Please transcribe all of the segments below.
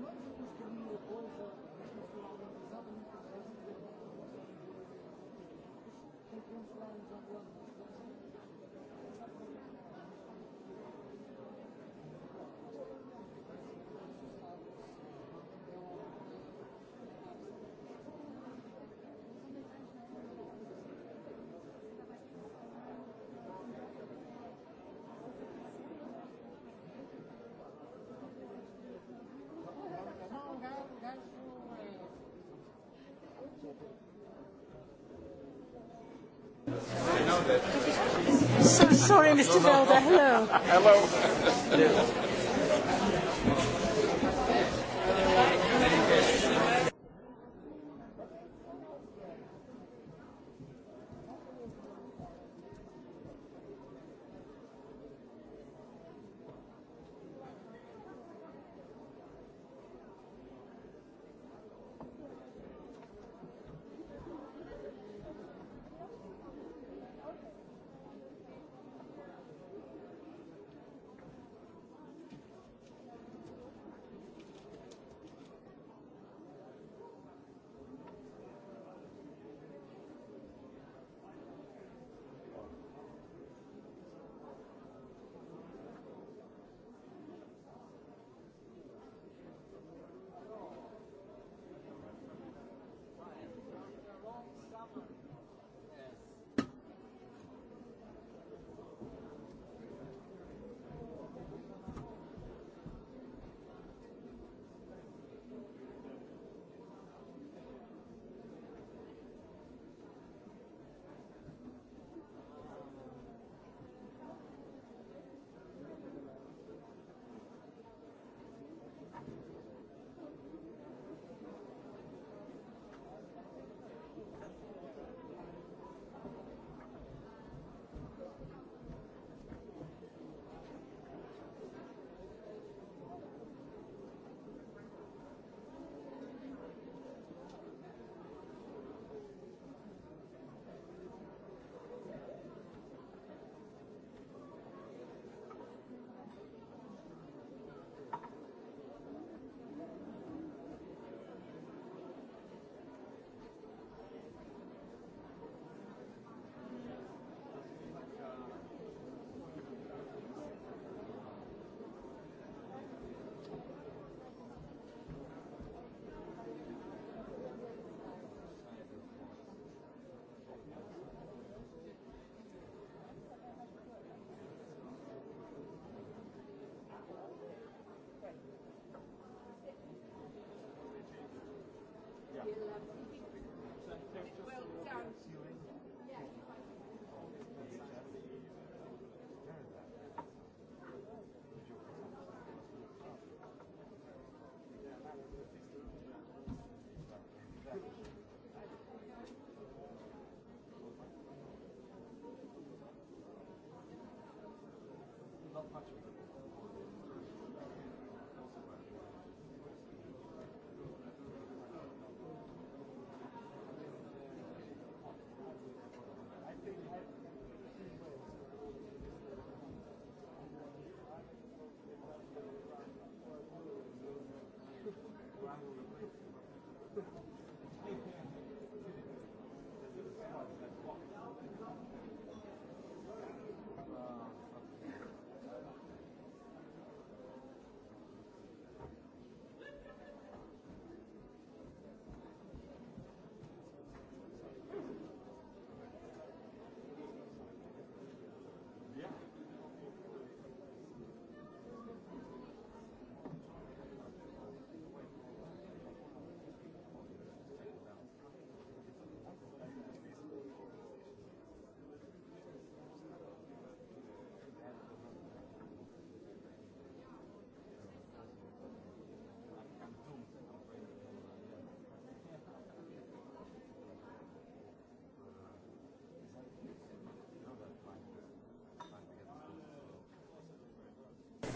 Thank you. morning, Mr. Belder. Hello. Hello.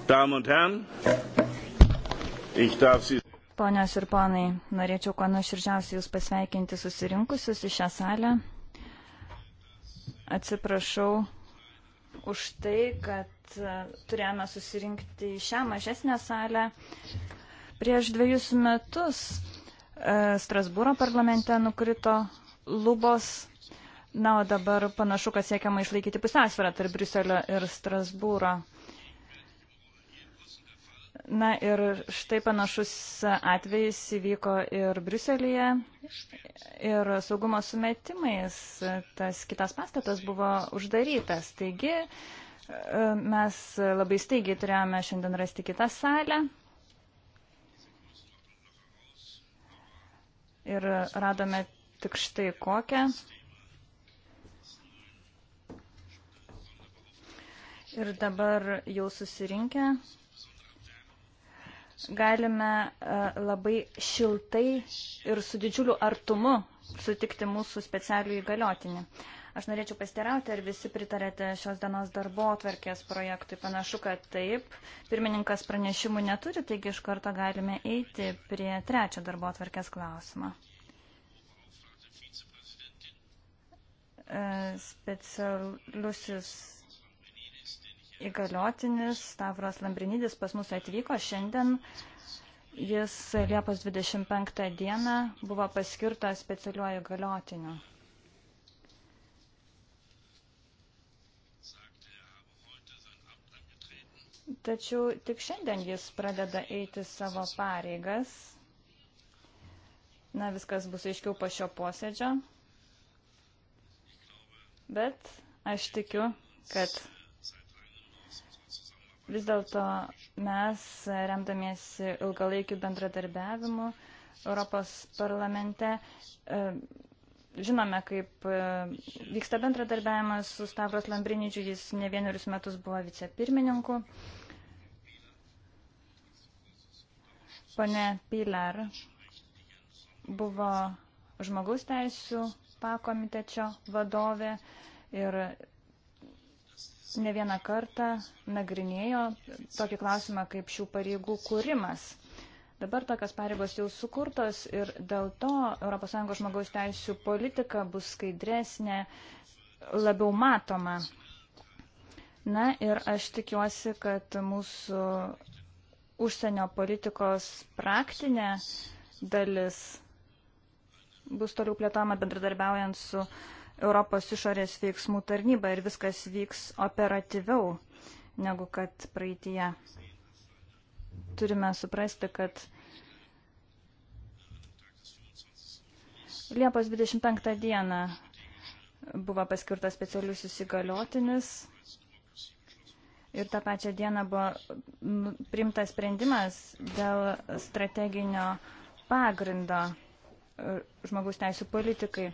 Damen und Herren, ich darf Sie. Ponios ir ponai, norėčiau kuo nuoširdžiausiai Jūs pasveikinti susirinkusius į šią salę. Atsiprašau už tai, kad e, turėjome susirinkti į šią mažesnę salę. Prieš dviejus metus e, Strasbūro parlamente nukrito lubos. Na, o dabar panašu, kad siekiama išlaikyti pusiausvyrą tarp Briuselio ir Strasbūro. Na ir štai panašus atvejis įvyko ir Briuselėje. Ir saugumo sumetimais tas kitas pastatas buvo uždarytas. Taigi e, mes labai staigiai turėjome šiandien rasti kitą salę. Ir radome tik štai kokią. Ir dabar jau susirinkę galime e, labai šiltai ir su didžiuliu artumu sutikti mūsų specialių įgaliotinį. Aš norėčiau pasitirauti, ar visi pritarėte šios dienos darbo atverkės projektui. Panašu, kad taip. Pirmininkas pranešimų neturi, taigi iš karto galime eiti prie trečio darbo atverkės klausimą. E, specialusis įgaliotinis Stavros Lambrinidis pas mus atvyko šiandien. Jis Liepos 25 dieną buvo paskirtas specialiuoju įgaliotiniu. Tačiau tik šiandien jis pradeda eiti savo pareigas. Na, viskas bus aiškiau po šio posėdžio. Bet aš tikiu, kad Vis dėlto mes, remdamiesi ilgalaikių bendradarbiavimų Europos parlamente, e, žinome, kaip e, vyksta bendradarbiavimas su Stavros Lambriničiu, jis ne vienerius metus buvo vicepirmininku. Pone Pilar buvo žmogaus teisų pakomitečio vadovė ir ne vieną kartą nagrinėjo tokį klausimą kaip šių pareigų kūrimas. Dabar tokios pareigos jau sukurtos ir dėl to ES žmogaus teisų politika bus skaidresnė, labiau matoma. Na ir aš tikiuosi, kad mūsų užsienio politikos praktinė dalis bus toliau plėtojama bendradarbiaujant su uh, Europos išorės veiksmų tarnybą ir viskas vyks operatyviau negu kad praeitie. Turime suprasti, kad Liepos 25 dieną buvo paskirtas specialius įsigaliotinis ir tą pačią dieną buvo nu, primtas sprendimas dėl strateginio pagrindo e, žmogus teisų politikai.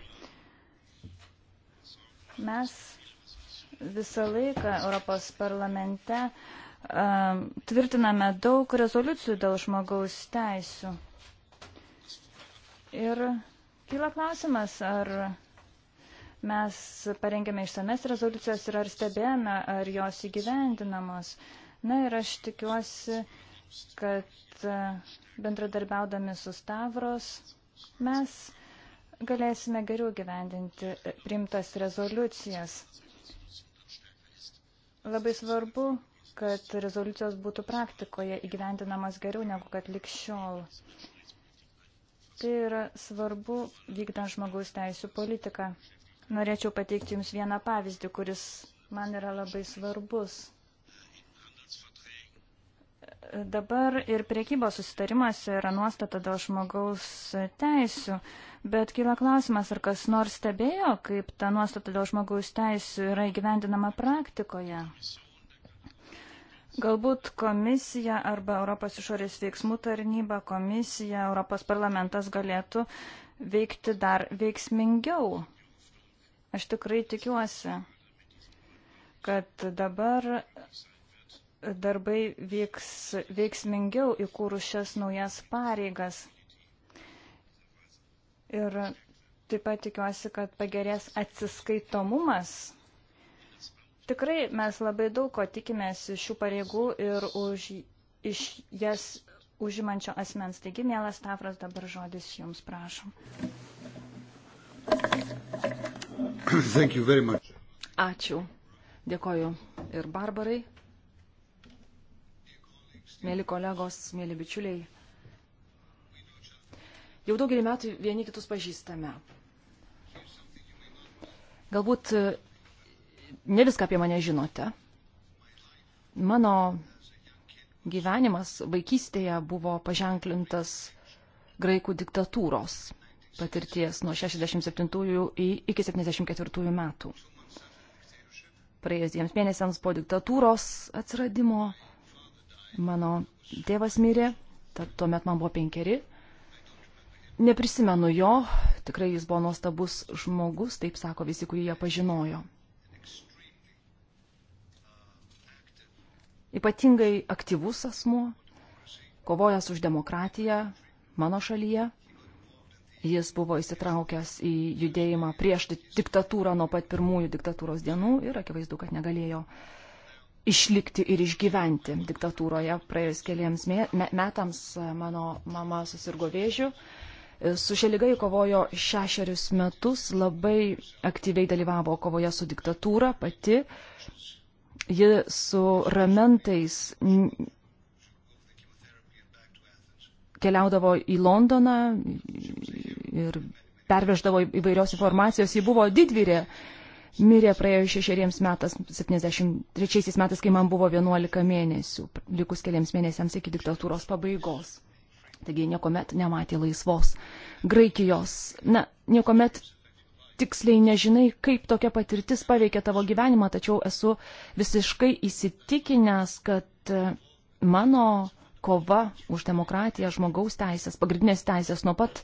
Mes visą laiką Europos parlamente um, tvirtiname daug rezoliucijų dėl žmogaus teisų. Ir kyla klausimas, ar mes parengėme išsames rezoliucijas ir ar stebėjome, ar jos įgyvendinamos. Na ir aš tikiuosi, kad bendradarbiaudami su Stavros mes galėsime geriau gyvendinti primtas rezoliucijas. Labai svarbu, kad rezoliucijos būtų praktikoje įgyvendinamas geriau negu kad likščiol. Tai yra svarbu vykdant žmogaus teisų politiką. Norėčiau pateikti Jums vieną pavyzdį, kuris man yra labai svarbus. Dabar ir priekybos susitarimas yra nuostata dėl žmogaus teisių, bet kyla klausimas, ar kas nors stebėjo, kaip ta nuostata dėl žmogaus teisių yra įgyvendinama praktikoje. Galbūt komisija arba Europos išorės veiksmų tarnyba, komisija, Europos parlamentas galėtų veikti dar veiksmingiau. Aš tikrai tikiuosi, kad dabar darbai vyks veiksmingiau įkūrus šias naujas pareigas. Ir taip pat tikiuosi, kad pagerės atsiskaitomumas. Tikrai mes labai daug ko tikimės iš šių pareigų ir už, iš jas užimančio asmens. Taigi, mielas Tafras, dabar žodis jums prašom. Ačiū. Dėkoju ir Barbarai mėly kolegos, mėly bičiuliai. Jau daugelį metų vieni kitus pažįstame. Galbūt e, ne viską apie mane žinote. Mano gyvenimas vaikystėje buvo paženklintas graikų diktatūros patirties nuo 67 iki 74 metų. Praėjus dviems mėnesiams po diktatūros atsiradimo Mano tėvas mirė, tad tuomet man buvo penkeri. Neprisimenu jo, tikrai jis buvo nuostabus žmogus, taip sako visi, kurie ją pažinojo. Ypatingai aktyvus asmuo, kovojęs už demokratiją mano šalyje. Jis buvo įsitraukęs į judėjimą prieš diktatūrą nuo pat pirmųjų diktatūros dienų ir akivaizdu, kad negalėjo uh, išlikti ir išgyventi diktatūroje. Praėjus keliems metams e, mano mama susirgo vėžiu. E, su šia lyga įkovojo šešerius metus, labai aktyviai dalyvavo kovoje su diktatūra pati. Ji su ramentais keliaudavo į Londoną ir perveždavo įvairios informacijos. Ji buvo didvyrė mirė praėjus šešeriems metais, 73 metais, kai man buvo 11 mėnesių, likus keliams mėnesiams iki diktatūros pabaigos. Taigi niekuomet nematė laisvos Graikijos. Na, niekuomet tiksliai nežinai, kaip tokia patirtis paveikia tavo gyvenimą, tačiau esu visiškai įsitikinęs, kad e, mano kova už demokratiją, žmogaus teisės, pagrindinės teisės nuo pat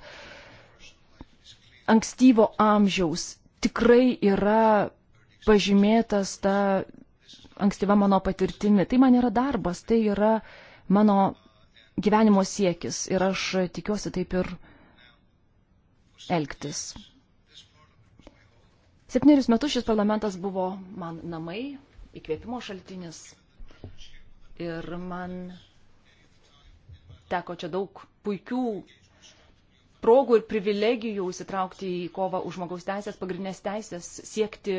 ankstyvo amžiaus tikrai yra pažymėtas ta ankstyva mano patirtimi. Tai man yra darbas, tai yra mano gyvenimo siekis ir aš tikiuosi taip ir elgtis. Septynerius metus šis parlamentas buvo man namai, įkvėpimo šaltinis ir man teko čia daug puikių progų ir privilegijų įsitraukti į kovą už žmogaus teisės, pagrindinės teisės, siekti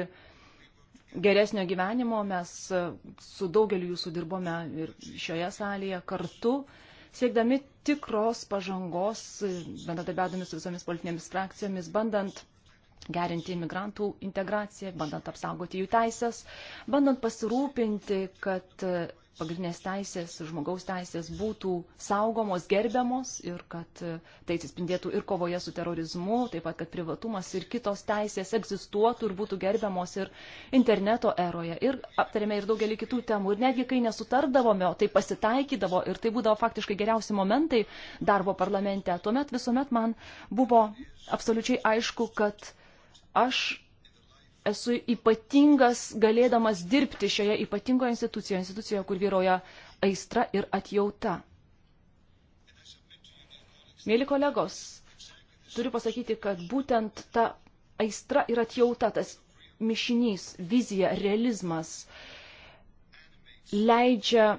geresnio gyvenimo. Mes e, su daugeliu jūsų dirbome ir šioje salėje kartu, siekdami tikros pažangos, e, bendradarbiaudami su visomis politinėmis frakcijomis, bandant gerinti imigrantų integraciją, bandant apsaugoti jų teisės, bandant pasirūpinti, kad e, pagrindinės teisės, žmogaus teisės būtų saugomos, gerbiamos ir kad e, tai atsispindėtų ir kovoje su terorizmu, taip pat, kad privatumas ir kitos teisės egzistuotų ir būtų gerbiamos ir interneto eroje. Ir aptarėme ir daugelį kitų temų. Ir netgi kai nesutardavome, tai pasitaikydavo ir tai būdavo faktiškai geriausi momentai darbo parlamente, tuomet visuomet man buvo absoliučiai aišku, kad aš esu ypatingas galėdamas dirbti šioje ypatingoje institucijoje, institucijoje, kur vyroja aistra ir atjauta. Mėly kolegos, turiu pasakyti, kad būtent ta aistra ir atjauta, tas mišinys, vizija, realizmas leidžia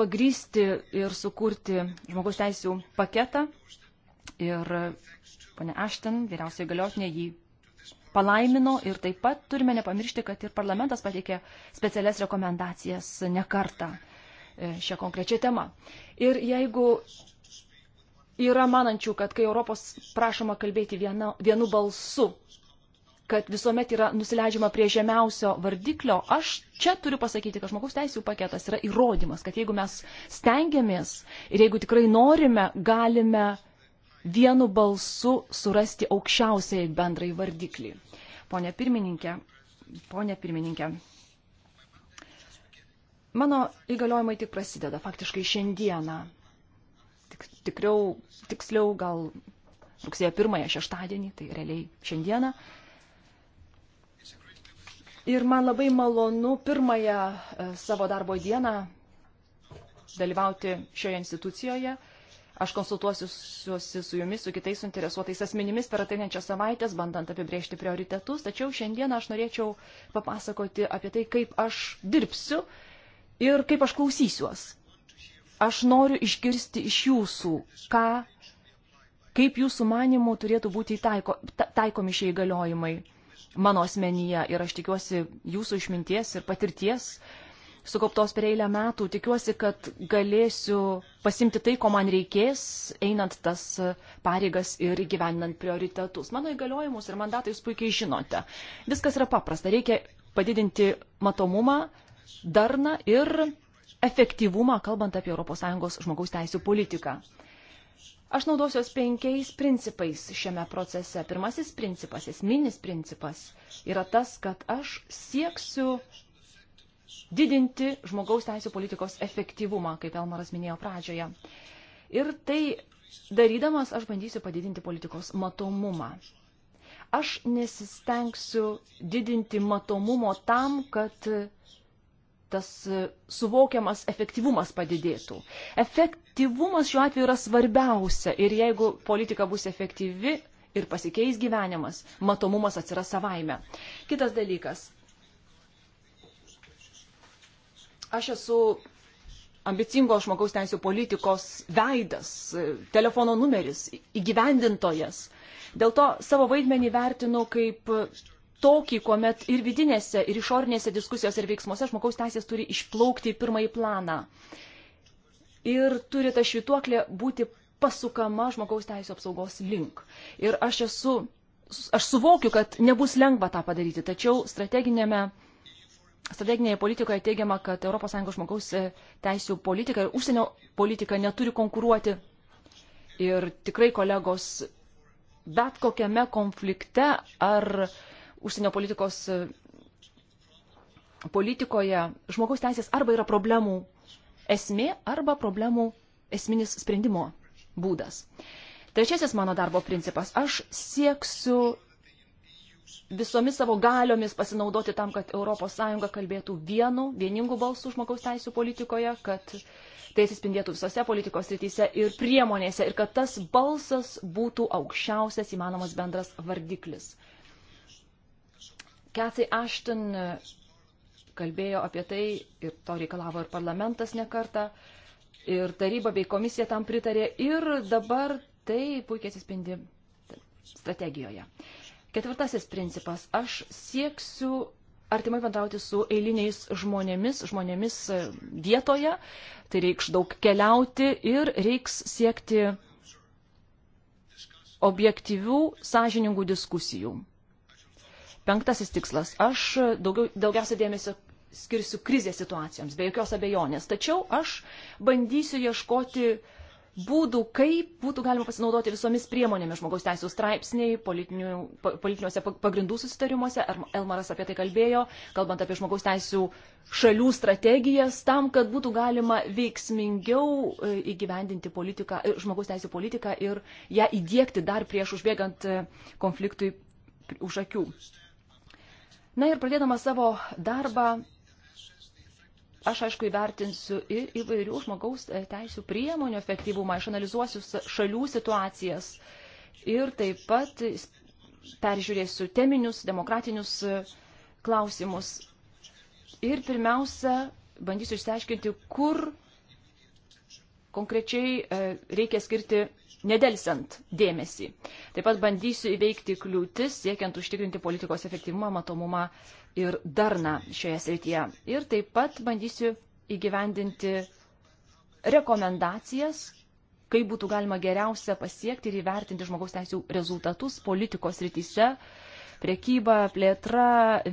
pagrysti ir sukurti žmogaus teisų paketą, Ir ponė Ašten, vyriausiai galiotinė, jį palaimino ir taip pat turime nepamiršti, kad ir parlamentas pateikė specialias rekomendacijas nekartą e, šią konkrečią temą. Ir jeigu yra manančių, kad kai Europos prašoma kalbėti viena, vienu balsu, kad visuomet yra nusileidžiama prie žemiausio vardiklio, aš čia turiu pasakyti, kad žmogaus teisų paketas yra įrodymas, kad jeigu mes stengiamės ir jeigu tikrai norime, galime vienu balsu surasti aukščiausiai bendrai vardiklį. Pone pirmininkė, ponė pirmininkė, mano įgaliojimai tik prasideda faktiškai šiandieną. Tik, tikriau, tiksliau gal rugsėjo pirmąją šeštadienį, tai realiai šiandieną. Ir man labai malonu pirmąją e, savo darbo dieną dalyvauti šioje institucijoje Aš konsultuosiuosi su jumis, su kitais suinteresuotais asmenimis per ateinančias savaitės, bandant apibrėžti prioritetus, tačiau šiandien aš norėčiau papasakoti apie tai, kaip aš dirbsiu ir kaip aš klausysiuos. Aš noriu išgirsti iš jūsų, ką, kaip jūsų manimų turėtų būti taiko, ta, taikomi šie įgaliojimai mano asmenyje ir aš tikiuosi jūsų išminties ir patirties sukauptos per eilę metų. Tikiuosi, kad galėsiu pasimti tai, ko man reikės, einant tas pareigas ir gyvenant prioritetus. Mano įgaliojimus ir mandatą jūs puikiai žinote. Viskas yra paprasta. Reikia padidinti matomumą, darną ir efektyvumą, kalbant apie ES žmogaus teisų politiką. Aš naudosiuos penkiais principais šiame procese. Pirmasis principas, esminis principas yra tas, kad aš sieksiu didinti žmogaus teisų politikos efektyvumą, kaip Elmaras minėjo pradžioje. Ir tai darydamas aš bandysiu padidinti politikos matomumą. Aš nesistengsiu didinti matomumo tam, kad tas suvokiamas efektyvumas padidėtų. Efektyvumas šiuo atveju yra svarbiausia ir jeigu politika bus efektyvi ir pasikeis gyvenimas, matomumas atsiras savaime. Kitas dalykas Aš esu ambicingos žmogaus teisų politikos veidas, telefono numeris, įgyvendintojas. Dėl to savo vaidmenį vertinu kaip tokį, kuomet ir vidinėse, ir išornėse diskusijose ir veiksmuose žmogaus teisės turi išplaukti į pirmąjį planą. Ir turi ta švituoklė būti pasukama žmogaus teisų apsaugos link. Ir aš esu, aš suvokiu, kad nebus lengva tą padaryti, tačiau strateginėme strateginėje politikoje teigiama, kad ES žmogaus e, teisų politika ir užsienio politika neturi konkuruoti. Ir tikrai kolegos, bet kokiame konflikte ar užsienio politikos e, politikoje žmogaus teisės arba yra problemų esmė, arba problemų esminis sprendimo būdas. Trečiasis mano darbo principas. Aš sieksiu visomis savo galiomis pasinaudoti tam, kad ES kalbėtų vienu, vieningu balsu žmogaus teisų politikoje, kad tai atsispindėtų visose politikos rytise ir priemonėse ir kad tas balsas būtų aukščiausias įmanomas bendras vardiklis. Kathy Ashton kalbėjo apie tai ir to reikalavo ir parlamentas nekarta, ir taryba bei komisija tam pritarė ir dabar tai puikiai atsispindi strategijoje. Uh, Ketvirtasis principas. Aš sieksiu artimai bendrauti su eiliniais žmonėmis, žmonėmis e, vietoje. Tai reikš daug keliauti ir reiks siekti objektyvių, sąžiningų diskusijų. Penktasis tikslas. Aš daugiau, daugiausia dėmesio skirsiu krizės situacijoms, be jokios abejonės. Tačiau aš bandysiu ieškoti uh, būdų, kaip būtų galima pasinaudoti visomis priemonėmis žmogaus teisų straipsniai, politiniuose pagrindų susitarimuose. Elmaras apie tai kalbėjo, kalbant apie žmogaus teisų šalių strategijas, tam, kad būtų galima veiksmingiau e, įgyvendinti politiką, e, žmogaus teisų politiką ir ją įdėkti dar prieš užbėgant e, konfliktui už akių. Na ir pradėdama savo darbą, Aš, aišku, įvertinsiu ir įvairių žmogaus e, teisų priemonių efektyvumą, išanalizuosiu šalių situacijas ir taip pat peržiūrėsiu teminius, demokratinius e, klausimus. Ir pirmiausia, bandysiu išsiaiškinti, kur konkrečiai e, reikia skirti nedelsiant dėmesį. Taip pat bandysiu įveikti kliūtis, siekiant užtikrinti politikos efektyvumą, matomumą ir darną šioje srityje. Ir taip pat bandysiu įgyvendinti rekomendacijas, kaip būtų galima geriausia pasiekti ir įvertinti žmogaus teisų rezultatus politikos rytise, priekyba, plėtra,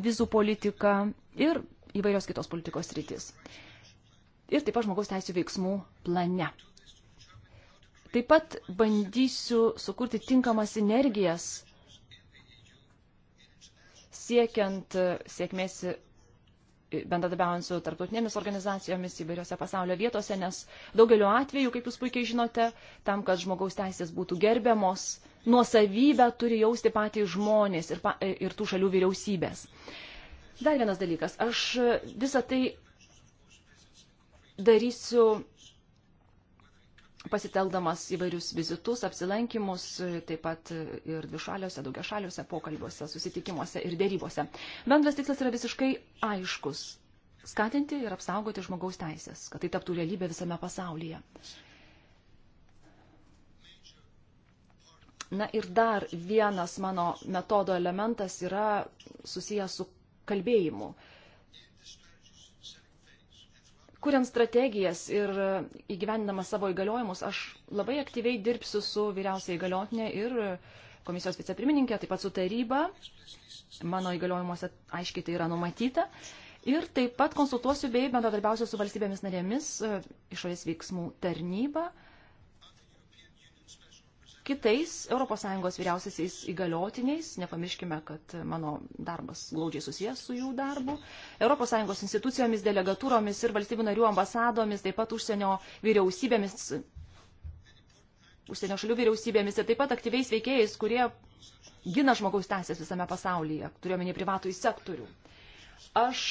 vizų politika ir įvairios kitos politikos rytis ir taip pat žmogaus teisų veiksmų plane. Taip pat bandysiu sukurti tinkamas sinergijas siekiant e, sėkmės e, bendradarbiaujant su tarptautinėmis organizacijomis įvairiose pasaulio vietose, nes daugeliu atveju, kaip jūs puikiai žinote, tam, kad žmogaus teisės būtų gerbiamos, nuosavybę turi jausti patys žmonės ir, pa, e, ir tų šalių vyriausybės. Dar vienas dalykas. Aš visą tai darysiu pasitelkdamas įvairius vizitus, apsilankimus, taip pat ir dvišaliuose, daugiašaliuose pokalbiuose, susitikimuose ir dėrybose. Bendras tikslas yra visiškai aiškus - skatinti ir apsaugoti žmogaus teisės, kad tai taptų realybė visame pasaulyje. Na ir dar vienas mano metodo elementas yra susijęs su kalbėjimu. Uh, kuriant strategijas ir įgyvendinama savo įgaliojimus, aš labai aktyviai dirbsiu su vyriausiai įgaliotinė ir komisijos vicepirmininkė, taip pat su taryba. Mano įgaliojimuose aiškiai tai yra numatyta. Ir taip pat konsultuosiu bei bendradarbiausiu su valstybėmis narėmis, e, išorės veiksmų tarnyba, kitais ES vyriausiaisiais įgaliotiniais, nepamirškime, kad mano darbas glaudžiai susijęs su jų darbu, ES institucijomis, delegatūromis ir valstybių narių ambasadomis, taip pat užsienio vyriausybėmis, užsienio šalių vyriausybėmis ir taip pat aktyviais veikėjais, kurie gina žmogaus teisės visame pasaulyje, turiuomenį privatų į sektorių. Aš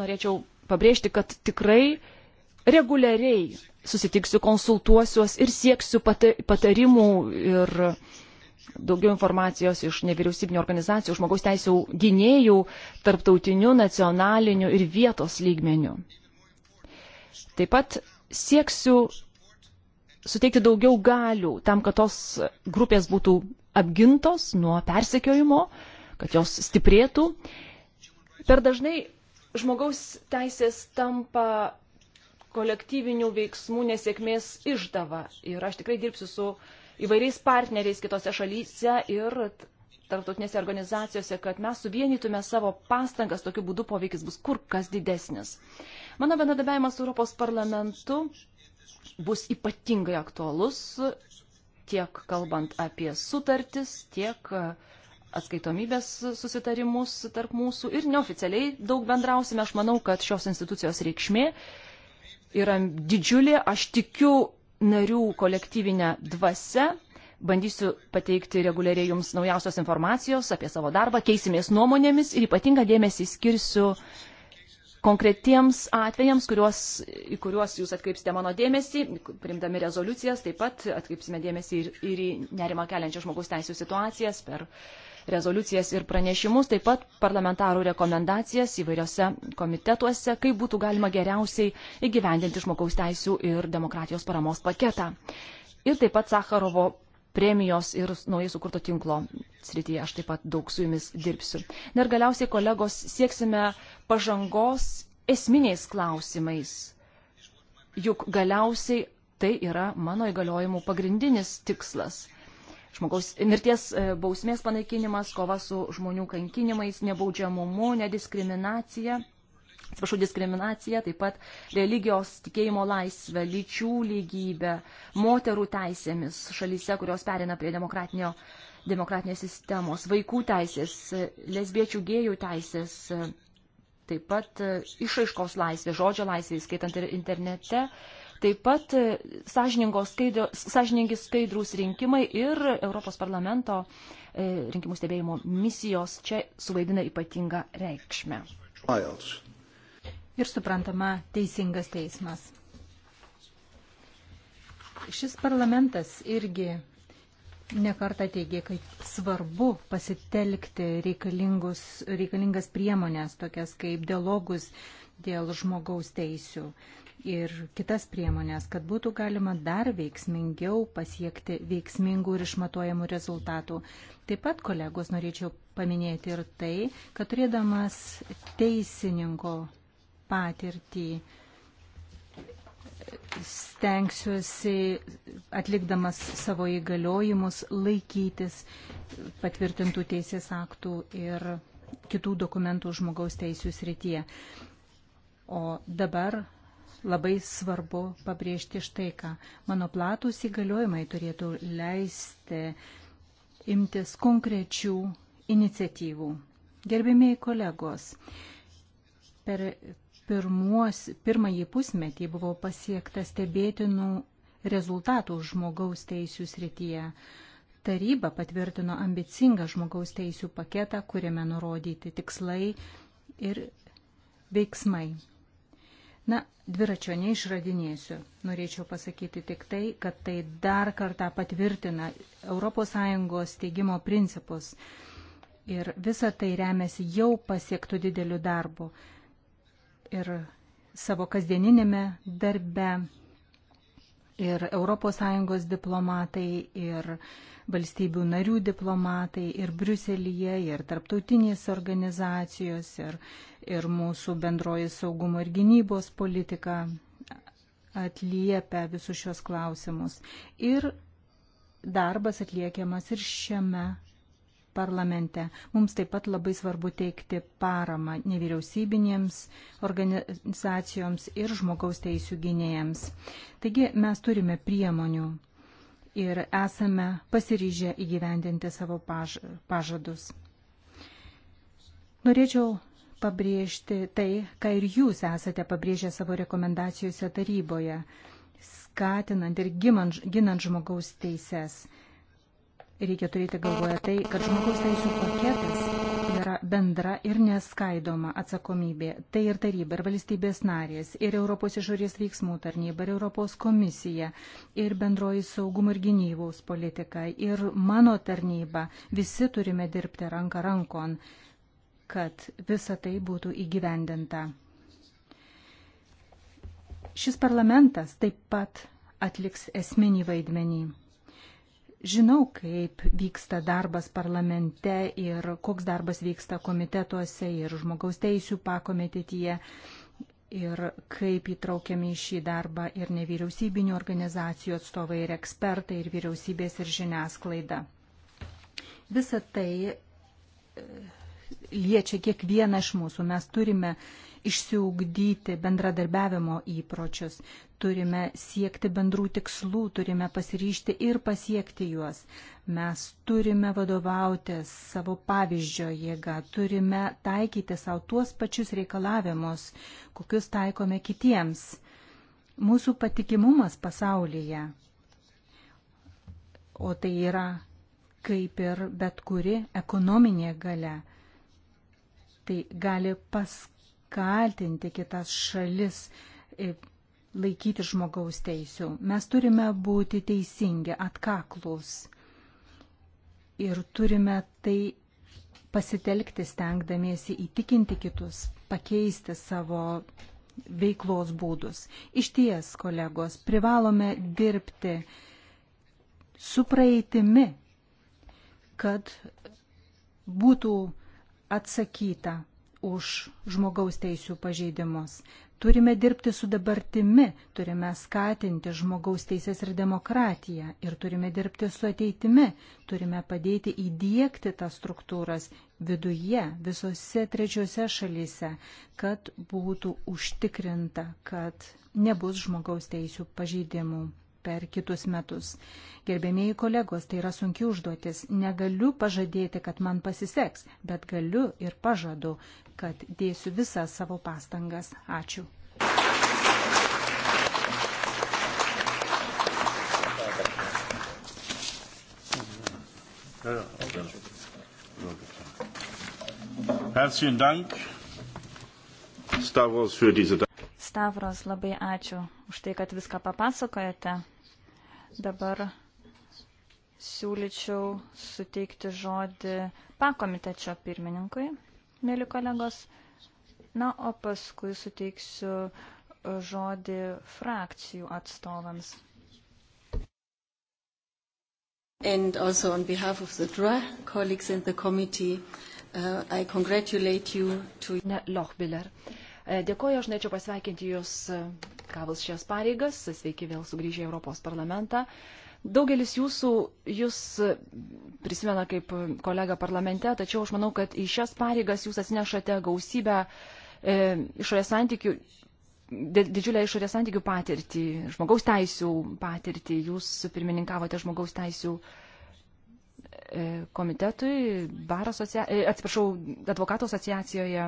norėčiau pabrėžti, kad tikrai reguliariai susitiksiu, konsultuosiuos ir sieksiu patarimų ir daugiau informacijos iš nevyriausybinio organizacijų, žmogaus teisų gynėjų, tarptautinių, nacionalinių ir vietos lygmenių. Taip pat sieksiu suteikti daugiau galių tam, kad tos grupės būtų apgintos nuo persekiojimo, kad jos stiprėtų. Per dažnai žmogaus teisės tampa kolektyvinių veiksmų nesėkmės išdava. Ir aš tikrai dirbsiu su įvairiais partneriais kitose šalyse ir tarptautinėse organizacijose, kad mes suvienytume savo pastangas, tokiu būdu poveikis bus kur kas didesnis. Mano bendradarbiavimas su Europos parlamentu bus ypatingai aktualus tiek kalbant apie sutartis, tiek e, atskaitomybės susitarimus tarp mūsų ir neoficialiai daug bendrausime. Aš manau, kad šios institucijos reikšmė yra didžiulė, aš tikiu narių kolektyvinę dvasę. Bandysiu pateikti reguliariai jums naujausios informacijos apie savo darbą, keisimės nuomonėmis ir ypatingą dėmesį skirsiu konkretiems atvejams, kuriuos, į kuriuos jūs atkreipsite mano dėmesį, primdami rezoliucijas, taip pat atkreipsime dėmesį ir, ir į nerimą keliančią žmogus teisų situacijas per uh, rezoliucijas ir pranešimus, taip pat parlamentarų rekomendacijas įvairiose komitetuose, kaip būtų galima geriausiai įgyvendinti žmogaus teisų ir demokratijos paramos paketą. Ir taip pat Sakarovo premijos ir naujai sukurto tinklo srityje. Aš taip pat daug su jumis dirbsiu. Na ir galiausiai, kolegos, sieksime pažangos esminiais klausimais. Juk galiausiai tai yra mano įgaliojimų pagrindinis tikslas žmogaus mirties e, bausmės panaikinimas, kova su žmonių kankinimais, nebaudžiamumu, nediskriminacija. Atsiprašau, diskriminacija, taip pat religijos tikėjimo laisvė, lyčių lygybė, moterų teisėmis šalyse, kurios perina prie demokratinio demokratinės sistemos, vaikų teisės, lesbiečių gėjų teisės, taip pat e, išaiškos laisvė, žodžio laisvė, skaitant ir internete, Taip pat e, sąžiningi skaidrūs rinkimai ir Europos parlamento e, rinkimų stebėjimo misijos čia suvaidina ypatingą reikšmę. Ir suprantama, teisingas teismas. Šis parlamentas irgi nekarta teigia, kaip svarbu pasitelkti reikalingas priemonės, tokias kaip dialogus dėl žmogaus teisių ir kitas priemonės, kad būtų galima dar veiksmingiau pasiekti veiksmingų ir išmatuojamų rezultatų. Taip pat, kolegos, norėčiau paminėti ir tai, kad turėdamas teisininko patirtį, stengsiuosi, atlikdamas savo įgaliojimus, laikytis patvirtintų teisės aktų ir kitų dokumentų žmogaus teisų srityje. O dabar labai svarbu pabrėžti štai ką. Mano platus įgaliojimai turėtų leisti imtis konkrečių iniciatyvų. Gerbėmiai kolegos, per pirmuos, pirmąjį pusmetį buvo pasiekta stebėtinų rezultatų žmogaus teisų srityje. Taryba patvirtino ambicingą žmogaus teisų paketą, kuriame nurodyti tikslai ir veiksmai. Na, dviračio neišradinėsiu. Norėčiau pasakyti tik tai, kad tai dar kartą patvirtina ES teigimo principus. Ir visa tai remiasi jau pasiektų dideliu darbu. Ir savo kasdieninėme darbe. Ir ES diplomatai, ir uh, valstybių narių diplomatai ir Briuselyje, ir tarptautinės organizacijos, ir, ir mūsų bendroji saugumo ir gynybos politika atliepia visus šios klausimus. Ir darbas atliekiamas ir šiame parlamente. Mums taip pat labai svarbu teikti paramą nevyriausybinėms organizacijoms ir žmogaus teisų gynėjams. Taigi mes turime priemonių ir esame pasiryžę įgyvendinti savo pažadus. Norėčiau pabrėžti tai, ką ir jūs esate pabrėžę savo rekomendacijose taryboje, skatinant ir ginant žmogaus teises. Reikia turėti galvoje tai, kad žmogaus teisų paketas yra bendra ir neskaidoma atsakomybė. Tai ir taryba, ir valstybės narės, ir Europos išorės veiksmų tarnyba, ir Europos komisija, ir bendroji saugumo ir gynybos politika, ir mano tarnyba. Visi turime dirbti ranką rankon, kad visa tai būtų įgyvendinta. Šis parlamentas taip pat atliks esminį vaidmenį. Žinau, kaip vyksta darbas parlamente ir koks darbas vyksta komitetuose ir žmogaus teisų pakomitetyje ir kaip įtraukiami į šį darbą ir nevyriausybinių organizacijų atstovai ir ekspertai ir vyriausybės ir žiniasklaida. Visa tai e, liečia kiekvieną iš mūsų. Mes turime išsiugdyti bendradarbiavimo įpročius, turime siekti bendrų tikslų, turime pasiryšti ir pasiekti juos. Mes turime vadovautis savo pavyzdžio jėga, turime taikyti savo tuos pačius reikalavimus, kokius taikome kitiems. Mūsų patikimumas pasaulyje, o tai yra kaip ir bet kuri ekonominė gale, tai gali paskatinti kaltinti kitas šalis e, laikyti žmogaus teisių. Mes turime būti teisingi, atkaklus ir turime tai pasitelkti stengdamiesi įtikinti kitus, pakeisti savo veiklos būdus. Iš ties, kolegos, privalome dirbti su praeitimi, kad būtų atsakyta už žmogaus teisų pažeidimus. Turime dirbti su dabartimi, turime skatinti žmogaus teisės ir demokratiją ir turime dirbti su ateitimi, turime padėti įdėkti tas struktūras viduje, visose trečiose šalyse, kad būtų užtikrinta, kad nebus žmogaus teisų pažeidimų per kitus metus. Gerbėmėjai kolegos, tai yra sunki užduotis. Negaliu pažadėti, kad man pasiseks, bet galiu ir pažadu, kad dėsiu visas savo pastangas. Ačiū. Herzlichen Dank, Stavros, für diese. Stavros, labai ačiū už tai, kad viską papasakojate. Dabar siūlyčiau suteikti žodį pakomitečio pirmininkui, mėly kolegos. Na, o paskui suteiksiu e, žodį frakcijų atstovams. And also on behalf of the DRA colleagues and the committee, uh, I congratulate you to... Ne, Lochbiller. E, dėkoju, aš norėčiau pasveikinti Jūs e, gavus šias pareigas, sveiki vėl sugrįžę į Europos parlamentą. Daugelis jūsų jūs prisimena kaip kolega parlamente, tačiau aš manau, kad į šias pareigas jūs atsinešate gausybę e, išorės santykių, didžiulę išorės santykių patirtį, žmogaus teisų patirtį. Jūs pirmininkavote žmogaus teisų patirtį E, komitetui, bar asocia... E, atsiprašau, advokatų asociacijoje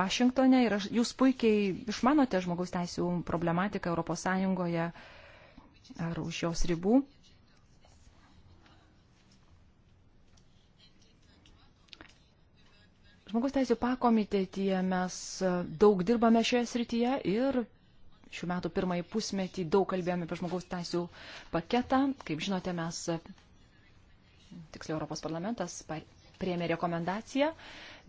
Vašingtone ir aš, jūs puikiai išmanote žmogaus teisų problematiką ES ar už jos ribų. Žmogus teisų pakomitetyje mes daug dirbame šioje srityje ir šių metų pirmąjį pusmetį daug kalbėjome apie žmogaus teisų paketą. Kaip žinote, mes tiksliau Europos parlamentas priėmė rekomendaciją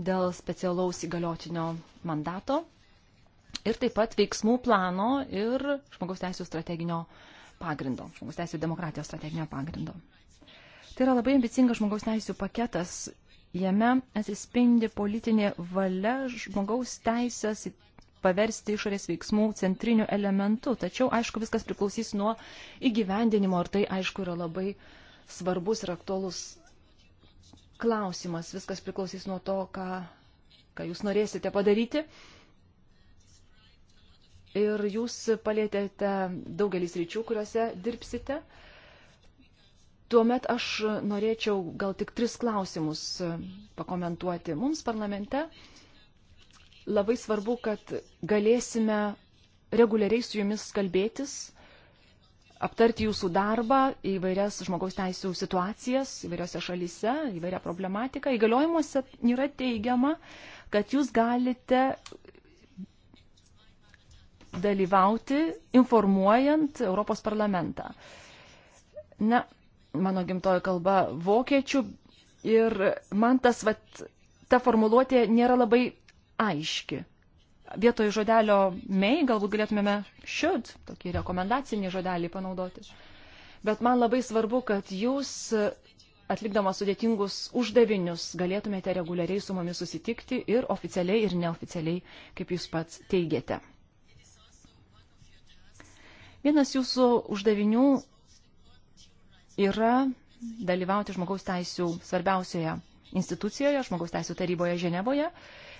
dėl specialaus įgaliotinio mandato ir taip pat veiksmų plano ir žmogaus teisų strateginio pagrindo, žmogaus teisų ir demokratijos strateginio pagrindo. Tai yra labai ambicingas žmogaus teisų paketas, jame atsispindi politinė valia žmogaus teisės paversti išorės veiksmų centriniu elementu, tačiau aišku viskas priklausys nuo įgyvendinimo ir tai aišku yra labai uh, svarbus ir aktuolus klausimas. Viskas priklausys nuo to, ką, ką jūs norėsite padaryti. Ir jūs palėtėte daugelis ryčių, kuriuose dirbsite. Tuomet aš norėčiau gal tik tris klausimus pakomentuoti. Mums parlamente labai svarbu, kad galėsime reguliariai su jumis kalbėtis aptarti jūsų darbą, įvairias žmogaus teisų situacijas įvairiose šalyse, įvairią problematiką. Įgaliojimuose yra teigiama, kad jūs galite dalyvauti informuojant Europos parlamentą. Na, mano gimtoji kalba vokiečių ir man tas, vat, ta formuluotė nėra labai aiški vietoj žodelio may galbūt galėtumėme should, tokį rekomendacinį žodelį panaudoti. Bet man labai svarbu, kad jūs atlikdamas sudėtingus uždavinius galėtumėte reguliariai su mumis susitikti ir oficialiai ir neoficialiai, kaip jūs pats teigiate. Vienas jūsų uždavinių yra dalyvauti žmogaus teisų svarbiausioje institucijoje, žmogaus teisų taryboje Ženevoje.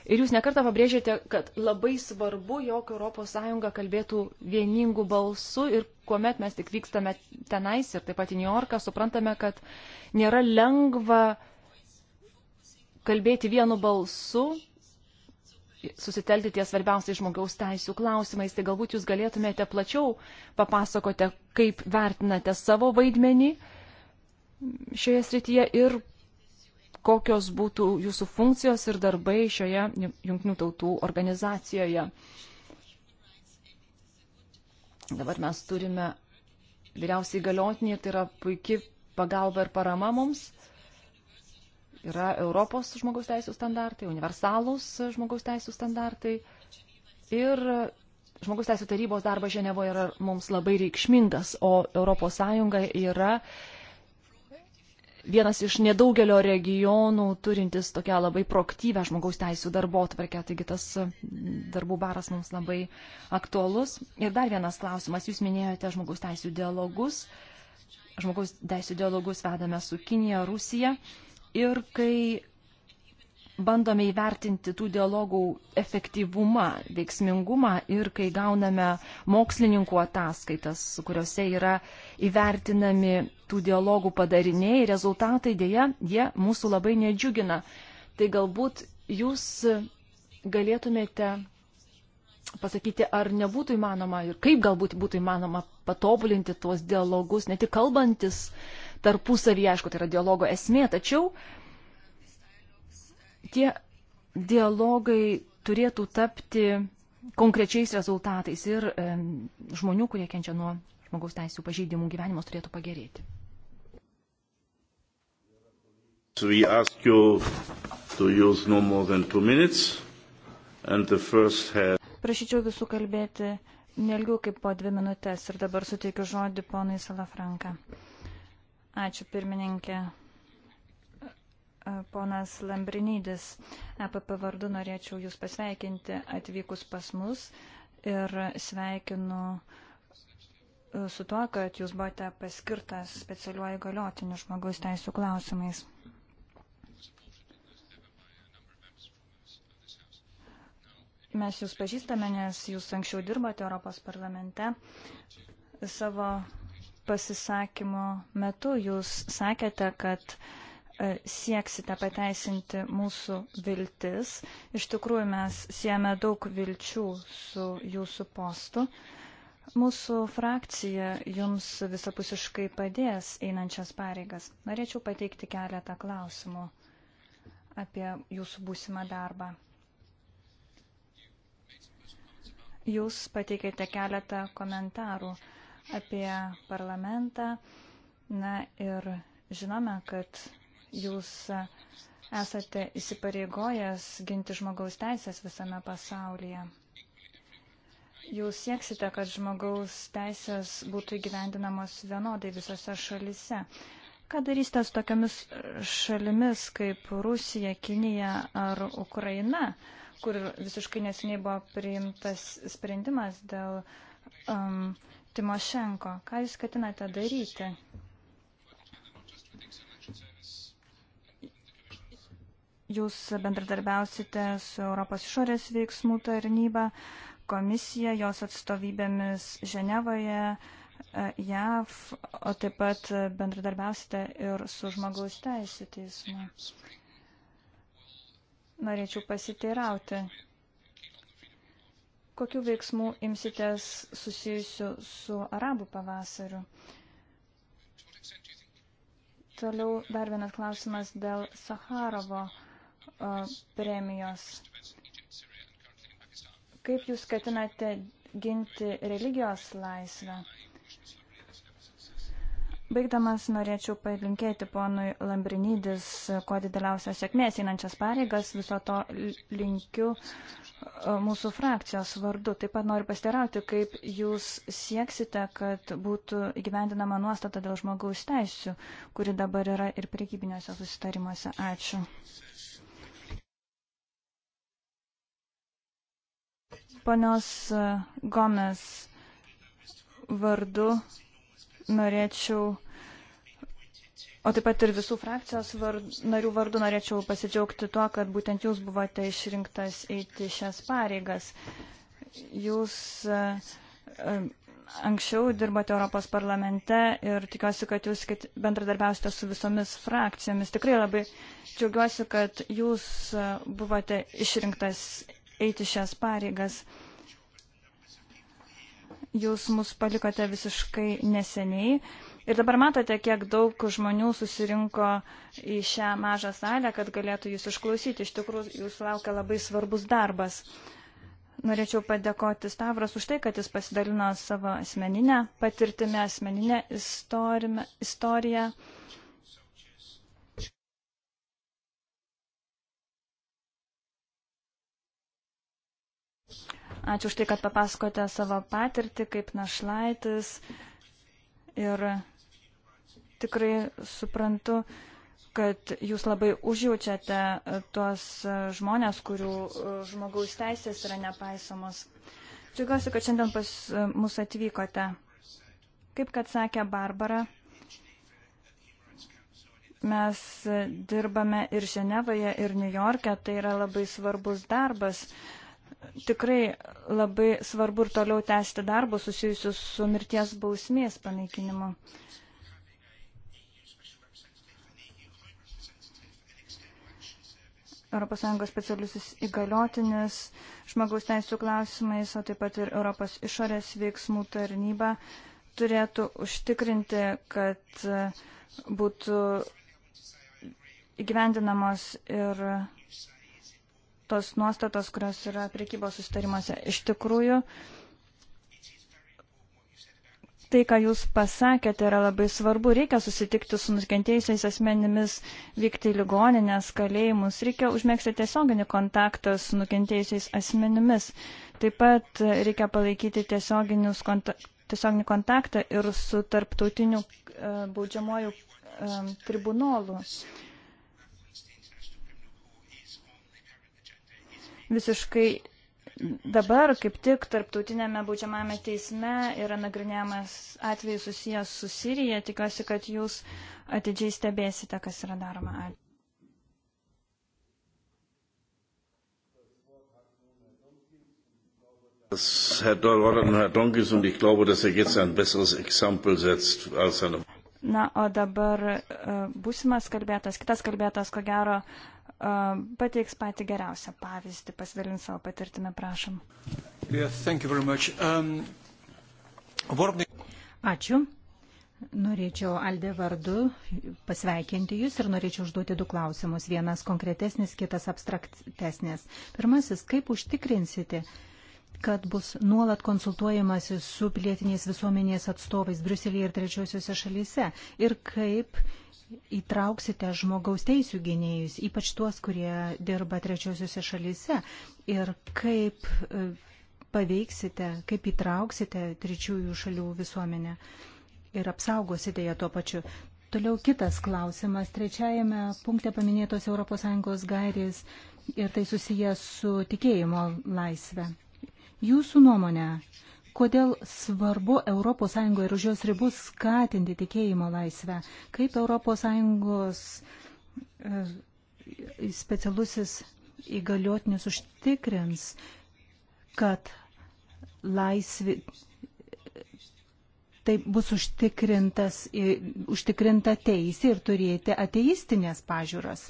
Ir jūs nekartą pabrėžėte, kad labai svarbu, jog ES kalbėtų vieningų balsų ir kuomet mes tik vykstame tenais ir taip pat į New Yorką, suprantame, kad nėra lengva kalbėti vienu balsu, susitelti ties svarbiausiais žmogaus teisų klausimais. Tai galbūt jūs galėtumėte plačiau papasakote, kaip vertinate savo vaidmenį šioje srityje ir kokios būtų jūsų funkcijos ir darbai šioje jungtinių tautų organizacijoje. Dabar mes turime vyriausiai galiotinį, tai yra puikiai pagalba ir parama mums. Yra Europos žmogaus teisų standartai, universalūs žmogaus teisų standartai. Ir žmogus teisų tarybos darbas Ženevoje yra mums labai reikšmingas, o ES yra vienas iš nedaugelio regionų turintis tokią labai proaktyvę žmogaus teisų darbo atvarkę, taigi tas mm, darbų baras mums labai aktuolus. Ir dar vienas klausimas, jūs minėjote žmogaus teisų dialogus, žmogaus teisų dialogus vedame su Kinija, Rusija. Ir kai bandome įvertinti tų dialogų efektyvumą, veiksmingumą ir kai gauname mokslininkų ataskaitas, kuriuose yra įvertinami tų dialogų padariniai, rezultatai dėja, jie mūsų labai nedžiugina. Tai galbūt jūs galėtumėte pasakyti, ar nebūtų įmanoma ir kaip galbūt būtų įmanoma patobulinti tuos dialogus, ne tik kalbantis tarpusavį, aišku, tai yra dialogo esmė, tačiau uh, Tie dialogai turėtų tapti konkrečiais rezultatais ir e, žmonių, kurie kenčia nuo žmogaus teisų pažeidimų gyvenimas turėtų pagerėti. So we ask you to use no more than two minutes and the first has Prašyčiau visų kalbėti nelgiau kaip po dvi minutės ir dabar suteikiu žodį ponui Salafranka. Ačiū pirmininkė ponas Lambrinydis. EPP vardu norėčiau Jūs pasveikinti atvykus pas mus ir sveikinu e, su tuo, kad Jūs buvote paskirtas specialiuoju galiotiniu žmogaus teisų klausimais. Mes Jūs pažįstame, nes Jūs anksčiau dirbote Europos parlamente. Savo pasisakymo metu Jūs sakėte, kad uh, E, sieksite pateisinti mūsų viltis. Iš tikrųjų, mes siejame daug vilčių su jūsų postu. Mūsų frakcija jums visapusiškai padės einančias pareigas. Norėčiau pateikti keletą klausimų apie jūsų būsimą darbą. Jūs pateikėte keletą komentarų apie parlamentą. Na ir žinome, kad Jūs e, esate įsipareigojęs ginti žmogaus teisės visame pasaulyje. Jūs sieksite, kad žmogaus teisės būtų įgyvendinamos vienodai visose šalise. Ką darysite su tokiamis šalimis kaip Rusija, Kinija ar Ukraina, kur visiškai nesiniai buvo priimtas sprendimas dėl um, Timošenko? Ką jūs ketinate daryti? Jūs bendradarbiausite su Europos išorės veiksmų tarnyba, komisija, jos atstovybėmis Ženevoje, e, JAV, o taip pat bendradarbiausite ir su žmogaus teisų teismu. Norėčiau pasiteirauti, kokiu veiksmu imsitės susijusiu su arabų pavasariu. Toliau dar vienas klausimas dėl Sakarovo premijos. Kaip jūs ketinate ginti religijos laisvę? Baigdamas norėčiau palinkėti ponui Lambrinydis kuo dideliausios sėkmės einančias pareigas, viso to linkiu mūsų frakcijos vardu. Taip pat noriu pastirauti, kaip jūs sieksite, kad būtų įgyvendinama nuostata dėl žmogaus teisų, kuri dabar yra ir priekybinėse susitarimuose. Ačiū. Ponios e, Gomes vardu norėčiau, o taip pat ir visų frakcijos vard, narių vardu norėčiau pasidžiaugti tuo, kad būtent jūs buvote išrinktas eiti šias pareigas. Jūs e, e, anksčiau dirbate Europos parlamente ir tikiuosi, kad jūs bendradarbiausite su visomis frakcijomis. Tikrai labai džiaugiuosi, kad jūs buvote išrinktas eiti šias pareigas. Jūs mus palikote visiškai neseniai. Ir dabar matote, kiek daug žmonių susirinko į šią mažą salę, kad galėtų jūs išklausyti. Iš tikrųjų, jūs laukia labai svarbus darbas. Norėčiau padėkoti Stavras už tai, kad jis pasidalino savo asmeninę patirtimę, asmeninę istoriją. Ačiū už tai, kad papasakote savo patirtį kaip našlaitis. Ir tikrai suprantu, kad jūs labai užjaučiate tuos žmonės, kurių e, žmogaus teisės yra nepaisomos. Džiugiuosi, kad šiandien pas e, mus atvykote. Kaip kad sakė Barbara, mes dirbame ir Ženevoje, ir Niujorke, tai yra labai svarbus darbas tikrai labai svarbu ir toliau tęsti darbus susijusius su mirties bausmės panaikinimu. ES specialusis įgaliotinis žmogaus teisų klausimais, o taip pat ir Europos išorės veiksmų tarnyba turėtų užtikrinti, kad būtų įgyvendinamos ir tos nuostatos, kurios yra priekybos sustarimuose. Iš tikrųjų, tai, ką Jūs pasakėte, yra labai svarbu. Reikia susitikti su nuskentėjusiais asmenimis, vykti į ligoninės, kalėjimus. Reikia užmėgsti tiesioginį kontaktą su nukentėjusiais asmenimis. Taip pat reikia palaikyti konta tiesioginį kontaktą ir su tarptautiniu e, baudžiamuoju e, tribunolu. E, visiškai dabar kaip tik tarptautinėme baudžiamame teisme yra nagrinėjamas atvejai susijęs su Sirija. Tikiuosi, kad jūs atidžiai stebėsite, kas yra daroma. Er Na, o dabar äh, būsimas kalbėtas, kitas kalbėtas, ko gero, uh, Uh, pateiks patį geriausią pavyzdį, pasidalins savo patirtimę, prašom. Um, Ačiū. Norėčiau Aldė vardu pasveikinti Jūs ir norėčiau užduoti du klausimus. Vienas konkretesnis, kitas abstraktesnis. Pirmasis, kaip užtikrinsite, kad bus nuolat konsultuojamasi su pilietinės visuomenės atstovais Briuselėje ir trečiosiuose šalyse ir kaip įtrauksite žmogaus teisų gynėjus, ypač tuos, kurie dirba trečiosiuose šalyse, ir kaip e, paveiksite, kaip įtrauksite trečiųjų šalių visuomenę ir apsaugosite ją tuo pačiu. Toliau kitas klausimas. Trečiajame punkte paminėtos ES gairės ir tai susijęs su tikėjimo laisve. Jūsų nuomonė, Kodėl svarbu ES ir už jos ribų skatinti tikėjimo laisvę? Kaip ES e, specialusis įgaliotinis užtikrins, kad laisvi, taip bus užtikrintas, e, užtikrinta teisė ir turėti ateistinės pažiūras?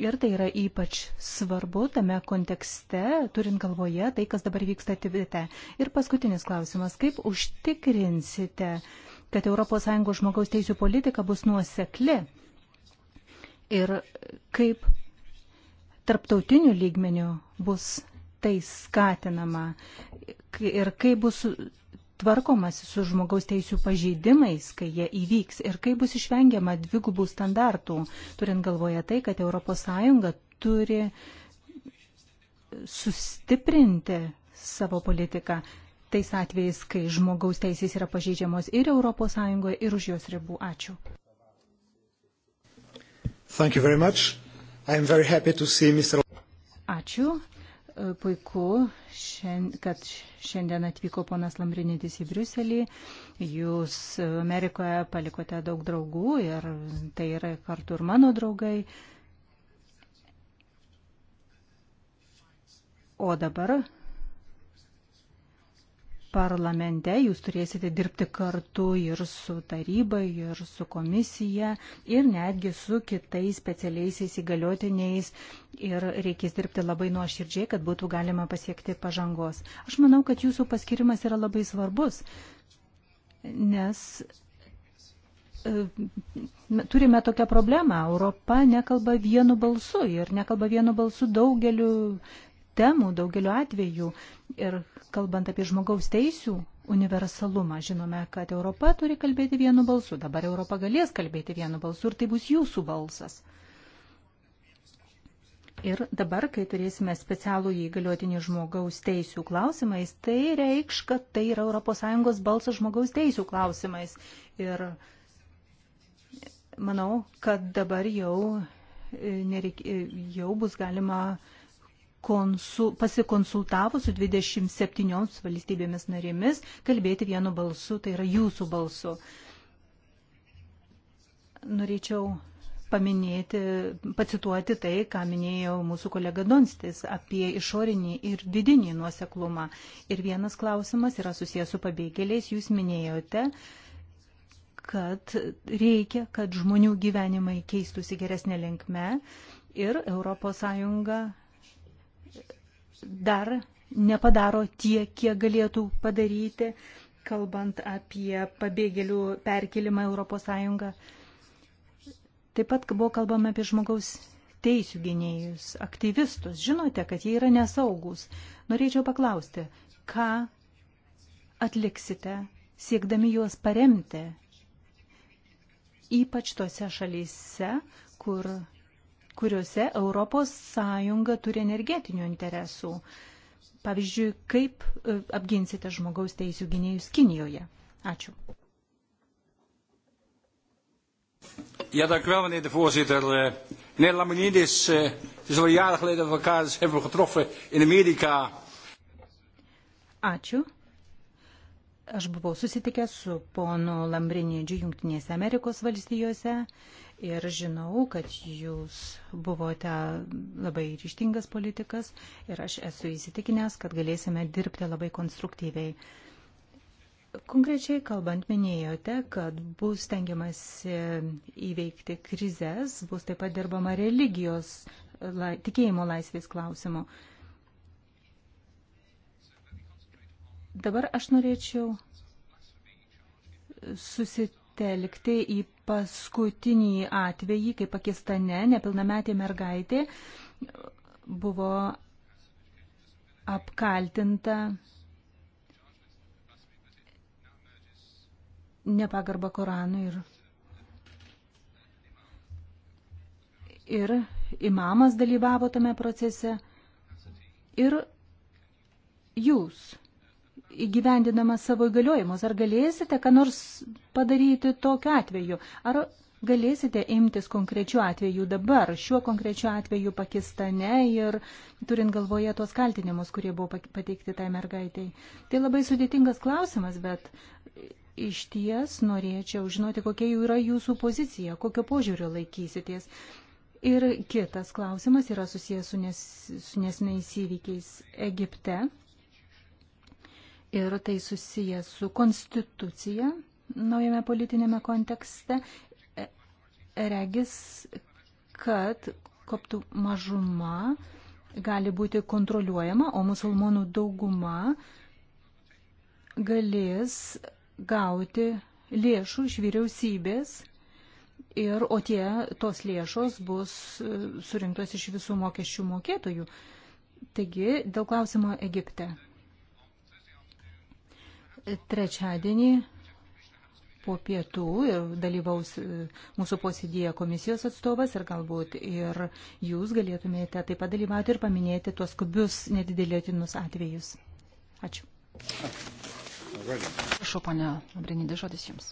Ir tai yra ypač svarbu tame kontekste, turint galvoje tai, kas dabar vyksta Tibete. Ir paskutinis klausimas, kaip užtikrinsite, kad ES žmogaus teisų politika bus nuosekli ir kaip tarptautiniu lygmeniu bus tai skatinama ir kaip bus tvarkomasi su žmogaus teisų pažeidimais, kai jie įvyks ir kaip bus išvengiama dvigubų standartų, turint galvoje tai, kad ES turi sustiprinti savo politiką tais atvejais, kai žmogaus teisės yra pažeidžiamos ir ES, ir už jos ribų. Ačiū. Ačiū. E, puiku, kad šiandien atvyko ponas Lambrinėtis į Briuselį. Jūs Amerikoje palikote daug draugų ir tai yra kartu ir mano draugai. O dabar parlamente jūs turėsite dirbti kartu ir su taryba, ir su komisija, ir netgi su kitais specialiaisiais įgaliotiniais. Ir reikės dirbti labai nuoširdžiai, kad būtų galima pasiekti pažangos. Aš manau, kad jūsų paskirimas yra labai svarbus, nes e, turime tokią problemą. Europa nekalba vienu balsu ir nekalba vienu balsu daugeliu temų daugeliu atveju ir kalbant apie žmogaus teisų universalumą. Žinome, kad Europa turi kalbėti vienu balsu. Dabar Europa galės kalbėti vienu balsu ir tai bus jūsų balsas. Ir dabar, kai turėsime specialų įgaliotinį žmogaus teisų klausimais, tai reikš, kad tai yra ES balsas žmogaus teisų klausimais. Ir manau, kad dabar jau, nereik, jau bus galima uh, konsul, pasikonsultavo su 27 valstybėmis narėmis kalbėti vienu balsu, tai yra jūsų balsu. Norėčiau paminėti, pacituoti tai, ką minėjo mūsų kolega Donstis apie išorinį ir vidinį nuoseklumą. Ir vienas klausimas yra susijęs su pabėgėliais. Jūs minėjote, kad reikia, kad žmonių gyvenimai keistųsi geresnė linkme ir ES dar nepadaro tiek, kiek galėtų padaryti, kalbant apie pabėgėlių perkelimą ES. Taip pat buvo kalbama apie žmogaus teisų gynėjus, aktyvistus. Žinote, kad jie yra nesaugus. Norėčiau paklausti, ką atliksite, siekdami juos paremti, ypač tose šalyse, kur kuriuose ES turi energetinių interesų. Pavyzdžiui, kaip e, apginsite žmogaus teisų gynėjus Kinijoje? Ačiū. Ja, dank u wel, meneer de voorzitter. Uh, meneer Laminidis, uh, eh, het is al jaren geleden dat we elkaar dus hebben getroffen in Amerika. Ačiū. Aš buvau susitikęs su ponu Lambrinidžiu Junktinėse Amerikos valstijose ir žinau, kad jūs buvote labai ryštingas politikas ir aš esu įsitikinęs, kad galėsime dirbti labai konstruktyviai. Konkrečiai kalbant, minėjote, kad bus tengiamasi įveikti krizės, bus taip pat dirbama religijos, lai, tikėjimo laisvės klausimu. Dabar aš norėčiau susitikti telkti į paskutinį atvejį, kai Pakistane nepilnametė mergaitė buvo apkaltinta nepagarba Koranui ir, ir imamas dalyvavo tame procese ir jūs įgyvendinama savo įgaliojimus. Ar galėsite, ką nors padaryti tokiu atveju? Ar galėsite imtis konkrečių atvejų dabar, šiuo konkrečiu atveju Pakistane ir turint galvoje tos kaltinimus, kurie buvo pateikti tai mergaitai? Tai labai sudėtingas klausimas, bet iš ties norėčiau žinoti, kokia yra jūsų pozicija, kokio požiūrio laikysitės. Ir kitas klausimas yra susijęs su, nes, su nesiniais įvykiais Egipte ir tai susiję su konstitucija naujame politinėme kontekste. E, regis, kad koptų mažuma gali būti kontroliuojama, o musulmonų dauguma galės gauti lėšų iš vyriausybės ir o tie tos lėšos bus e, surinktos iš visų mokesčių mokėtojų. Taigi, dėl klausimo Egipte. Trečiadienį po pietų dalyvaus e, mūsų posėdėje komisijos atstovas ir galbūt ir jūs galėtumėte taip pat dalyvauti ir paminėti tuos skubius nedidelėtinus atvejus. Ačiū. Prašau, ponia Brinidė, žodis jums.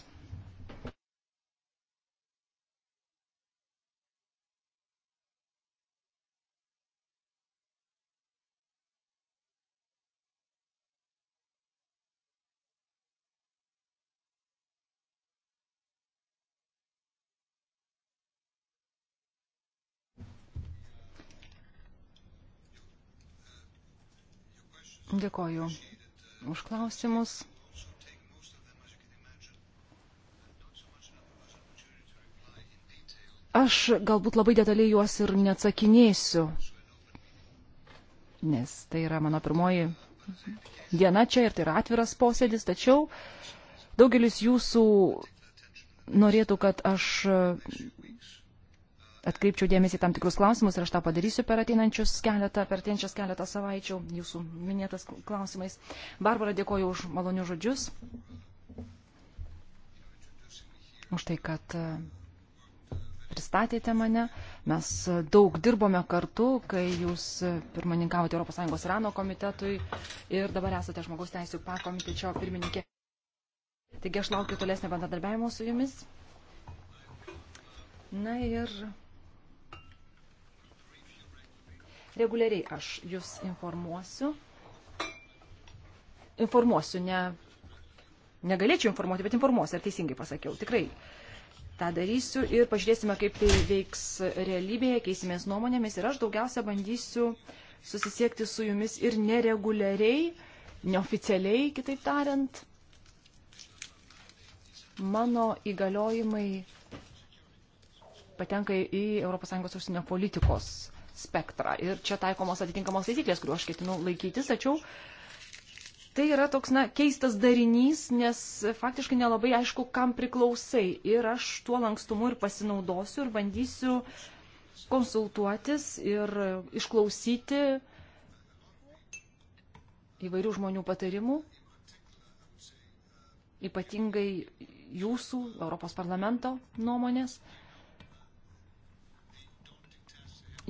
Dėkoju už klausimus. Aš galbūt labai detaliai juos ir neatsakinėsiu, nes tai yra mano pirmoji diena čia ir tai yra atviras posėdis, tačiau daugelis jūsų norėtų, kad aš atkreipčiau dėmesį tam tikrus klausimus ir aš tą padarysiu per ateinančius keletą, per ateinančias keletą savaičių jūsų minėtas klausimais. Barbara, dėkoju už malonius žodžius, už tai, kad e, pristatėte mane. Mes e, daug dirbome kartu, kai jūs e, pirmininkavote ES Irano komitetui ir dabar esate žmogaus teisų pakomitečio pirmininkė. Taigi aš laukiu tolesnio bendradarbiavimo su jumis. Na ir Reguliariai aš jūs informuosiu. Informuosiu, ne, negalėčiau informuoti, bet informuosiu, ar teisingai pasakiau. Tikrai tą darysiu ir pažiūrėsime, kaip tai veiks realybėje, keisimės nuomonėmis ir aš daugiausia bandysiu susisiekti su jumis ir nereguliariai, neoficialiai, kitaip tariant. Mano įgaliojimai patenka į ES užsienio politikos spektrą. Ir čia taikomos atitinkamos taisyklės, kuriuo aš ketinu laikytis, tačiau tai yra toks, na, keistas darinys, nes faktiškai nelabai aišku, kam priklausai. Ir aš tuo lankstumu ir pasinaudosiu ir bandysiu konsultuotis ir išklausyti įvairių žmonių patarimų, ypatingai jūsų, Europos parlamento nuomonės.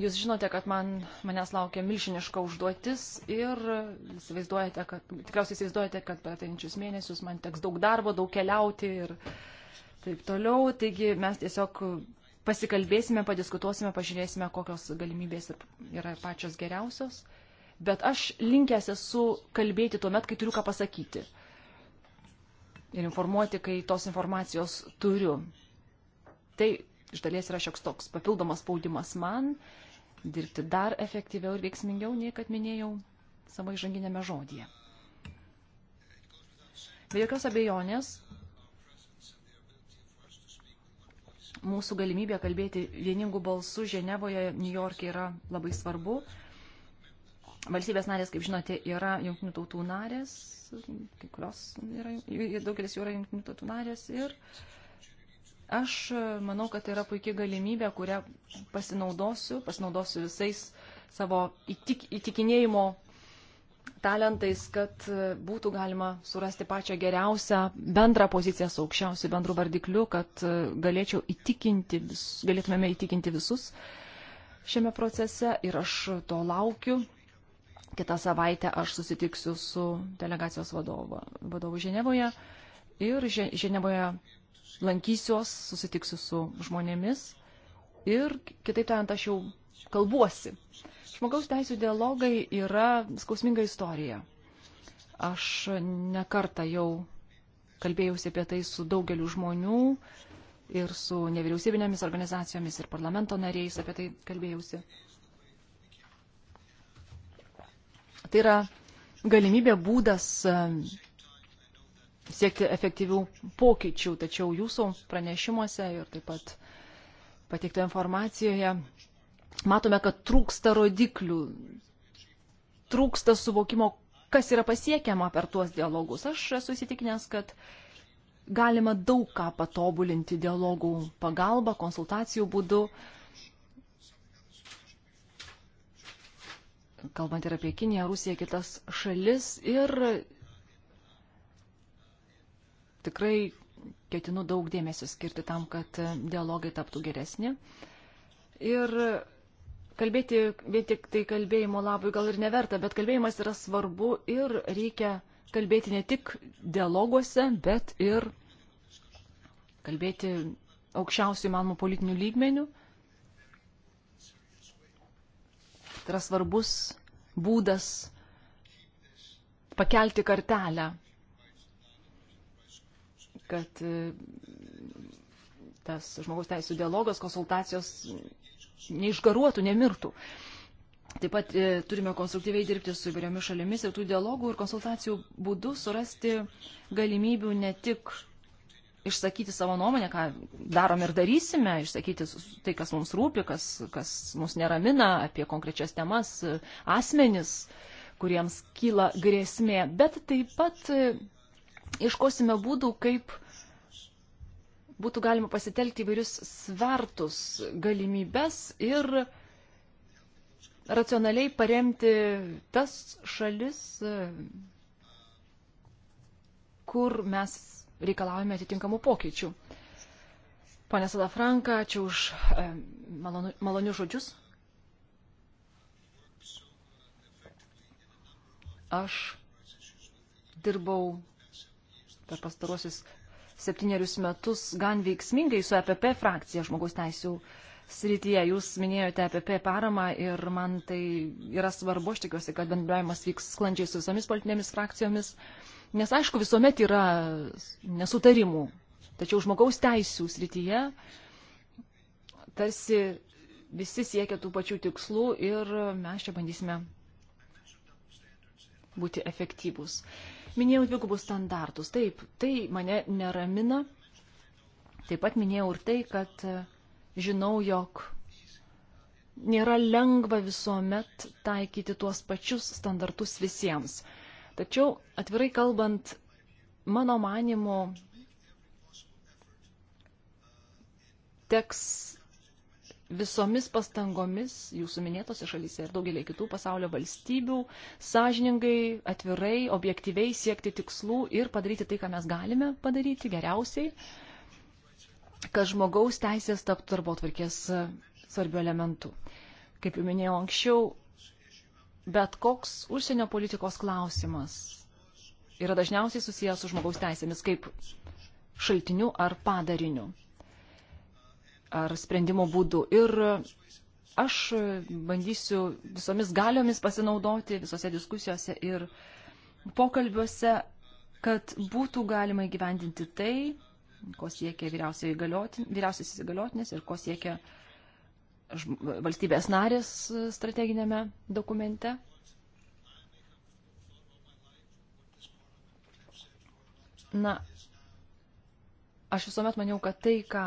Jūs žinote, kad man, manęs laukia milžiniška užduotis ir įsivaizduojate, kad, tikriausiai įsivaizduojate, kad per ateinančius mėnesius man teks daug darbo, daug keliauti ir taip toliau. Taigi mes tiesiog pasikalbėsime, padiskutuosime, pažiūrėsime, kokios galimybės yra pačios geriausios. Bet aš linkęs esu kalbėti tuo met, kai turiu ką pasakyti. Ir informuoti, kai tos informacijos turiu. Tai iš dalies yra šioks toks papildomas spaudimas man. Uh, dirbti dar efektyviau ir veiksmingiau, nei kad minėjau savo įžanginėme žodėje. Be jokios abejonės, mūsų galimybė kalbėti vieningų balsų Ženevoje, New York'e yra labai svarbu. Valstybės narės, kaip žinote, yra jungtinių tautų narės, kai kurios yra, daugelis jų yra jungtinių tautų narės ir uh, Aš e, manau, kad tai yra puikia galimybė, kurią pasinaudosiu, pasinaudosiu visais savo įtik, įtikinėjimo talentais, kad e, būtų galima surasti pačią geriausią bendrą poziciją su aukščiausiu bendru vardikliu, kad e, galėčiau įtikinti, vis, galėtumėme įtikinti visus šiame procese ir aš to laukiu. Kitą savaitę aš susitiksiu su delegacijos vadovu, vadovu Ženevoje ir Ženevoje lankysiuos, susitiksiu su žmonėmis ir, kitaip tariant, aš jau kalbuosi. Žmogaus teisų dialogai yra skausminga istorija. Aš nekartą jau kalbėjausi apie tai su daugeliu žmonių ir su nevyriausybinėmis organizacijomis ir parlamento nariais apie tai kalbėjausi. Tai yra galimybė būdas siekti efektyvių pokyčių, tačiau jūsų pranešimuose ir taip pat pateiktoje informacijoje matome, kad trūksta rodiklių, trūksta suvokimo, kas yra pasiekiama per tuos dialogus. Aš esu įsitikinęs, kad galima daug ką patobulinti dialogų pagalba, konsultacijų būdu. Kalbant ir apie Kiniją, Rusiją, kitas šalis ir tikrai ketinu daug dėmesio skirti tam, kad dialogai taptų geresni. Ir kalbėti vien tik tai kalbėjimo labui gal ir neverta, bet kalbėjimas yra svarbu ir reikia kalbėti ne tik dialoguose, bet ir kalbėti aukščiausių įmanomų politinių lygmenių. Tai yra svarbus būdas pakelti kartelę kad e, tas žmogaus teisų dialogas, konsultacijos neišgaruotų, nemirtų. Taip pat e, turime konstruktyviai dirbti su įvairiomis šalimis ir tų dialogų ir konsultacijų būdu surasti galimybių ne tik išsakyti savo nuomonę, ką darom ir darysime, išsakyti tai, kas mums rūpi, kas, kas mus neramina apie konkrečias temas, asmenis, kuriems kyla grėsmė, bet taip pat e, iškosime būdų, kaip būtų galima pasitelkti įvairius svertus, galimybes ir racionaliai paremti tas šalis, kur mes reikalavome atitinkamų pokyčių. Pane Salafranka, ačiū už e, malonu, malonius žodžius. Aš dirbau per pastarosius septynerius metus gan veiksmingai su EPP frakcija žmogaus teisų srityje. Jūs minėjote EPP paramą ir man tai yra svarbu, aš tikiuosi, kad bendravimas vyks sklandžiai su visomis politinėmis frakcijomis, nes aišku, visuomet yra nesutarimų, tačiau žmogaus teisų srityje tarsi visi siekia tų pačių tikslų ir mes čia bandysime būti efektyvūs. Minėjau dvigubus standartus. Taip, tai mane neramina. Taip pat minėjau ir tai, kad e, žinau, jog nėra lengva visuomet taikyti tuos pačius standartus visiems. Tačiau, atvirai kalbant, mano manimu, teks visomis pastangomis jūsų minėtose šalyse ir daugelį kitų pasaulio valstybių sąžiningai, atvirai, objektyviai siekti tikslų ir padaryti tai, ką mes galime padaryti geriausiai, kad žmogaus teisės taptų darbo tvarkės svarbių elementų. Kaip jau minėjau anksčiau, bet koks užsienio politikos klausimas yra dažniausiai susijęs su žmogaus teisėmis kaip šaltiniu ar padariniu ar sprendimo būdų. Ir aš bandysiu visomis galiomis pasinaudoti visose diskusijose ir pokalbiuose, kad būtų galima įgyvendinti tai, ko siekia vyriausiasis įgaliotinis ir ko siekia valstybės narės strateginėme dokumente. Na, aš visuomet maniau, kad tai, ką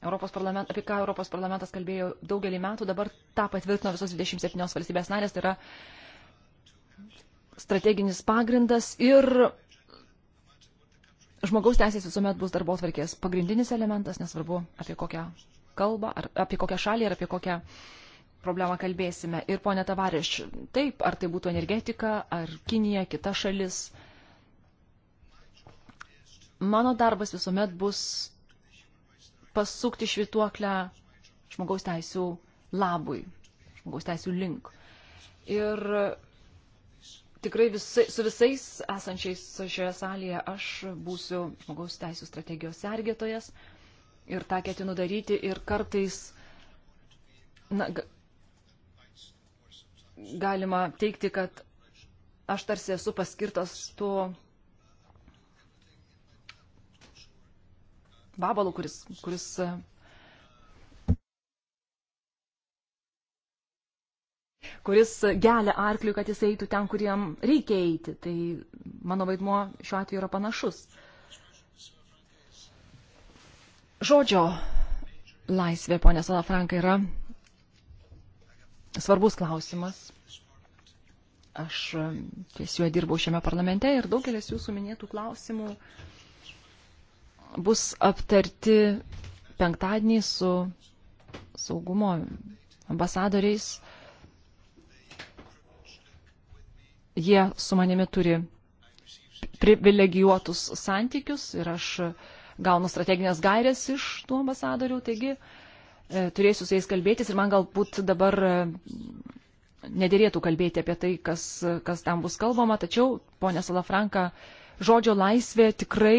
Europos parlament, apie ką Europos parlamentas kalbėjo daugelį metų, dabar tą patvirtino visos 27 valstybės narės, tai yra strateginis pagrindas ir žmogaus teisės visuomet bus darbo atvarkės pagrindinis elementas, nesvarbu apie kokią kalbą, ar apie kokią šalį, ar apie kokią problemą kalbėsime. Ir ponė Tavariš, taip, ar tai būtų energetika, ar Kinija, kita šalis. Mano darbas visuomet bus pasukti švituoklę žmogaus teisų labui, žmogaus teisų link. Ir tikrai visai, su visais esančiais šioje salėje aš būsiu žmogaus teisų strategijos sergėtojas ir tą ketinu daryti ir kartais na, galima teikti, kad aš tarsi esu paskirtas tuo vabalu, kuris, kuris kuris gelia arkliui, kad jis eitų ten, kur jam reikia eiti. Tai mano vaidmuo šiuo atveju yra panašus. Žodžio laisvė, ponė Salafranka, yra svarbus klausimas. Aš ties juo dirbau šiame parlamente ir daugelis jūsų minėtų klausimų uh, bus aptarti penktadienį su saugumo ambasadoriais. Jie su manimi turi privilegijuotus santykius ir aš gaunu strateginės gairės iš tų ambasadorių, taigi e, turėsiu su jais kalbėtis ir man galbūt dabar e, nedėrėtų kalbėti apie tai, kas, kas tam bus kalbama, tačiau, ponė Salafranka, žodžio laisvė tikrai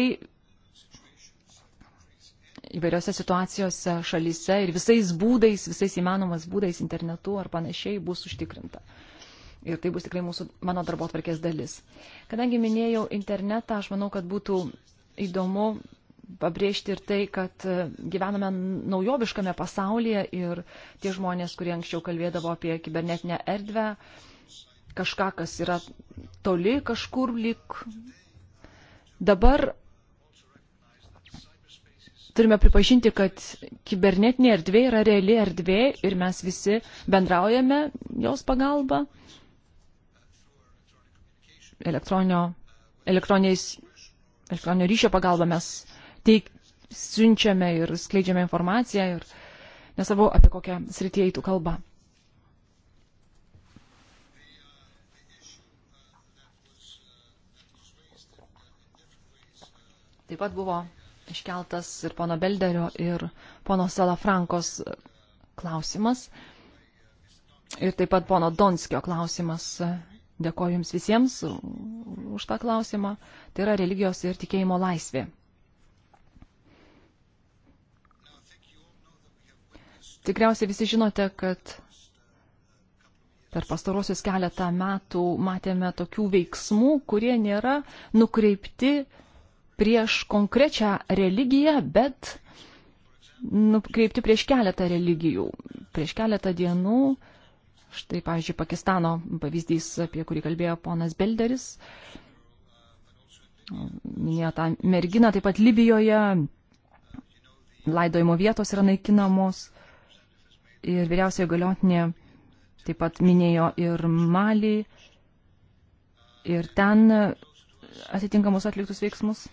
įvairiose situacijose šalyse ir visais būdais, visais įmanomas būdais internetu ar panašiai bus užtikrinta. Ir tai bus tikrai mūsų, mano darbo atvarkės dalis. Kadangi minėjau internetą, aš manau, kad būtų įdomu pabrėžti ir tai, kad e, gyvename naujoviškame pasaulyje ir tie žmonės, kurie anksčiau kalbėdavo apie kibernetinę erdvę, kažką, kas yra toli kažkur lik, dabar turime pripažinti, kad kibernetinė erdvė yra reali erdvė ir mes visi bendraujame jos pagalba elektroninio, elektroninio ryšio pagalba mes teik, siunčiame ir skleidžiame informaciją ir nesavau apie kokią sritį eitų kalba. Taip pat buvo iškeltas ir pono Belderio, ir pono Salafrankos klausimas, ir taip pat pono Donskio klausimas. Dėkoju Jums visiems už tą klausimą. Tai yra religijos ir tikėjimo laisvė. Tikriausiai visi žinote, kad per pastarosius keletą metų matėme tokių veiksmų, kurie nėra nukreipti prieš konkrečią religiją, bet nukreipti prieš keletą religijų. Prieš keletą dienų, štai, pavyzdžiui, Pakistano pavyzdys, apie kurį kalbėjo ponas Belderis, minėjo tą merginą, taip pat Libijoje laidojimo vietos yra naikinamos ir vyriausioji galiotinė taip pat minėjo ir Malį. Ir ten atitinkamus atliktus veiksmus,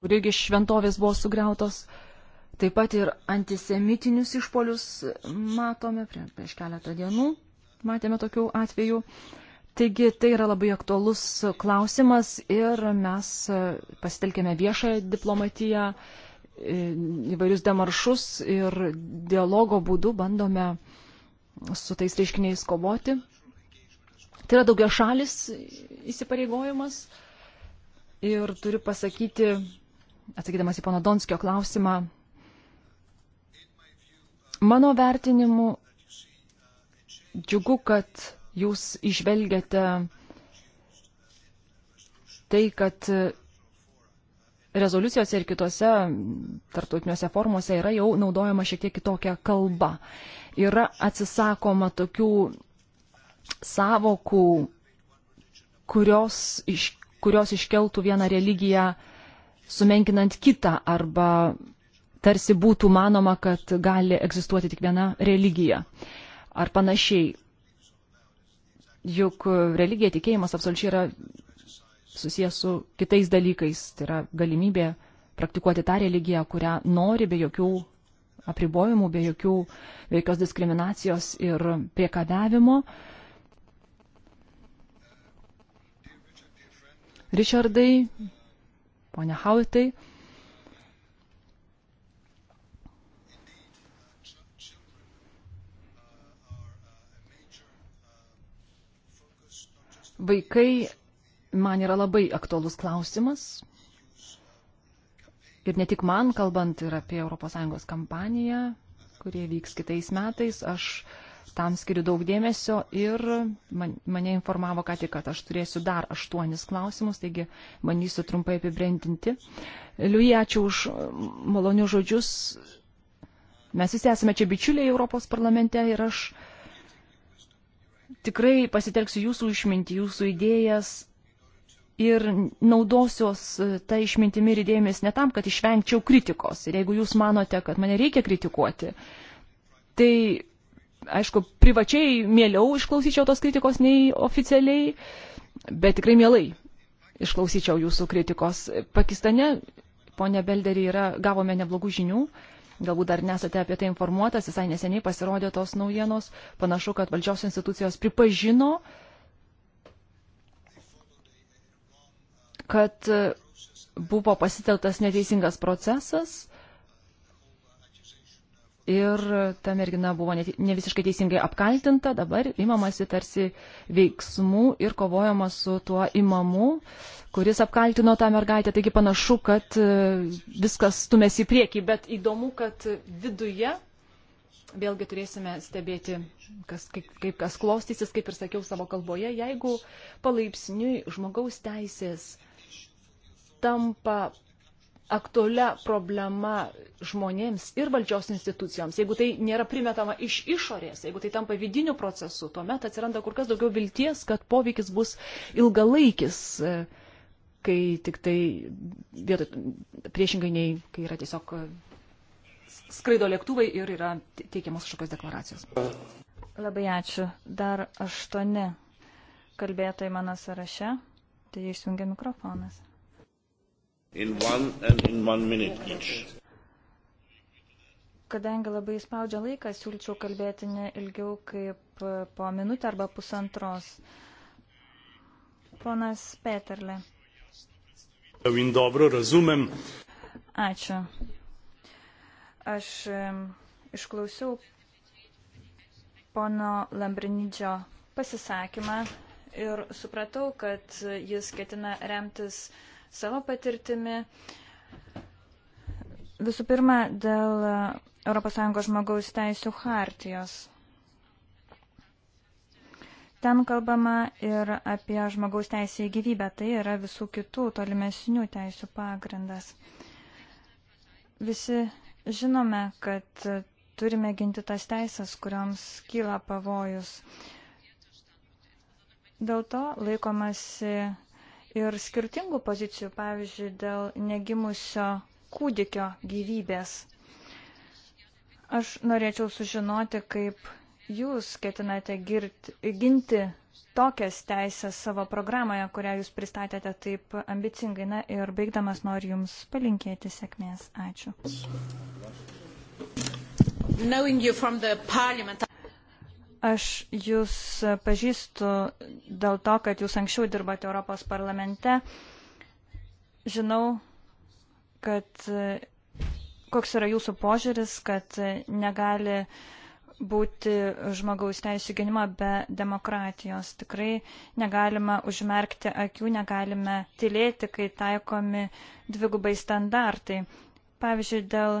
kur irgi šventovės buvo sugriautos. Taip pat ir antisemitinius išpolius matome prieš keletą dienų, matėme tokių atvejų. Taigi tai yra labai aktualus klausimas ir mes pasitelkėme viešąją diplomatiją, įvairius demaršus ir dialogo būdu bandome su tais reiškiniais kovoti. Tai yra daugia šalis įsipareigojimas. Ir turiu pasakyti, atsakydamas į pono Donskio klausimą, mano vertinimu džiugu, kad jūs išvelgiate tai, kad rezoliucijose ir kitose tartutiniuose formuose yra jau naudojama šiek tiek kitokia kalba. Yra atsisakoma tokių savokų, kurios, iš, kurios iškeltų vieną religiją sumenkinant kitą arba tarsi būtų manoma, kad gali egzistuoti tik viena religija ar panašiai. Juk religija tikėjimas absoliučiai yra susijęs su kitais dalykais, tai yra galimybė praktikuoti tą religiją, kurią nori be jokių apribojimų, be jokių veikios diskriminacijos ir priekabėvimo. Uh, Richardai, ponia Hautai. Vaikai man yra labai aktuolus klausimas. Ir ne tik man, kalbant ir apie ES kampaniją, kurie vyks kitais metais, aš uh, tam skiriu daug dėmesio ir man, mane informavo ką tik, kad aš turėsiu dar aštuonis klausimus, taigi bandysiu trumpai apibrendinti. Liui, ačiū už malonius žodžius. Mes visi esame čia bičiuliai Europos parlamente ir aš tikrai pasitelksiu jūsų išmintį, jūsų idėjas. Ir naudosios tą išmintimį ir idėjomis ne tam, kad išvengčiau kritikos. Ir jeigu jūs manote, kad mane reikia kritikuoti, tai aišku, privačiai mieliau išklausyčiau tos kritikos nei oficialiai, bet tikrai mielai išklausyčiau jūsų kritikos. Pakistane, ponė Belderį, yra, gavome neblogų žinių, galbūt dar nesate apie tai informuotas, visai neseniai pasirodė tos naujienos, panašu, kad valdžios institucijos pripažino, kad buvo pasiteltas neteisingas procesas ir ta mergina buvo ne, ne visiškai teisingai apkaltinta, dabar imamasi tarsi veiksmų ir kovojama su tuo imamu, kuris apkaltino tą mergaitę. Taigi panašu, kad e, viskas stumėsi į priekį, bet įdomu, kad viduje vėlgi turėsime stebėti, kas, kaip, kaip kas klostysis, kaip ir sakiau savo kalboje, jeigu palaipsniui žmogaus teisės tampa aktualia problema žmonėms ir valdžios institucijoms, jeigu tai nėra primetama iš išorės, jeigu tai tampa vidiniu procesu, tuomet atsiranda kur kas daugiau vilties, kad poveikis bus ilgalaikis, e, kai tik tai vietoj, priešingai nei, kai yra tiesiog e, skraido lėktuvai ir yra teikiamos kažkokios deklaracijos. Labai ačiū. Dar aštuoni kalbėtojai mano sąraše. Tai išjungia mikrofonas. In one and in one minute each. Kadangi labai spaudžia laiką, siūlyčiau kalbėti ne ilgiau kaip e, po minutę arba pusantros. Ponas Peterle. Ačiū. Aš e, išklausiau pono Lambrinidžio pasisakymą ir supratau, kad jis ketina remtis uh, savo patirtimi. Visų pirma, dėl ES žmogaus teisų hartijos. Ten kalbama ir apie žmogaus teisę į gyvybę. Tai yra visų kitų tolimesnių teisų pagrindas. Visi žinome, kad turime ginti tas teisės, kurioms kyla pavojus. Dėl to laikomasi ir skirtingų pozicijų, pavyzdžiui, dėl negimusio kūdikio gyvybės. Aš norėčiau sužinoti, kaip jūs ketinate girti, ginti tokias teisės savo programoje, kurią jūs pristatėte taip ambicingai. Na ir baigdamas noriu Jums palinkėti sėkmės. Ačiū. Aš jūs pažįstu dėl to, kad jūs anksčiau dirbate Europos parlamente. Žinau, kad koks yra jūsų požiūris, kad negali būti žmogaus teisų gynimo be demokratijos. Tikrai negalima užmerkti akių, negalime tylėti, kai taikomi dvigubai standartai. Pavyzdžiui, dėl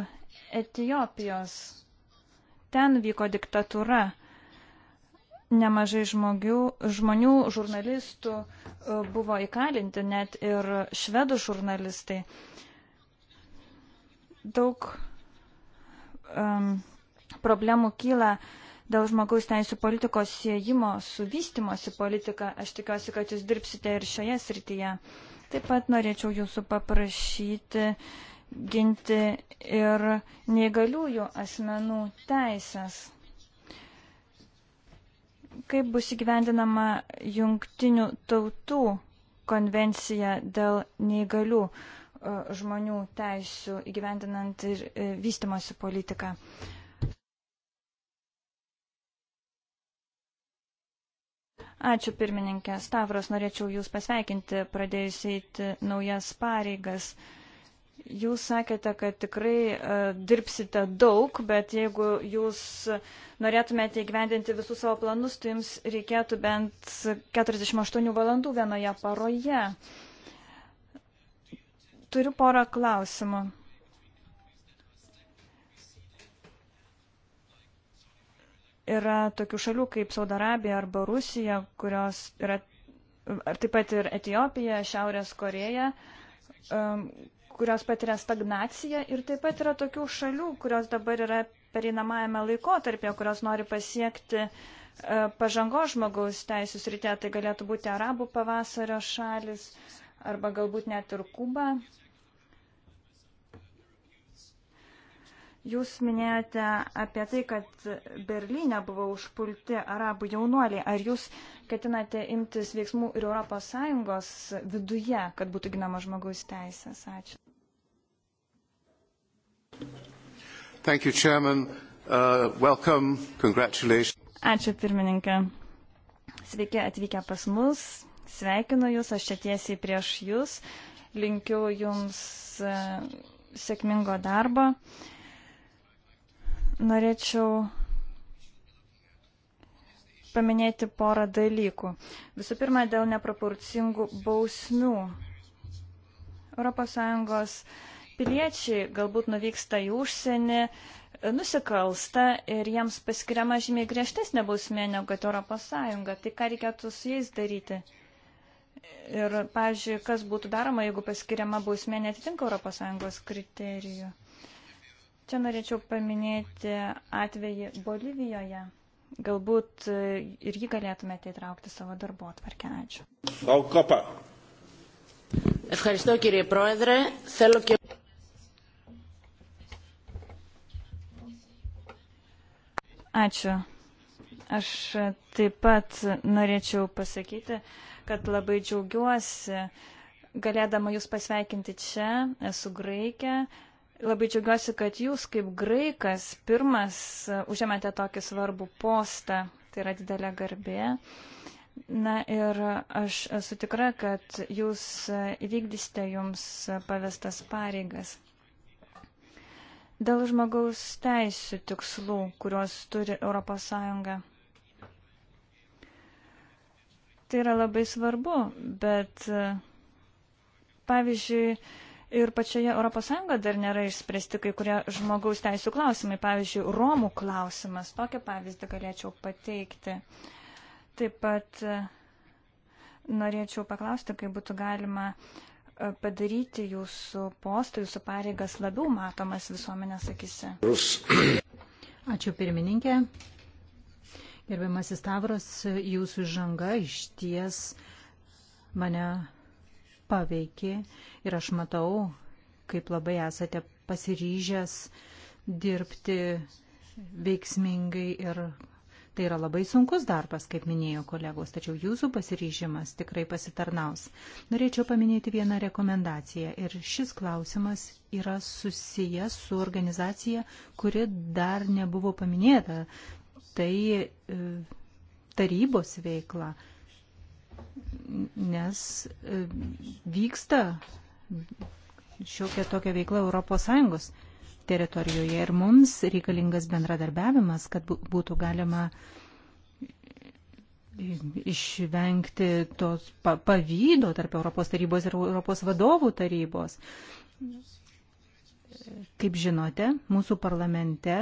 Etijopijos. Ten vyko diktatūra nemažai žmogių, žmonių, žurnalistų e, buvo įkalinti, net ir švedų žurnalistai. Daug um, problemų kyla dėl žmogaus teisų politikos siejimo su vystimosi politika. Aš tikiuosi, kad jūs dirbsite ir šioje srityje. Taip pat norėčiau jūsų paprašyti ginti ir neįgaliųjų asmenų teisės kaip bus įgyvendinama jungtinių tautų konvencija dėl neįgalių e, žmonių teisų įgyvendinant ir e, vystimosi politiką. Ačiū pirmininkė. Stavros, norėčiau Jūs pasveikinti, pradėjus eiti naujas pareigas. Uh, Jūs sakėte, kad tikrai uh, dirbsite daug, bet jeigu jūs norėtumėte įgyvendinti visus savo planus, tai jums reikėtų bent 48 valandų vienoje paroje. Turiu porą klausimų. Yra tokių šalių kaip Saudarabija arba Rusija, kurios yra, ar taip pat ir Etijopija, Šiaurės Koreja, um, kurios patiria stagnaciją ir taip pat yra tokių šalių, kurios dabar yra pereinamajame laikotarpėje, kurios nori pasiekti e, pažango žmogaus teisų srityje, tai galėtų būti arabų pavasario šalis arba galbūt net ir Kuba. Jūs minėjote apie tai, kad Berlyne buvo užpulti arabų jaunuoliai. Ar jūs ketinate imtis veiksmų ir ES viduje, kad būtų ginama žmogaus teisės? Ačiū. Thank you, Chairman. Uh, welcome. Congratulations. Ačiū pirmininkė. Sveiki atvykę pas mus. Sveikinu Jūs, aš čia tiesiai prieš Jūs. Linkiu Jums uh, sėkmingo darbo. Uh, norėčiau paminėti porą dalykų. Visų pirma, dėl neproporcingų bausmių. ES piliečiai galbūt nuvyksta į užsienį, nusikalsta ir jiems paskiriama žymiai griežtesnė bausmė negu kad ES. Tai ką reikėtų su jais daryti? Ir, pavyzdžiui, kas būtų daroma, jeigu paskiriama bausmė netitinka ES kriterijų? Čia norėčiau paminėti atvejį Bolivijoje. Galbūt e, ir jį galėtumėte įtraukti savo darbo atvarkę. Ačiū. Frau Kopa. Ευχαριστώ κύριε Πρόεδρε. Θέλω και... Ačiū. Aš taip pat norėčiau pasakyti, kad labai džiaugiuosi galėdama jūs pasveikinti čia. Esu Graikė. Labai džiugiuosi, kad jūs kaip graikas pirmas e, užėmėte tokį svarbų postą. Tai yra didelė garbė. Na ir aš esu tikra, kad jūs e, įvykdysite jums pavestas pareigas. Dėl žmogaus teisų tikslų, kuriuos turi ES. Tai yra labai svarbu, bet e, pavyzdžiui, ir pačioje ES dar nėra išspręsti kai kurie žmogaus teisų klausimai, pavyzdžiui, Romų klausimas. Tokį pavyzdį galėčiau pateikti. Taip pat e, norėčiau paklausti, kaip būtų galima e, padaryti jūsų postą, jūsų pareigas labiau matomas visuomenės akise. Ačiū pirmininkė. Gerbiamasis Tavras, jūsų žanga iš ties mane paveikė ir aš matau, kaip labai esate pasiryžęs dirbti veiksmingai ir tai yra labai sunkus darbas, kaip minėjo kolegos, tačiau jūsų pasiryžimas tikrai pasitarnaus. Norėčiau paminėti vieną rekomendaciją ir šis klausimas yra susijęs su organizacija, kuri dar nebuvo paminėta. Tai e, tarybos veikla nes e, vyksta šiokia tokia veikla ES teritorijoje ir mums reikalingas bendradarbiavimas, kad būtų galima e, išvengti tos pavydo tarp Europos tarybos ir Europos vadovų tarybos. Kaip žinote, mūsų parlamente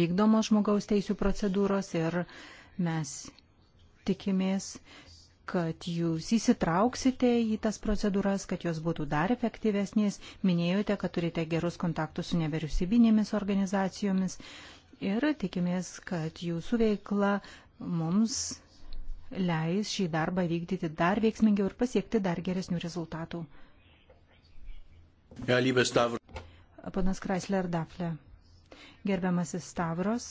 vykdomos žmogaus teisų procedūros ir mes tikimės, kad jūs įsitrauksite į tas procedūras, kad jos būtų dar efektyvesnės. Minėjote, kad turite gerus kontaktus su nevyriausybinėmis organizacijomis ir tikimės, kad jūsų veikla mums leis šį darbą vykdyti dar veiksmingiau ir pasiekti dar geresnių rezultatų. Ja, Panas Kreisler Dafle. Gerbiamasis Stavros,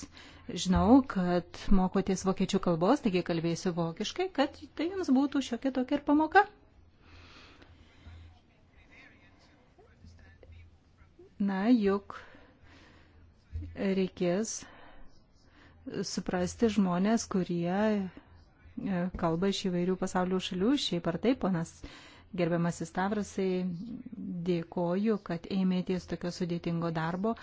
žinau, kad mokotės vokiečių kalbos, taigi kalbėsiu vokiškai, kad tai jums būtų šiokia tokia ir pamoka. Na, juk reikės suprasti žmonės, kurie e, kalba iš įvairių pasaulio šalių, šiaip ar taip, ponas gerbiamasis Tavrasai, dėkoju, kad ėmėties tokio sudėtingo darbo,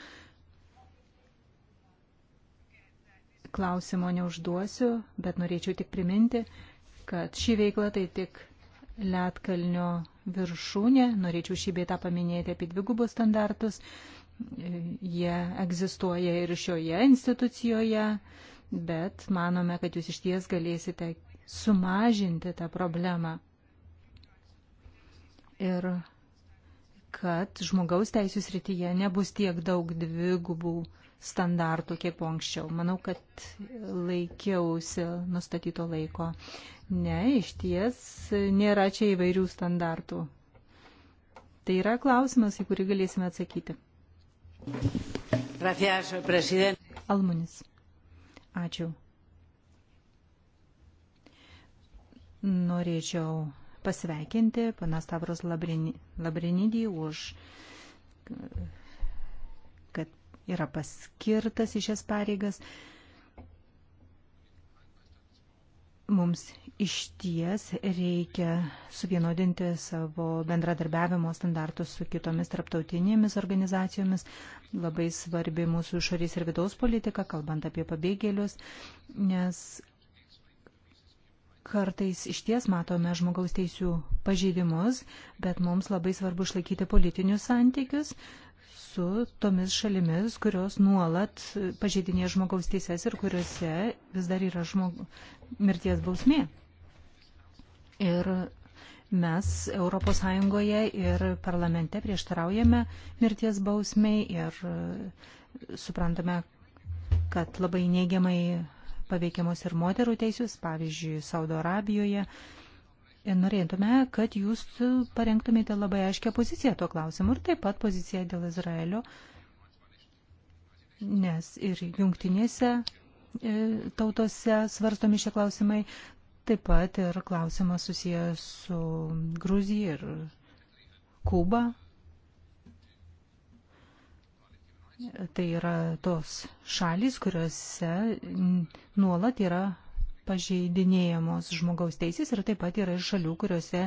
klausimo neužduosiu, bet norėčiau tik priminti, kad ši veikla tai tik Lietkalnio viršūnė. Norėčiau šį beitą paminėti apie dvigubus standartus. Jie egzistuoja ir šioje institucijoje, bet manome, kad jūs iš ties galėsite sumažinti tą problemą. Ir kad žmogaus teisų srityje nebus tiek daug dvigubų standartų standartų kiek po anksčiau. Manau, kad laikiausi nustatyto laiko. Ne, iš ties nėra čia įvairių standartų. Tai yra klausimas, į kurį galėsime atsakyti. Gracias, Almunis. Ačiū. Norėčiau pasveikinti panas Tavros Labrinidį už yra paskirtas į šias pareigas. Mums iš ties reikia suvienodinti savo bendradarbiavimo standartus su kitomis tarptautinėmis organizacijomis. Labai svarbi mūsų išorės ir vidaus politika, kalbant apie pabėgėlius, nes kartais iš ties matome žmogaus teisų pažeidimus, bet mums labai svarbu išlaikyti politinius santykius su tomis šalimis, kurios nuolat pažeidinė žmogaus teises ir kuriuose vis dar yra žmog... mirties bausmė. Ir mes ES ir parlamente prieštaraujame mirties bausmiai ir suprantame, kad labai neigiamai paveikiamos ir moterų teisės, pavyzdžiui, Saudo Arabijoje norėtume, kad jūs parengtumėte labai aiškę poziciją tuo klausimu ir taip pat poziciją dėl Izraelio, nes ir jungtinėse e, tautose svarstomi šie klausimai, taip pat ir klausimas susijęs su Gruzija ir Kuba. Tai yra tos šalys, kuriuose nuolat yra pažeidinėjamos žmogaus teisės ir taip pat yra ir šalių, kuriuose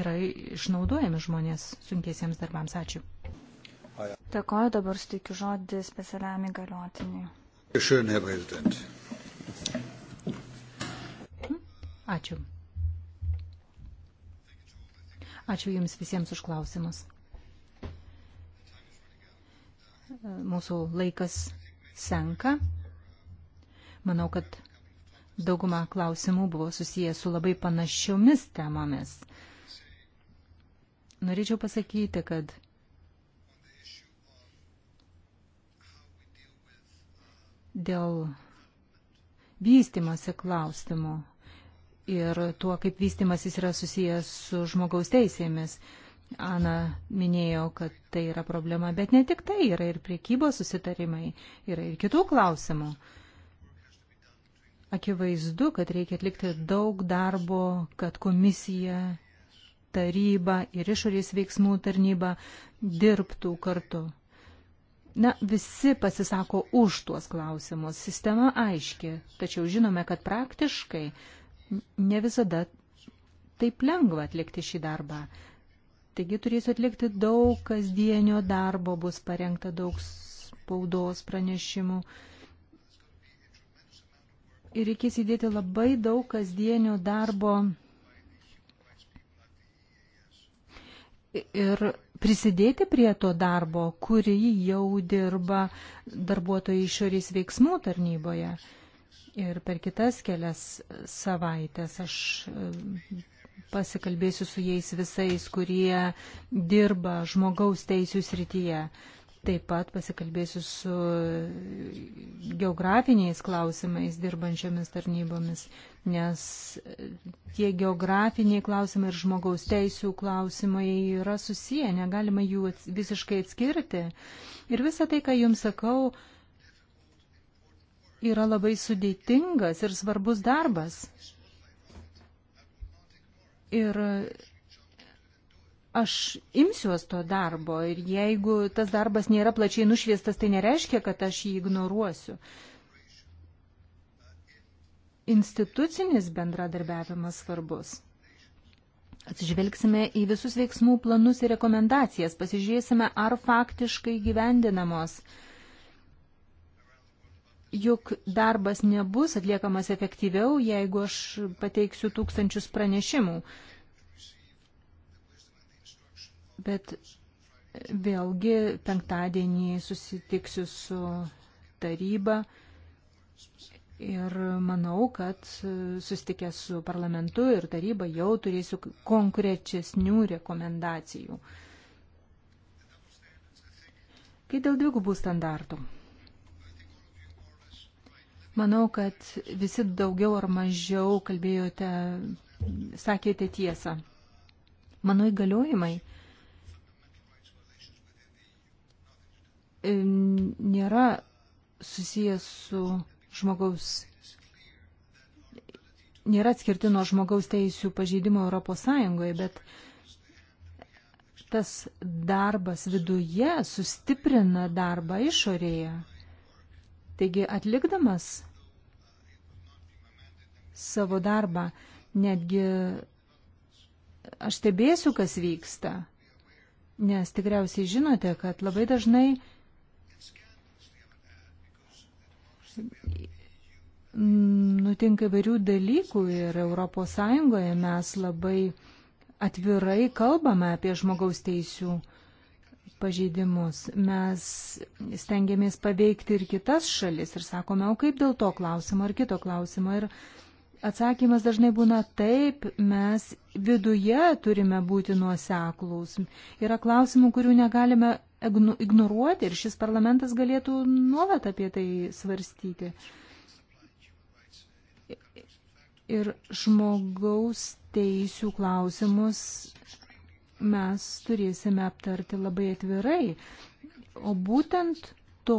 yra išnaudojami žmonės sunkiesiems darbams. Ačiū. Dėkoju, dabar suteikiu žodį specialiam įgaliotiniui. Ačiū. Ačiū Jums visiems už klausimus. Mūsų laikas senka. Manau, kad dauguma klausimų buvo susiję su labai panašiomis temomis. Norėčiau pasakyti, kad dėl vystimosi klausimų ir tuo, kaip vystimasis yra susijęs su žmogaus teisėmis. Ana minėjo, kad tai yra problema, bet ne tik tai, yra ir priekybos susitarimai, yra ir kitų klausimų. Akivaizdu, kad reikia atlikti daug darbo, kad komisija, taryba ir išorės veiksmų tarnyba dirbtų kartu. Na, visi pasisako už tuos klausimus. Sistema aiški, tačiau žinome, kad praktiškai ne visada taip lengva atlikti šį darbą. Taigi turėsiu atlikti daug kasdienio darbo, bus parengta daug spaudos pranešimų. Uh, ir reikės įdėti labai daug kasdienio darbo ir prisidėti prie to darbo, kurį jau dirba darbuotojai išorės veiksmų tarnyboje. Ir per kitas kelias savaitės aš e, pasikalbėsiu su jais visais, kurie dirba žmogaus teisų srityje. Taip pat pasikalbėsiu su geografiniais klausimais dirbančiomis tarnybomis, nes tie geografiniai klausimai ir žmogaus teisų klausimai yra susiję, negalima jų visiškai atskirti. Ir visą tai, ką jums sakau, yra labai sudėtingas ir svarbus darbas. Ir aš imsiuos to darbo ir jeigu tas darbas nėra plačiai nušviestas, tai nereiškia, kad aš jį ignoruosiu. Institucinis bendradarbiavimas svarbus. Atsižvelgsime į visus veiksmų planus ir rekomendacijas, pasižiūrėsime, ar faktiškai gyvendinamos. Juk darbas nebus atliekamas efektyviau, jeigu aš pateiksiu tūkstančius pranešimų. Bet vėlgi penktadienį susitiksiu su taryba ir manau, kad susitikęs su parlamentu ir taryba jau turėsiu konkrečesnių rekomendacijų. Kai dėl dvigubų standartų. Manau, kad visi daugiau ar mažiau kalbėjote, sakėte tiesą. Mano įgaliojimai E, nėra susijęs su žmogaus, nėra atskirti nuo žmogaus teisų pažeidimo Europos Sąjungoje, bet tas darbas viduje sustiprina darbą išorėje. Taigi atlikdamas savo darbą, netgi aš stebėsiu, kas vyksta, nes tikriausiai žinote, kad labai dažnai nutinka įvairių dalykų ir ES mes labai atvirai kalbame apie žmogaus teisų pažeidimus. Mes stengiamės paveikti ir kitas šalis ir sakome, o kaip dėl to klausimo ar kito klausimo. Ir atsakymas dažnai būna taip, mes viduje turime būti nuoseklūs. Yra klausimų, kurių negalime ignoruoti ir šis parlamentas galėtų nuolat apie tai svarstyti. Ir žmogaus teisių klausimus mes turėsime aptarti labai atvirai. O būtent to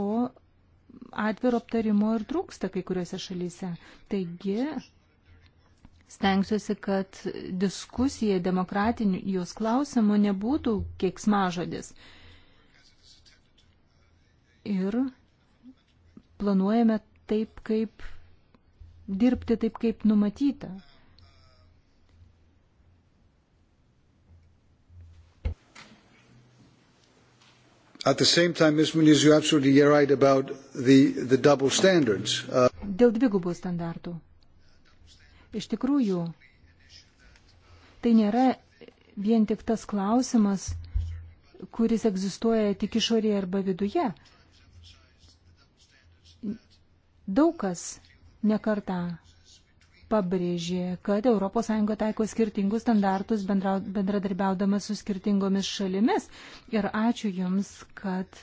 atviro aptarimo ir trūksta kai kuriuose šalyse. Taigi, stengsiuosi, kad diskusija demokratinių jos klausimų nebūtų kieksmažodis. mažodis ir planuojame taip, kaip dirbti taip, kaip numatyta. At the same time, Ms. Muniz, you're absolutely right about the, the double standards. Uh... Dėl dvigubų standartų. Iš tikrųjų, tai nėra vien tik tas klausimas, kuris egzistuoja tik išorėje arba viduje. Uh, Daug kas nekarta pabrėžė, kad ES taiko skirtingus standartus bendra, bendradarbiaudama su skirtingomis šalimis. Ir ačiū Jums, kad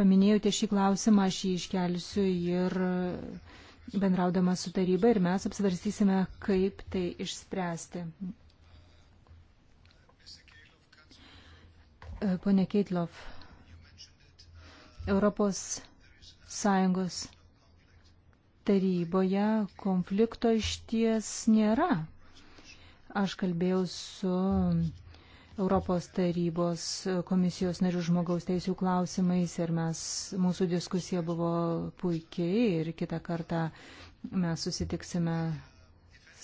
paminėjote šį klausimą, aš jį iškelsiu ir bendraudama su taryba ir mes apsvarstysime, kaip tai išspręsti. Pone Keitlov, Europos Sąjungos taryboje konflikto išties nėra. Aš kalbėjau su Europos tarybos komisijos narių žmogaus teisų klausimais ir mes, mūsų diskusija buvo puikiai ir kitą kartą mes susitiksime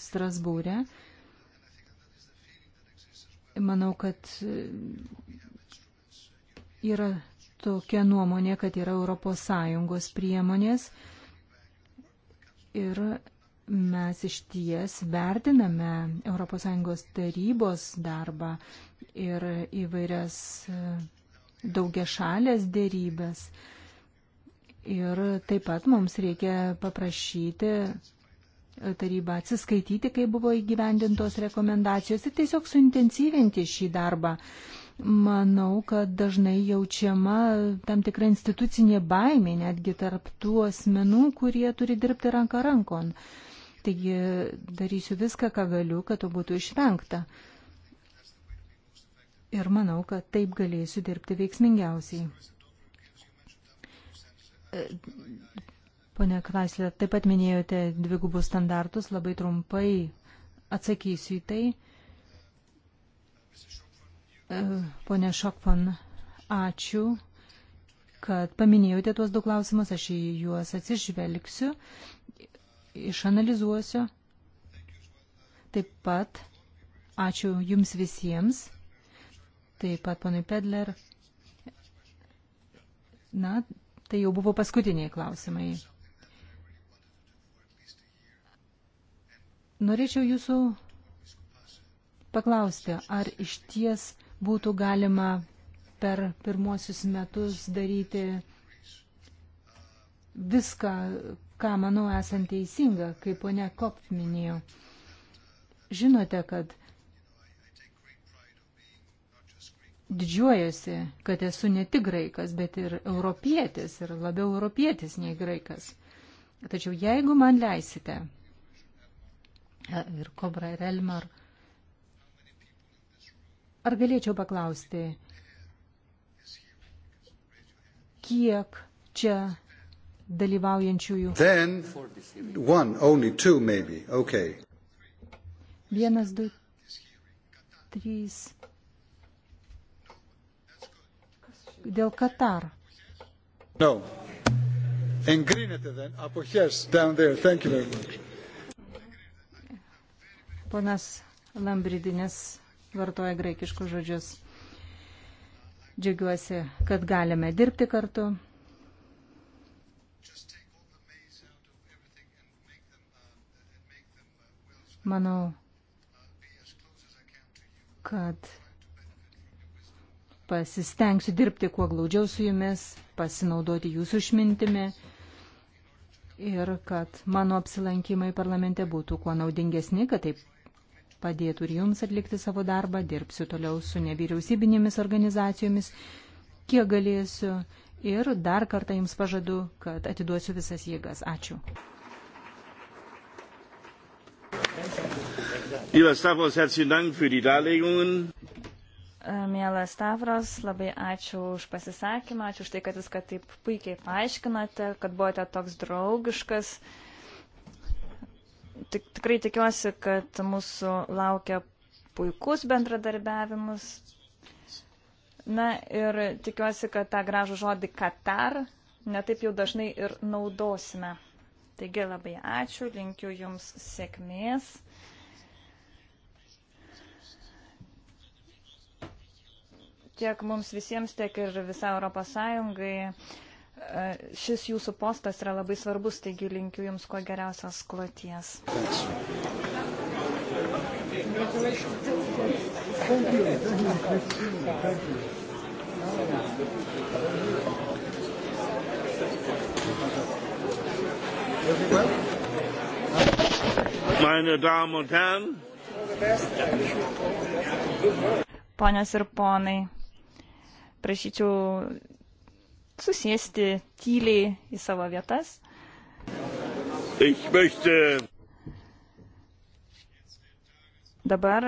Strasbūrė. Manau, kad yra tokia nuomonė, kad yra ES priemonės ir mes iš ties vertiname ES tarybos darbą ir įvairias e, daugia šalės dėrybės. Ir taip pat mums reikia paprašyti e, tarybą atsiskaityti, kai buvo įgyvendintos rekomendacijos ir tiesiog suintensyvinti šį darbą manau, kad dažnai jaučiama tam tikra institucinė baimė netgi tarp tų asmenų, kurie turi dirbti ranką rankon. Taigi darysiu viską, ką galiu, kad to būtų išvengta. Ir manau, kad taip galėsiu dirbti veiksmingiausiai. Pone Klaislė, taip pat minėjote dvigubus standartus, labai trumpai atsakysiu į tai. Pone Šokpan, ačiū, kad paminėjote tuos du klausimus, aš į juos atsižvelgsiu, išanalizuosiu. Taip pat ačiū Jums visiems, taip pat ponui Pedler. Na, tai jau buvo paskutiniai klausimai. Norėčiau Jūsų paklausti, ar iš ties būtų galima per pirmosius metus daryti viską, ką manau esant teisinga, kaip ponia Kop minėjo. Žinote, kad didžiuojasi, kad esu ne tik graikas, bet ir europietis, ir labiau europietis nei graikas. Tačiau jeigu man leisite, ir Kobra ir Elmar, ir Ar galėčiau paklausti, kiek čia dalyvaujančiųjų? Then one, only two maybe. Okay. Vienas, du, trys. Dėl Katar. No. Εγκρίνεται δεν. Αποχές down there. Thank you very much. Ponas Lambridinis vartoja graikiškus žodžius. Džiaugiuosi, kad galime dirbti kartu. Manau, kad pasistengsiu dirbti kuo glaudžiau su jumis, pasinaudoti jūsų išmintimi ir kad mano apsilankymai parlamente būtų kuo naudingesni, kad taip padėtų ir jums atlikti savo darbą, dirbsiu toliau su nevyriausybinėmis organizacijomis, kiek galėsiu ir dar kartą jums pažadu, kad atiduosiu visas jėgas. Ačiū. Lieber Stavros, herzlichen Dank für die Darlegungen. E, mielas Stavros, labai ačiū už pasisakymą, ačiū už tai, kad viską taip puikiai paaiškinote, kad buvote toks draugiškas tik, tikrai tikiuosi, kad mūsų laukia puikus bendradarbiavimus. Na ir tikiuosi, kad tą gražų žodį Katar netaip jau dažnai ir naudosime. Taigi labai ačiū, linkiu Jums sėkmės. Tiek mums visiems, tiek ir visai Europos Sąjungai E, šis jūsų postas yra labai svarbus, taigi linkiu Jums kuo geriausios kloties. Meine Damen und Herren, Ponios ir ponai, prašyčiau susėsti tyliai į savo vietas. Möchte... Dabar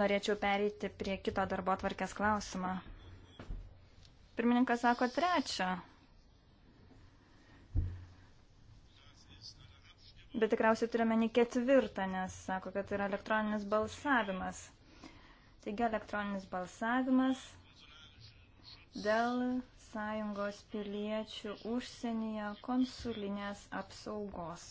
norėčiau pereiti prie kito darbo atvarkės klausimą. Pirmininkas sako trečią. Bet tikriausiai turime ne ketvirtą, nes sako, kad tai yra elektroninis balsavimas. Taigi elektroninis balsavimas dėl ES piliečių užsienyje konsulinės apsaugos.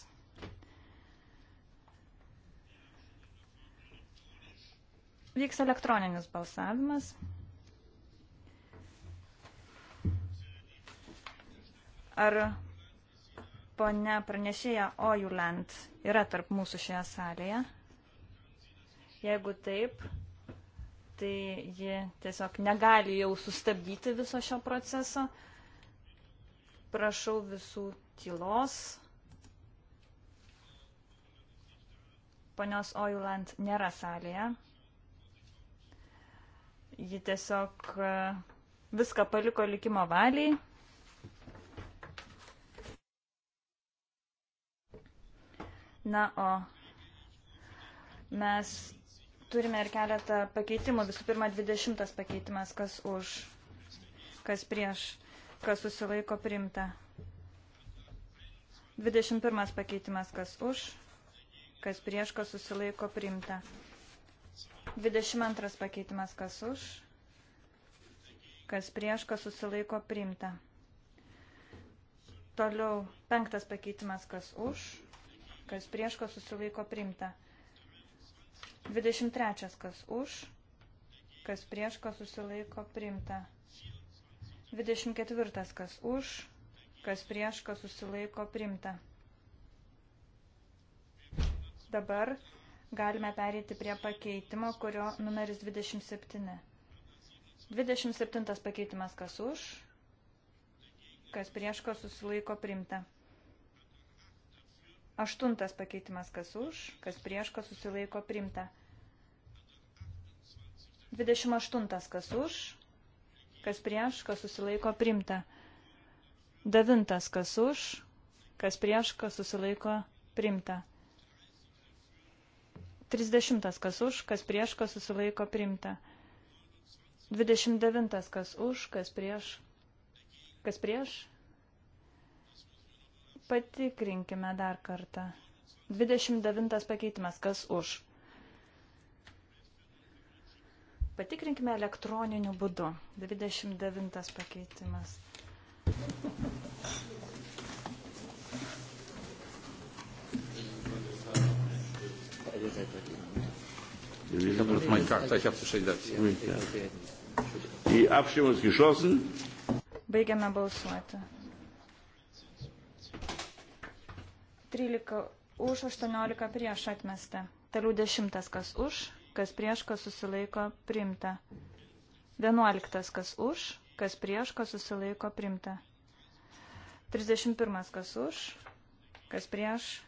Vyks elektroninis balsavimas. Ar ponia pranešėja Ojuland yra tarp mūsų šioje salėje? Jeigu taip, tai ji tiesiog negali jau sustabdyti viso šio proceso. Prašau visų tylos. Ponios Oiland nėra salėje. Ji tiesiog e, viską paliko likimo valiai. Na, o mes Turime ir keletą pakeitimų. Visų pirma, 20 pakeitimas, kas už, kas prieš, kas susilaiko primta. 21 pakeitimas, kas už, kas prieš, kas susilaiko primta. 22 pakeitimas, kas už, kas prieš, kas susilaiko primta. Toliau penktas pakeitimas, kas už, kas prieš, kas susilaiko primta. 23. Kas už, kas prieš, kas susilaiko, priimta. 24. Kas už, kas prieš, kas susilaiko, priimta. Dabar galime pereiti prie pakeitimo, kurio numeris 27. 27 pakeitimas kas už, kas prieš, kas susilaiko, priimta. Aštuntas pakeitimas kas už, kas prieš, kas susilaiko primta. 28 kas už, kas prieš, kas susilaiko primta. 9 kas už, kas prieš, kas susilaiko primta. 30 kas už, kas prieš, kas susilaiko primta. 29 kas už, kas prieš, kas prieš, Patikrinkime dar kartą. 29 pakeitimas, kas už. Patikrinkime elektroniniu būdu. 29 pakeitimas. Ich habe auf meinen Charakter, ich habe es schon gesagt. Die Abstimmung ist geschlossen. Baigiame balsuoti. 13 už, 18 prieš atmesta. Toliau 10 kas už, kas prieš, kas susilaiko primta. 11 kas už, kas prieš, kas susilaiko primta. 31 kas už, kas prieš,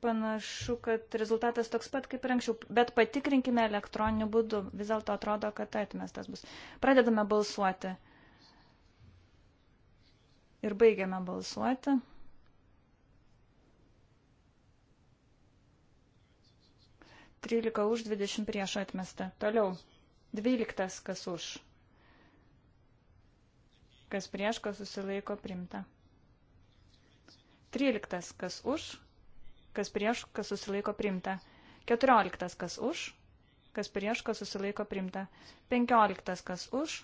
panašu, kad rezultatas toks pat kaip ir anksčiau, bet patikrinkime elektroniniu būdu. Vis dėlto atrodo, kad atmestas bus. Pradedame balsuoti. Ir baigiame balsuoti. Trylika už, dvidešimt prieš atmesta. Toliau. Dvyliktas, kas už. Kas prieš, kas susilaiko primta. Tryliktas, kas už. Kas prieš, kas susilaiko primta. Keturioliktas, kas už. Kas prieš, kas susilaiko primta. Penkioliktas, kas už.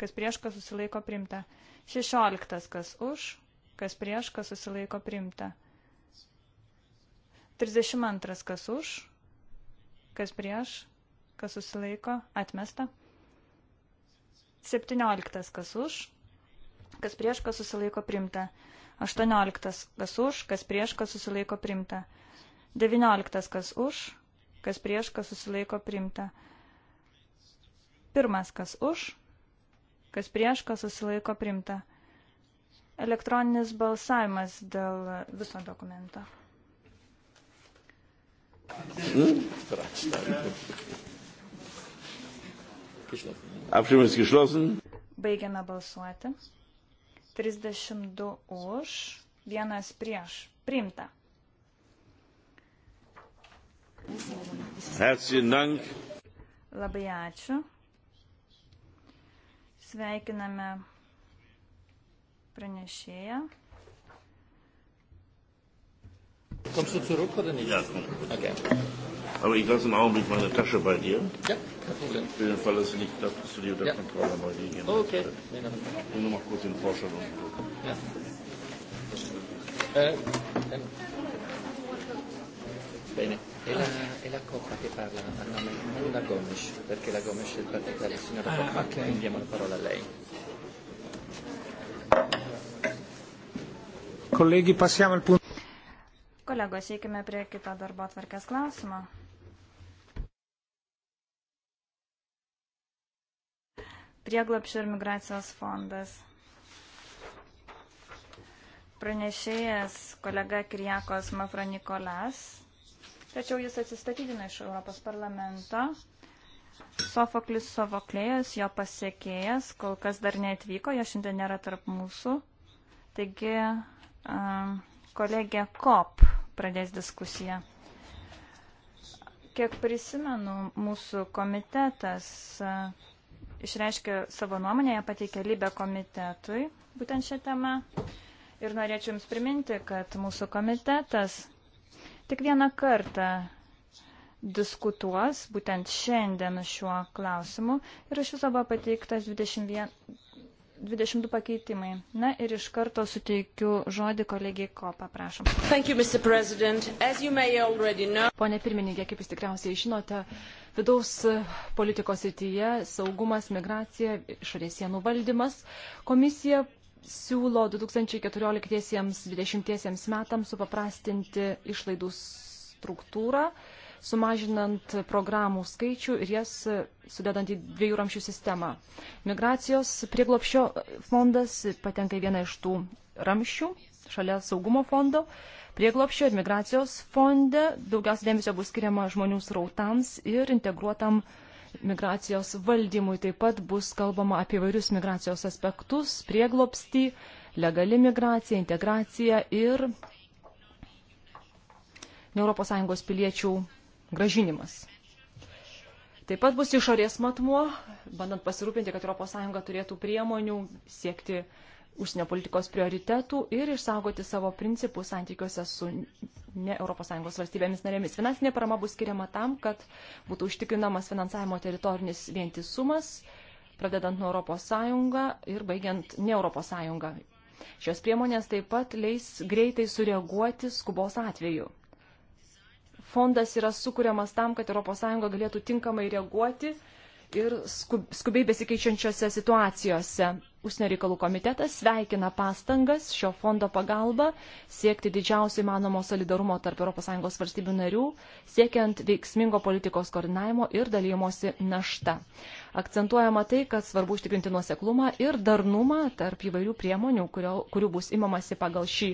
Kas prieš, kas susilaiko primta. 15, 16. Kas už, kas prieš, kas susilaiko priimta. 32. Kas už, kas prieš, kas susilaiko atmesta. 17. Kas už, kas prieš, kas susilaiko priimta. 18. Kas už, kas prieš, kas susilaiko priimta. 19. Kas už, kas prieš, kas susilaiko priimta. Pirmas, kas už, kas prieš, kas susilaiko primta. Elektroninis balsavimas dėl viso dokumento. Apšimas išlosin. Baigiame balsuoti. 32 už, vienas prieš. Primta. Herzlichen Dank. Labai ačiū. Sveikiname pranešėją. Kommst du zurück oder nicht? Ja, komm. Okay. Aber ich lasse einen Augenblick meine Tasche bei dir. Ja, kein Problem. Für den Fall, dass du nicht dass du die unter ja. Kontrolle bei dir gehen oh, Okay. Ich will nur mal kurz den Vorschlag gucken. Ja. Äh, Bene. E la, e la Coppa che parla a nome non la Gomes, perché la Gomes è il partito della signora ah, Coppa, okay. quindi diamo la parola a lei. Colleghi, passiamo al punto. Kolegos, eikime prie kito darbo atvarkės klausimo. Prieglapšio ir migracijos fondas. Pranešėjas kolega Kirjakos Mafronikolas Tačiau jis atsistatydino iš Europos parlamento. Sofoklis Sovoklėjas, jo pasiekėjas, kol kas dar neatvyko, jo šiandien nėra tarp mūsų. Taigi um, kolegė Kop pradės diskusiją. Kiek prisimenu, mūsų komitetas uh, išreiškė savo nuomonę, ją pateikė Libė komitetui būtent šią temą. Ir norėčiau Jums priminti, kad mūsų komitetas tik vieną kartą diskutuos būtent šiandien šiuo klausimu ir iš viso buvo pateiktas 21, 22 pakeitimai. Na ir iš karto suteikiu žodį kolegijai Kopa, prašom. Thank you, know... Pone pirmininkė, kaip jūs tikriausiai žinote, vidaus politikos rytyje saugumas, migracija, išorės sienų valdymas. Komisija siūlo 2014-2020 metams supaprastinti išlaidų struktūrą, sumažinant programų skaičių ir jas sudedant į dviejų ramšių sistemą. Migracijos prieglopščio fondas patenka į vieną iš tų ramšių šalia saugumo fondo. Prieglopščio ir migracijos fonde daugiausia dėmesio bus skiriama žmonių srautams ir integruotam uh, migracijos valdymui. Taip pat bus kalbama apie vairius migracijos aspektus, prieglopstį, legali migracija, integracija ir ES piliečių gražinimas. Taip pat bus išorės matmuo, bandant pasirūpinti, kad ES turėtų priemonių siekti užsienio politikos prioritetų ir išsaugoti savo principų santykiuose su ne ES valstybėmis narėmis. Finansinė parama bus skiriama tam, kad būtų užtikrinamas finansavimo teritorinis vientisumas, pradedant nuo ES ir baigiant ne ES. Šios priemonės taip pat leis greitai sureaguoti skubos atveju. Fondas yra sukūriamas tam, kad ES galėtų tinkamai reaguoti ir skubiai besikeičiančiose situacijose Užsienio reikalų komitetas sveikina pastangas šio fondo pagalba siekti didžiausio įmanomo solidarumo tarp ES valstybių narių, siekiant veiksmingo politikos koordinavimo ir dalymosi našta. Akcentuojama tai, kad svarbu užtikrinti nuoseklumą ir darnumą tarp įvairių priemonių, kurio, kurių bus imamasi pagal šį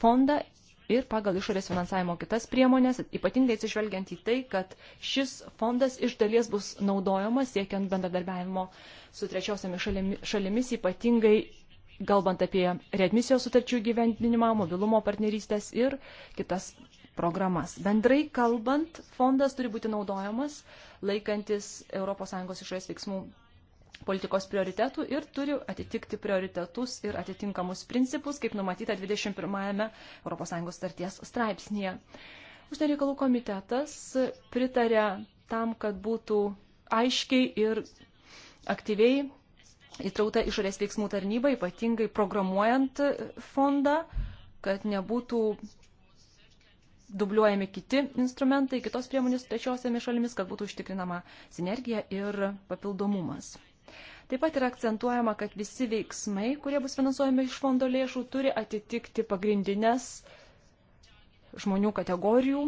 fondą ir pagal išorės finansavimo kitas priemonės, ypatingai atsižvelgiant į tai, kad šis fondas iš dalies bus naudojamas siekiant bendradarbiavimo su trečiosiamis šalimis, šalimis, ypatingai galbant apie readmisijos sutarčių gyvendinimą, mobilumo partnerystės ir kitas programas. Bendrai kalbant, fondas turi būti naudojamas laikantis ES išorės veiksmų politikos prioritetų ir turi atitikti prioritetus ir atitinkamus principus, kaip numatyta 21-ame ES starties straipsnėje. Užsienio reikalų komitetas pritarė tam, kad būtų aiškiai ir aktyviai įtrauta išorės veiksmų tarnyba, ypatingai programuojant fondą, kad nebūtų dubliuojami kiti instrumentai, kitos priemonės trečiosiamis šalimis, kad būtų užtikrinama sinergija ir papildomumas. Taip pat yra akcentuojama, kad visi veiksmai, kurie bus finansuojami iš fondo lėšų, turi atitikti pagrindinės žmonių kategorijų,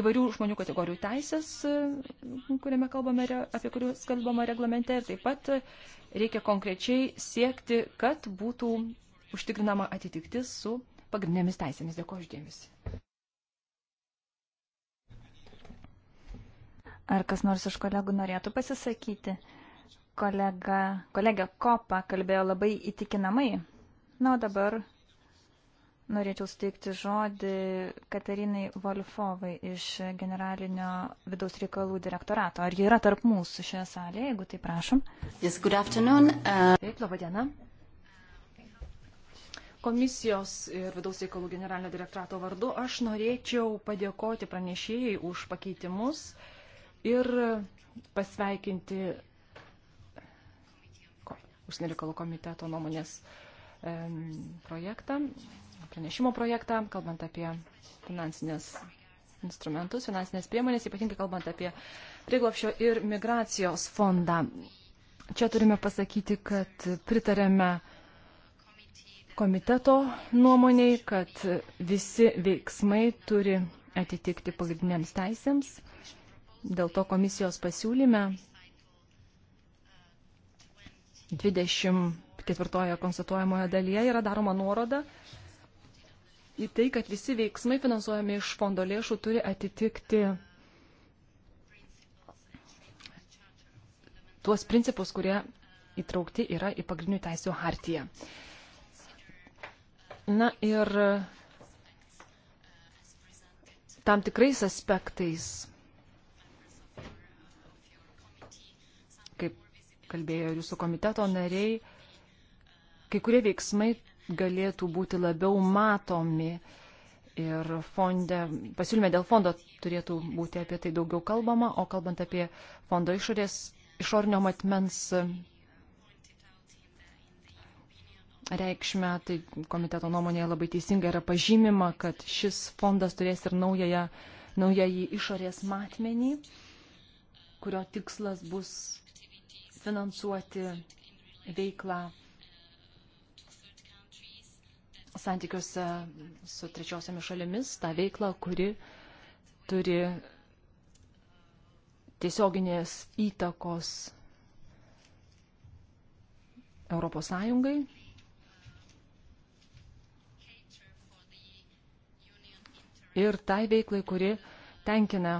įvairių žmonių kategorijų teisės, kuriame kalbame, apie kuriuos kalbama reglamente. Ir taip pat reikia konkrečiai siekti, kad būtų užtikrinama atitiktis su pagrindinėmis teisėmis. Dėkuoju uždėmesi. Ar kas nors iš kolegų norėtų pasisakyti? kolega, kolegė Kopa kalbėjo labai įtikinamai. Na, o dabar norėčiau steigti žodį Katerinai Volfovai iš generalinio vidaus reikalų direktorato. Ar ji yra tarp mūsų šioje salėje, jeigu tai prašom? Yes, good afternoon. Uh... Taip, laba diena. Komisijos ir vidaus reikalų generalinio direktorato vardu aš norėčiau padėkoti pranešėjai už pakeitimus ir pasveikinti užsienio reikalų komiteto nuomonės projektą, pranešimo projektą, kalbant apie finansinės instrumentus, finansinės priemonės, ypatingai kalbant apie prieglopšio ir migracijos fondą. Čia turime pasakyti, kad pritarėme komiteto nuomoniai, kad visi veiksmai turi atitikti pagrindiniams teisėms. Dėl to komisijos pasiūlyme 24 konstatuojamoje dalyje yra daroma nuoroda į tai, kad visi veiksmai finansuojami iš fondo lėšų turi atitikti tuos principus, kurie įtraukti yra į pagrindinių teisų hartiją. Na ir tam tikrais aspektais kalbėjo ir jūsų komiteto nariai, kai kurie veiksmai galėtų būti labiau matomi ir fonde, pasiūlyme dėl fondo turėtų būti apie tai daugiau kalbama, o kalbant apie fondo išorės, išorinio matmens reikšmę, tai komiteto nuomonėje labai teisingai yra pažymima, kad šis fondas turės ir naująją, naująjį išorės matmenį, kurio tikslas bus finansuoti veiklą santykiuose su trečiosiamis šalimis, tą veiklą, kuri turi tiesioginės įtakos Europos Sąjungai. Ir tai veiklai, kuri tenkina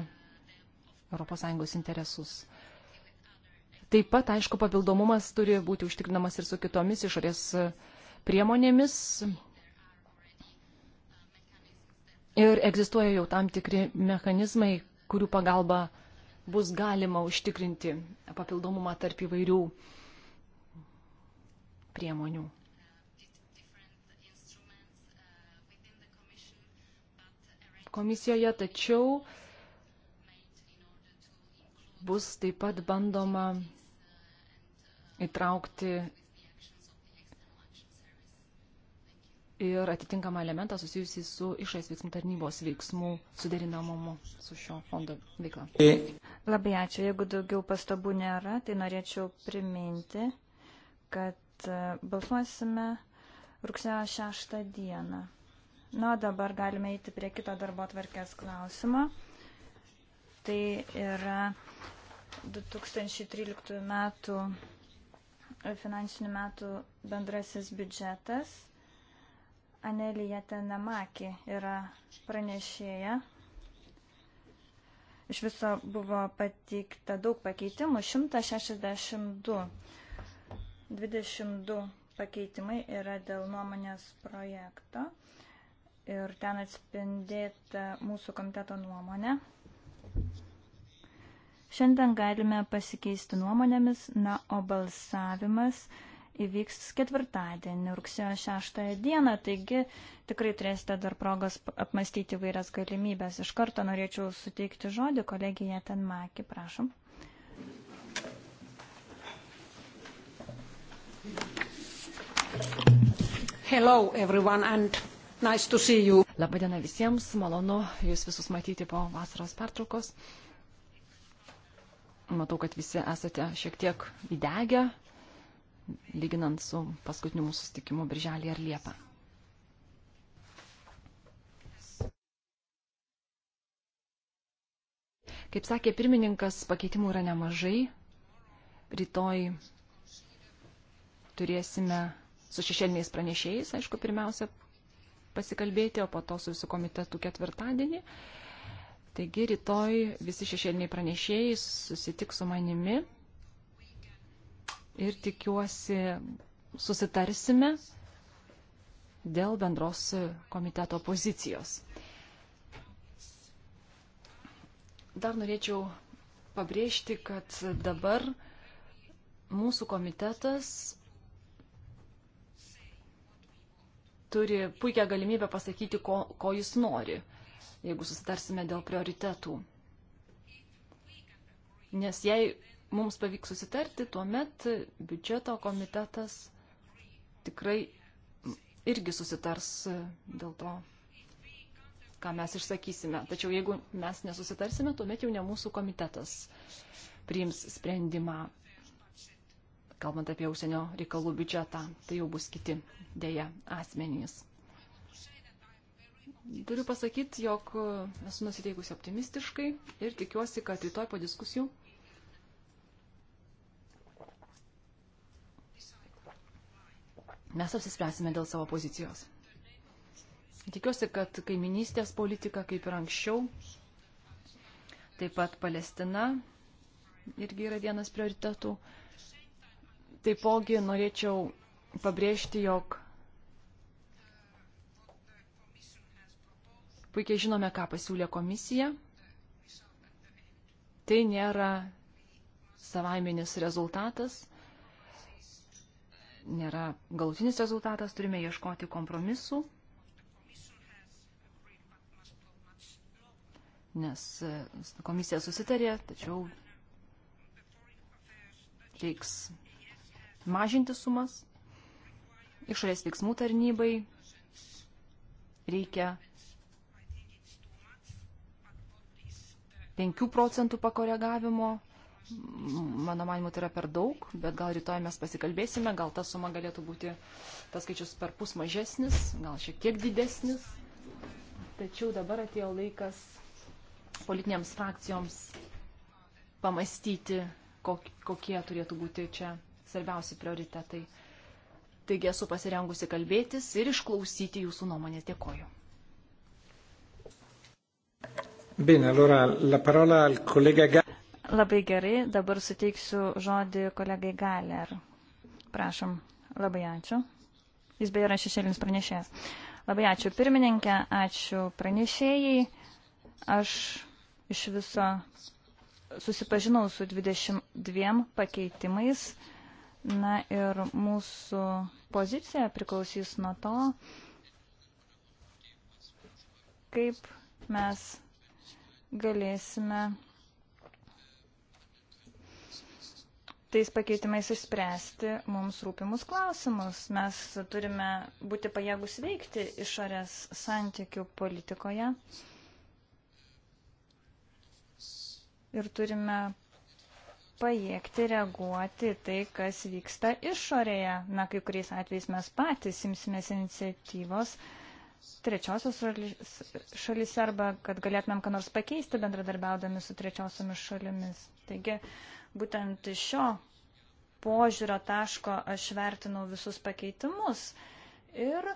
Europos Sąjungos interesus. Taip pat, aišku, papildomumas turi būti užtikrinamas ir su kitomis išorės priemonėmis. Ir egzistuoja jau tam tikri mechanizmai, kurių pagalba bus galima užtikrinti papildomumą tarp įvairių priemonių. Komisijoje tačiau bus taip pat bandoma įtraukti ir atitinkamą elementą susijusį su išorės veiksmų tarnybos veiksmų suderinamumu su šio fondo veikla. E. Labai ačiū. Jeigu daugiau pastabų nėra, tai norėčiau priminti, kad e, balsuosime rugsėjo 6 dieną. Na, dabar galime eiti prie kito darbo tvarkės klausimo. Tai yra 2013 metų finansinių metų bendrasis biudžetas. Anelija Tenamaki yra pranešėja. Iš viso buvo pateikta daug pakeitimų, 162. 22 pakeitimai yra dėl nuomonės projekto ir ten atspindėta mūsų komiteto nuomonė. Šiandien galime pasikeisti nuomonėmis, na, o balsavimas įvyks ketvirtadienį, rugsėjo 6 dieną, taigi tikrai turėsite dar progos apmastyti vairias galimybės. Iš karto norėčiau suteikti žodį kolegija Tenmaki, prašom. Hello everyone and nice to see you. Labadiena visiems, malonu jūs visus matyti po vasaros pertraukos. Uh, Matau, kad visi esate šiek tiek įdegę, lyginant su paskutiniu mūsų sustikimu Birželį ar Liepą. Kaip sakė pirmininkas, pakeitimų yra nemažai. Rytoj turėsime su šešėliniais pranešėjais, aišku, pirmiausia pasikalbėti, o po to su visų komitetu ketvirtadienį. Uh, Taigi rytoj visi šešėliniai pranešėjai susitiks su manimi ir tikiuosi susitarsime dėl bendros komiteto pozicijos. Dar norėčiau pabrėžti, kad dabar mūsų komitetas turi puikią galimybę pasakyti, ko, ko jis nori jeigu susitarsime dėl prioritetų. Nes jei mums pavyks susitarti, tuomet biudžeto komitetas tikrai irgi susitars dėl to, ką mes išsakysime. Tačiau jeigu mes nesusitarsime, tuomet jau ne mūsų komitetas priims sprendimą, kalbant apie užsienio reikalų biudžetą. Tai jau bus kiti dėja asmenys. Turiu pasakyti, jog esu nusiteikusi optimistiškai ir tikiuosi, kad rytoj po diskusijų mes apsispręsime dėl savo pozicijos. Tikiuosi, kad kaiminystės politika, kaip ir anksčiau, taip pat Palestina irgi yra vienas prioritetų. Taipogi norėčiau pabrėžti, jog Puikiai žinome, ką pasiūlė komisija. Tai nėra savaiminis rezultatas, nėra galutinis rezultatas, turime ieškoti kompromisų, nes komisija susitarė, tačiau reiks mažinti sumas. Išorės veiksmų tarnybai reikia 5 procentų pakoregavimo. Mano manimu, tai yra per daug, bet gal rytoj mes pasikalbėsime, gal ta suma galėtų būti, tas skaičius per pus mažesnis, gal šiek tiek didesnis. Tačiau dabar atėjo laikas politinėms frakcijoms pamastyti, kokie turėtų būti čia svarbiausi prioritetai. Taigi esu pasirengusi kalbėtis ir išklausyti jūsų nuomonės. Dėkoju. Bene, allora la parola al collega Galler. Labai gerai, dabar suteiksiu žodį kolegai Galler. Prašom, labai ačiū. Jis beje yra šešėlinis pranešėjas. Labai ačiū pirmininkė, ačiū pranešėjai. Aš iš viso susipažinau su 22 pakeitimais. Na ir mūsų pozicija priklausys nuo to, kaip mes galėsime tais pakeitimais išspręsti mums rūpimus klausimus. Mes turime būti pajėgus veikti išorės santykių politikoje ir turime pajėgti reaguoti tai, kas vyksta išorėje. Na, kai kuriais atvejais mes patys imsimės iniciatyvos trečiosios šalyse arba kad galėtumėm ką nors pakeisti bendradarbiaudami su trečiosiomis šalimis. Taigi būtent iš šio požiūrio taško aš vertinau visus pakeitimus ir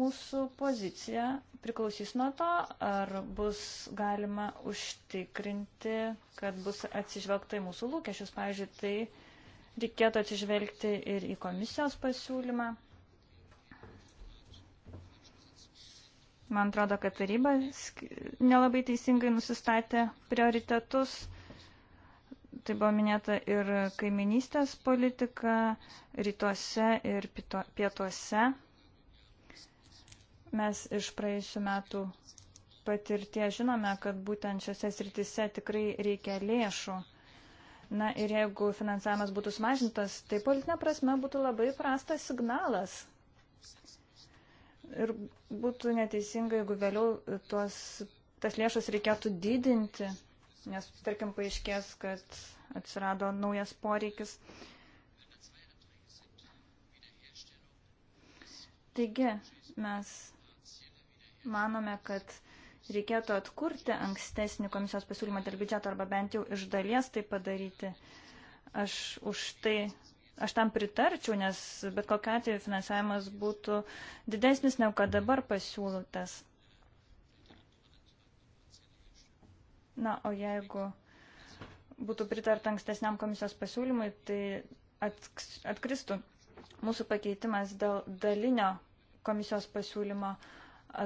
mūsų pozicija priklausys nuo to, ar bus galima užtikrinti, kad bus atsižvelgta į mūsų lūkesčius. Pavyzdžiui, tai reikėtų atsižvelgti ir į komisijos pasiūlymą. Man atrodo, kad taryba nelabai teisingai nusistatė prioritetus. Tai buvo minėta ir kaiminystės politika rytuose ir pietuose. Mes iš praėjusių metų patirtie žinome, kad būtent šiose sritise tikrai reikia lėšų. Na ir jeigu finansavimas būtų sumažintas, tai politinė prasme būtų labai prastas signalas ir būtų neteisinga, jeigu vėliau tuos, tas lėšas reikėtų didinti, nes, tarkim, paaiškės, kad atsirado naujas poreikis. Taigi, mes manome, kad reikėtų atkurti ankstesnį komisijos pasiūlymą dėl biudžeto arba bent jau iš dalies tai padaryti. Aš už tai Aš tam pritarčiau, nes bet kokia atveju finansavimas būtų didesnis negu kad dabar pasiūlytas. Na, o jeigu būtų pritarta ankstesniam komisijos pasiūlymui, tai atkristų mūsų pakeitimas dėl dalinio komisijos pasiūlymo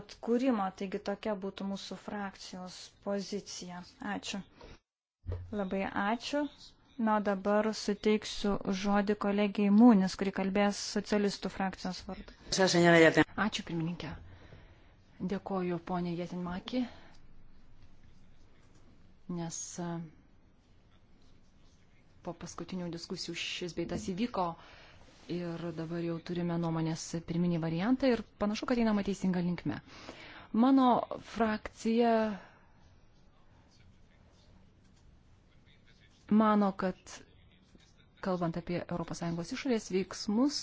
atkūrimo. Taigi tokia būtų mūsų frakcijos pozicija. Ačiū. Labai ačiū. Na, dabar suteiksiu žodį kolegijai Mūnis, kuri kalbės socialistų frakcijos vardu. Ačiū, pirmininkė. Dėkoju, ponė Jėtinmaki, nes e, po paskutinių diskusijų šis beitas įvyko ir dabar jau turime nuomonės pirminį variantą ir panašu, kad einama teisinga linkme. Mano frakcija mano, kad kalbant apie ES išorės veiksmus,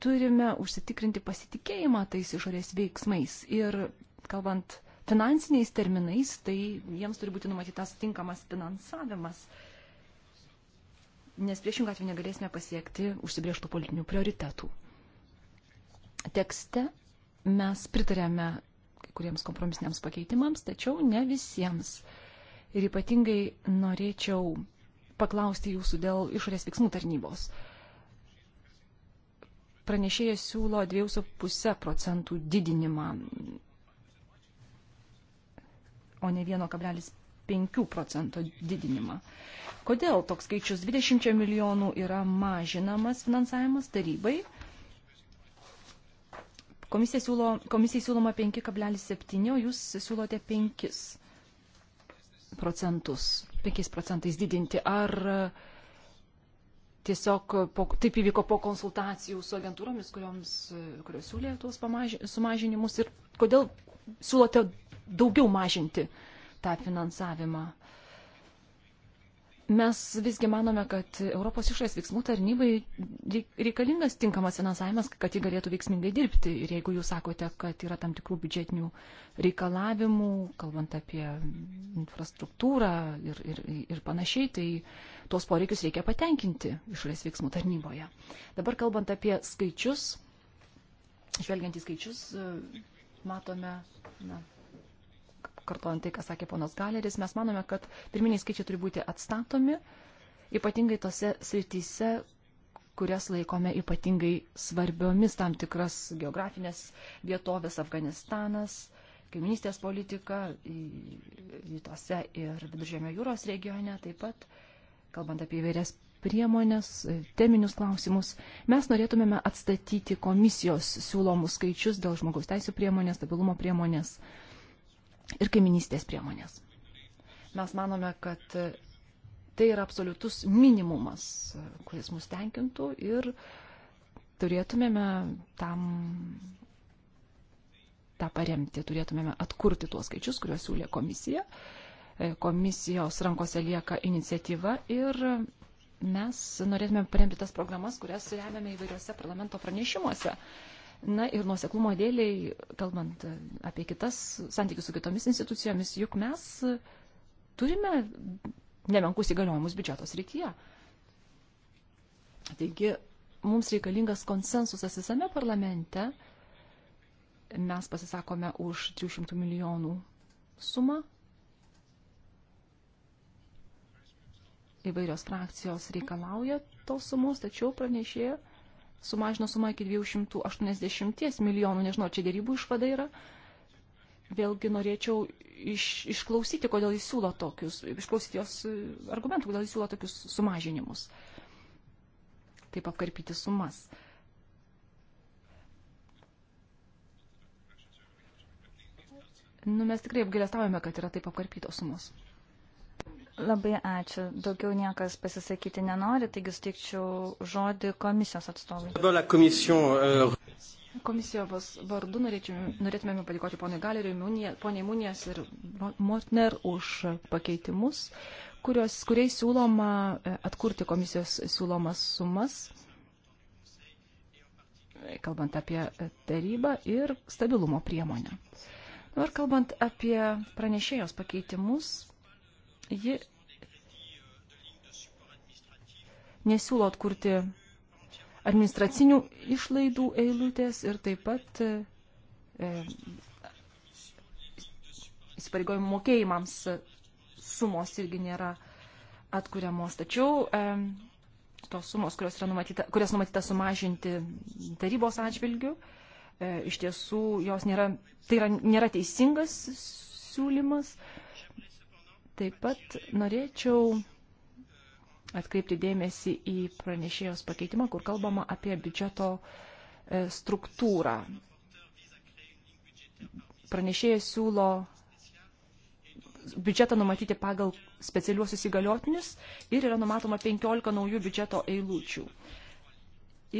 turime užsitikrinti pasitikėjimą tais išorės veiksmais. Ir kalbant finansiniais terminais, tai jiems turi būti numatytas tinkamas finansavimas, nes priešingą atveju negalėsime pasiekti užsibrieštų politinių prioritetų. Tekste mes pritarėme kai kuriems kompromisiniams pakeitimams, tačiau ne visiems. Uh, Ir ypatingai norėčiau paklausti jūsų dėl išorės veiksmų tarnybos. Pranešėjas siūlo 2,5 procentų didinimą, o ne 1,5 procento didinimą. Kodėl toks skaičius 20 milijonų yra mažinamas finansavimas tarybai? Komisija siūlo, komisija siūloma 5,7, o jūs siūlote 5 procentus, 5 procentais didinti. Ar e, tiesiog po, taip įvyko po konsultacijų su agentūromis, kurioms, e, kurios siūlė tuos pamaž, sumažinimus ir kodėl siūlote daugiau mažinti tą finansavimą? Uh, Mes visgi manome, kad Europos išorės veiksmų tarnybai reikalingas tinkamas finansavimas, kad ji galėtų veiksmingai dirbti. Ir jeigu jūs sakote, kad yra tam tikrų biudžetinių reikalavimų, kalbant apie infrastruktūrą ir, ir, ir panašiai, tai tuos poreikius reikia patenkinti išorės veiksmų tarnyboje. Dabar kalbant apie skaičius, žvelgiant į skaičius, matome. Na, kartuojant tai, ką sakė ponas Galeris, mes manome, kad pirminiai skaičiai turi būti atstatomi, ypatingai tose srityse, kurias laikome ypatingai svarbiomis tam tikras geografinės vietovės Afganistanas, kaiminystės politika rytuose ir viduržėmio jūros regione, taip pat, kalbant apie įvairias priemonės, teminius klausimus. Mes norėtumėme atstatyti komisijos siūlomus skaičius dėl žmogaus teisų priemonės, stabilumo priemonės, ir kaiminystės priemonės. Mes manome, kad tai yra absoliutus minimumas, kuris mus tenkintų ir turėtumėme tam tą paremti, turėtumėme atkurti tuos skaičius, kuriuos siūlė komisija. Komisijos rankose lieka iniciatyva ir mes norėtume paremti tas programas, kurias remiame įvairiuose parlamento pranešimuose. Na ir nuoseklumo dėliai, kalbant apie kitas santykius su kitomis institucijomis, juk mes turime nemenkus įgaliojimus biudžetos rytyje. Taigi, mums reikalingas konsensusas visame parlamente. Mes pasisakome už 300 milijonų sumą. Įvairios frakcijos reikalauja tos sumos, tačiau pranešėjo sumažino sumą iki 280 milijonų, nežinau, čia dėrybų išvada yra. Vėlgi norėčiau iš, išklausyti, kodėl jis siūlo tokius, išklausyti jos e, argumentų, kodėl jis siūlo tokius sumažinimus. Taip apkarpyti sumas. Nu, mes tikrai apgailestavome, kad yra taip apkarpytos sumos. Labai ačiū. Daugiau niekas pasisakyti nenori, taigi sutikčiau žodį komisijos atstovui. Euh, komisijos vardu norėtumėme padėkoti ponai Galeriui, poniai Munijas ir Mortner už pakeitimus, kurios, kuriais siūloma e, atkurti komisijos siūlomas sumas, e, kalbant apie e, tarybą ir stabilumo priemonę. Dabar kalbant apie pranešėjos pakeitimus, Ji nesiūlo atkurti administracinių išlaidų eilutės ir taip pat e, e, įsipareigojimų mokėjimams sumos irgi nėra atkuriamos. Tačiau e, tos sumos, kurios, yra numatyta, kurios numatyta sumažinti tarybos atžvilgių, e, iš tiesų jos nėra, tai yra, nėra teisingas siūlymas. E, Taip pat norėčiau atkreipti dėmesį į pranešėjos pakeitimą, kur kalbama apie biudžeto e, struktūrą. Pranešėjas siūlo biudžetą numatyti pagal specialiuosius įgaliotinius ir yra numatoma 15 naujų biudžeto eilučių.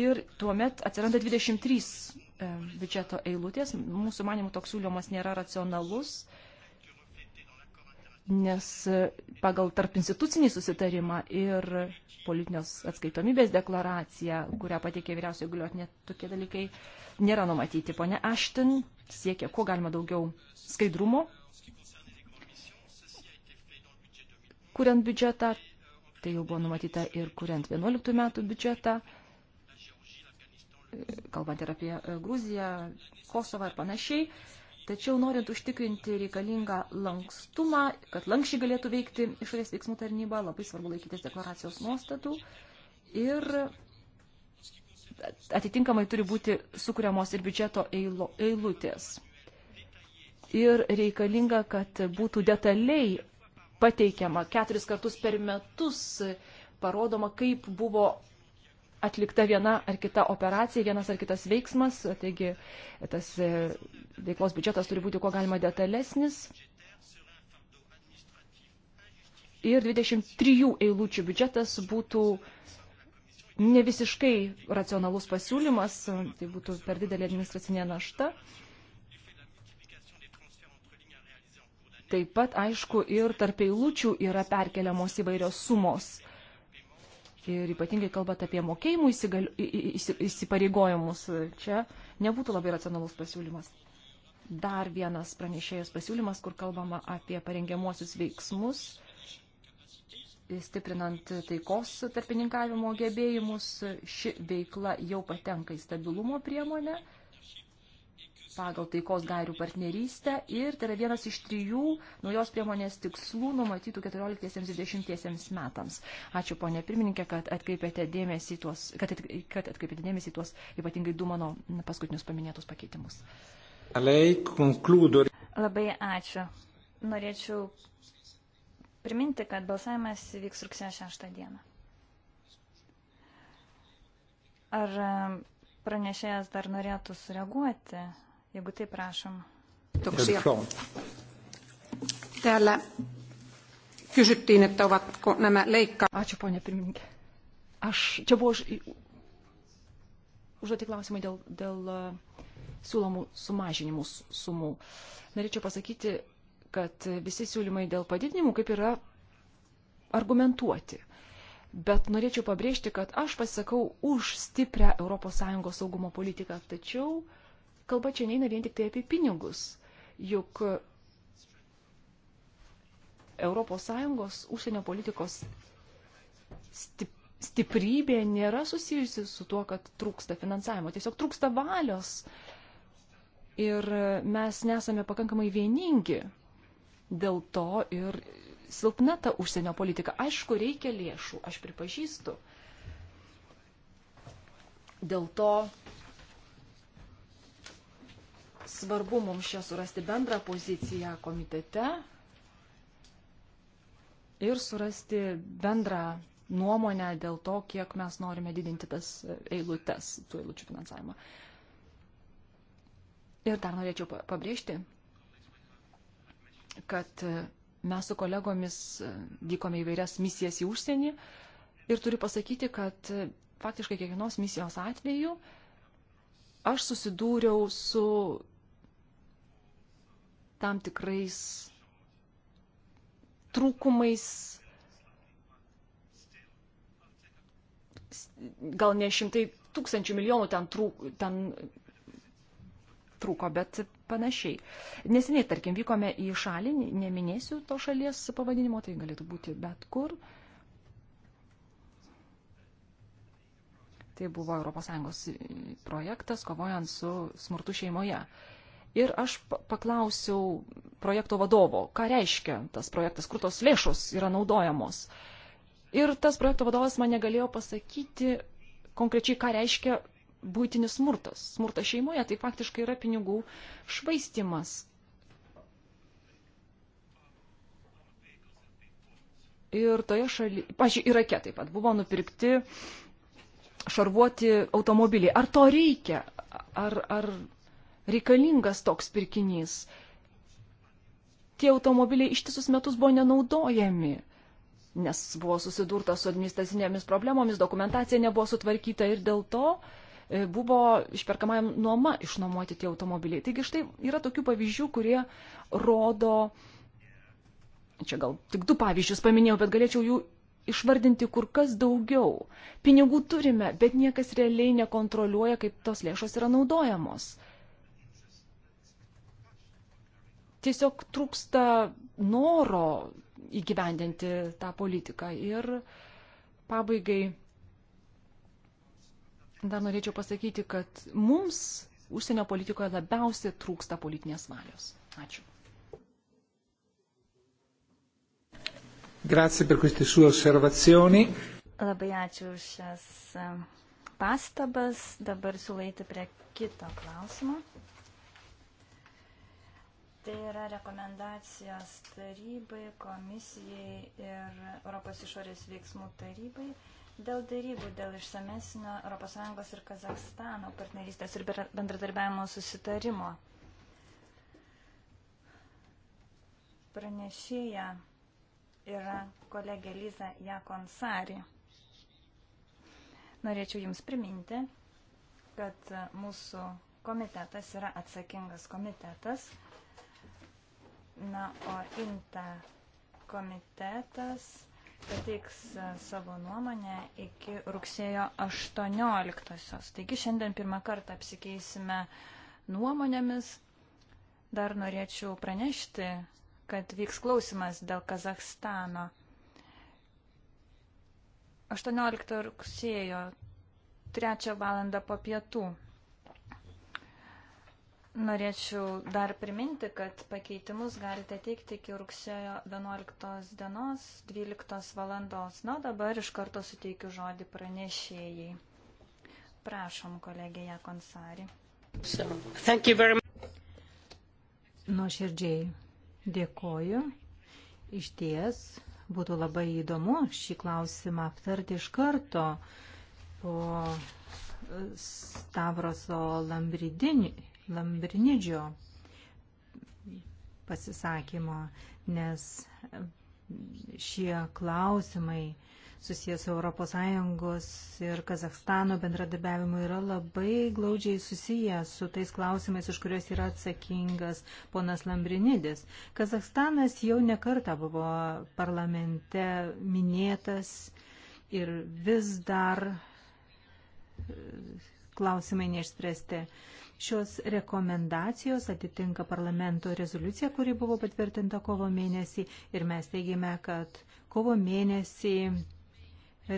Ir tuomet atsiranda 23 e, biudžeto eilutės. Mūsų manimų toks siūlymas nėra racionalus. E, nes pagal tarp institucinį susitarimą ir politinės atskaitomybės deklaraciją, kurią pateikė vyriausiai galiotinė, tokie dalykai nėra numatyti. Pone Ashton siekia, kuo galima daugiau skaidrumo, kuriant biudžetą, tai jau buvo numatyta ir kuriant 11 metų biudžetą, kalbant ir apie Gruziją, Kosovą ir panašiai Tačiau norint užtikrinti reikalingą lankstumą, kad lankščiai galėtų veikti išorės veiksmų tarnyba, labai svarbu laikytis deklaracijos nuostatų ir atitinkamai turi būti sukūriamos ir biudžeto eilo, eilutės. Ir reikalinga, kad būtų detaliai pateikiama keturis kartus per metus, parodoma, kaip buvo atlikta viena ar kita operacija, vienas ar kitas veiksmas, taigi tas e, veiklos biudžetas turi būti kuo galima detalesnis. Ir 23 eilučių biudžetas būtų ne visiškai racionalus pasiūlymas, tai būtų per didelė administracinė našta. Taip pat, aišku, ir tarp eilučių yra perkeliamos įvairios sumos ir ypatingai kalbant apie mokėjimų įsipareigojimus, čia nebūtų labai racionalus pasiūlymas. Dar vienas pranešėjas pasiūlymas, kur kalbama apie parengiamuosius veiksmus, stiprinant taikos tarpininkavimo gebėjimus, ši veikla jau patenka į stabilumo priemonę pagal taikos gairių partnerystę ir tai yra vienas iš trijų naujos priemonės tikslų numatytų 14-20 metams. Ačiū ponė pirmininkė, kad atkreipėte dėmesį tuos, kad, at, kad atkreipėte dėmesį tuos ypatingai du mano paskutinius paminėtus pakeitimus. Labai ačiū. Norėčiau priminti, kad balsavimas vyks rugsėjo 6 dieną. Ar pranešėjas dar norėtų sureaguoti Jeigu taip, prašom. Kiitoksia. Täällä kysyttiin, että ovatko nämä leikka... Ačiū, ponė pirmininkė. Aš čia buvo už, užduoti klausimai dėl, dėl e, siūlomų sumažinimų sumų. Norėčiau pasakyti, kad visi siūlymai dėl padidinimų kaip yra argumentuoti. Bet norėčiau pabrėžti, kad aš pasisakau už stiprią ES saugumo politiką, tačiau uh, kalba čia neina vien tik tai apie pinigus. Juk ES užsienio politikos stip, stiprybė nėra susijusi su tuo, kad trūksta finansavimo, tiesiog trūksta valios. Ir mes nesame pakankamai vieningi. Dėl to ir silpna ta užsienio politika. Aišku, reikia lėšų, aš pripažįstu. Dėl to svarbu mums čia surasti bendrą poziciją komitete ir surasti bendrą nuomonę dėl to, kiek mes norime didinti tas eilutes, tų eilučių finansavimą. Ir dar norėčiau pabrėžti, kad e, mes su kolegomis e, vykome įvairias misijas į užsienį ir turiu pasakyti, kad e, faktiškai kiekvienos misijos atveju aš susidūriau su tam tikrais trūkumais, gal ne šimtai tūkstančių milijonų ten, trūk, ten trūko, bet panašiai. Neseniai, tarkim, vykome į šalį, neminėsiu to šalies pavadinimo, tai galėtų būti bet kur. Tai buvo ES projektas kovojant su smurtu šeimoje. Uh, Ir aš paklausiau projekto vadovo, ką reiškia tas projektas, kur tos lėšos yra naudojamos. Ir tas projekto vadovas man negalėjo pasakyti konkrečiai, ką reiškia būtinis smurtas. Smurtas šeimoje tai faktiškai yra pinigų švaistimas. Ir toje šalyje, pažiūrėjau, Irake taip pat buvo nupirkti šarvuoti automobiliai. Ar to reikia? Ar, ar reikalingas toks pirkinys. Tie automobiliai ištisus metus buvo nenaudojami, nes buvo susidurta su administracinėmis problemomis, dokumentacija nebuvo sutvarkyta ir dėl to e, buvo išperkamajam nuoma išnuomoti tie automobiliai. Taigi štai yra tokių pavyzdžių, kurie rodo, čia gal tik du pavyzdžius paminėjau, bet galėčiau jų išvardinti kur kas daugiau. Pinigų turime, bet niekas realiai nekontroliuoja, kaip tos lėšos yra naudojamos. tiesiog trūksta noro įgyvendinti tą politiką. Ir pabaigai dar norėčiau pasakyti, kad mums užsienio politikoje labiausiai trūksta politinės valios. Ačiū. Grazie per queste sue osservazioni. Labai ačiū už šias eh, pastabas. Dabar siūlaiti prie kito klausimo. Tai yra rekomendacijos tarybai, komisijai ir Europos išorės veiksmų tarybai dėl darybų, dėl išsamesnio ES ir Kazakstano partnerystės ir bendradarbiavimo susitarimo. Pranešėja yra kolegė Liza Jakonsari. Norėčiau Jums priminti, kad mūsų komitetas yra atsakingas komitetas – Na, o INTA komitetas pateiks e, savo nuomonę iki rugsėjo 18-osios. Taigi šiandien pirmą kartą apsikeisime nuomonėmis. Dar norėčiau pranešti, kad vyks klausimas dėl Kazahstano. 18 rugsėjo 3 valandą po pietų Norėčiau dar priminti, kad pakeitimus galite teikti iki rugsėjo 11 dienos 12 valandos. Na, dabar iš karto suteikiu žodį pranešėjai. Prašom, kolegė Jakonsari. So, Nuoširdžiai dėkoju. Iš ties būtų labai įdomu šį klausimą aptarti iš karto po Stavroso Lambridinį Lambrinidžio pasisakymo, nes šie klausimai susijęs ES ir Kazakstano bendradarbiavimu yra labai glaudžiai susijęs su tais klausimais, už kuriuos yra atsakingas ponas Lambrinidis. Kazakstanas jau nekarta buvo parlamente minėtas ir vis dar e, klausimai neišspręsti. Šios rekomendacijos atitinka parlamento rezoliuciją, kuri buvo patvirtinta kovo mėnesį ir mes teigime, kad kovo mėnesį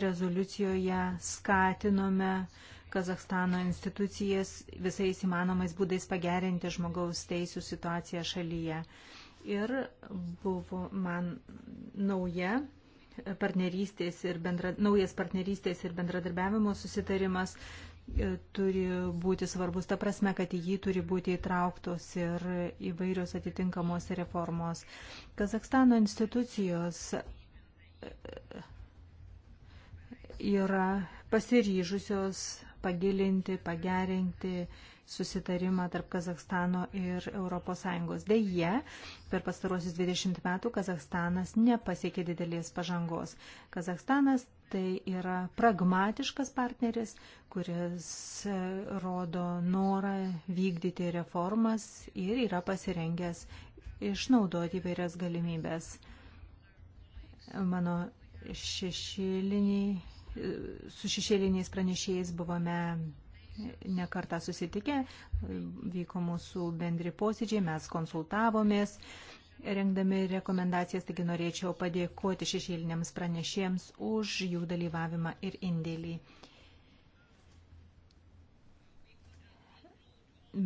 rezoliucijoje skatinome Kazakstano institucijas visais įmanomais būdais pagerinti žmogaus teisų situaciją šalyje. Ir buvo man nauja partnerystės ir bendra, naujas partnerystės ir bendradarbiavimo susitarimas E, turi būti svarbus, ta prasme, kad į jį turi būti įtrauktos ir įvairios atitinkamos reformos. Kazakstano institucijos e, e, yra pasiryžusios pagilinti, pagerinti susitarimą tarp Kazakstano ir ES. Deja, per pastarosius 20 metų Kazakstanas nepasiekė didelės pažangos. Kazakstanas tai yra pragmatiškas partneris, kuris e, rodo norą vykdyti reformas ir yra pasirengęs išnaudoti įvairias galimybės. Mano šešėliniai, e, su šešėliniais pranešėjais buvome nekartą susitikę, vyko mūsų bendri posėdžiai, mes konsultavomės, rengdami rekomendacijas, taigi norėčiau padėkoti šešėliniams pranešėjams už jų dalyvavimą ir indėlį.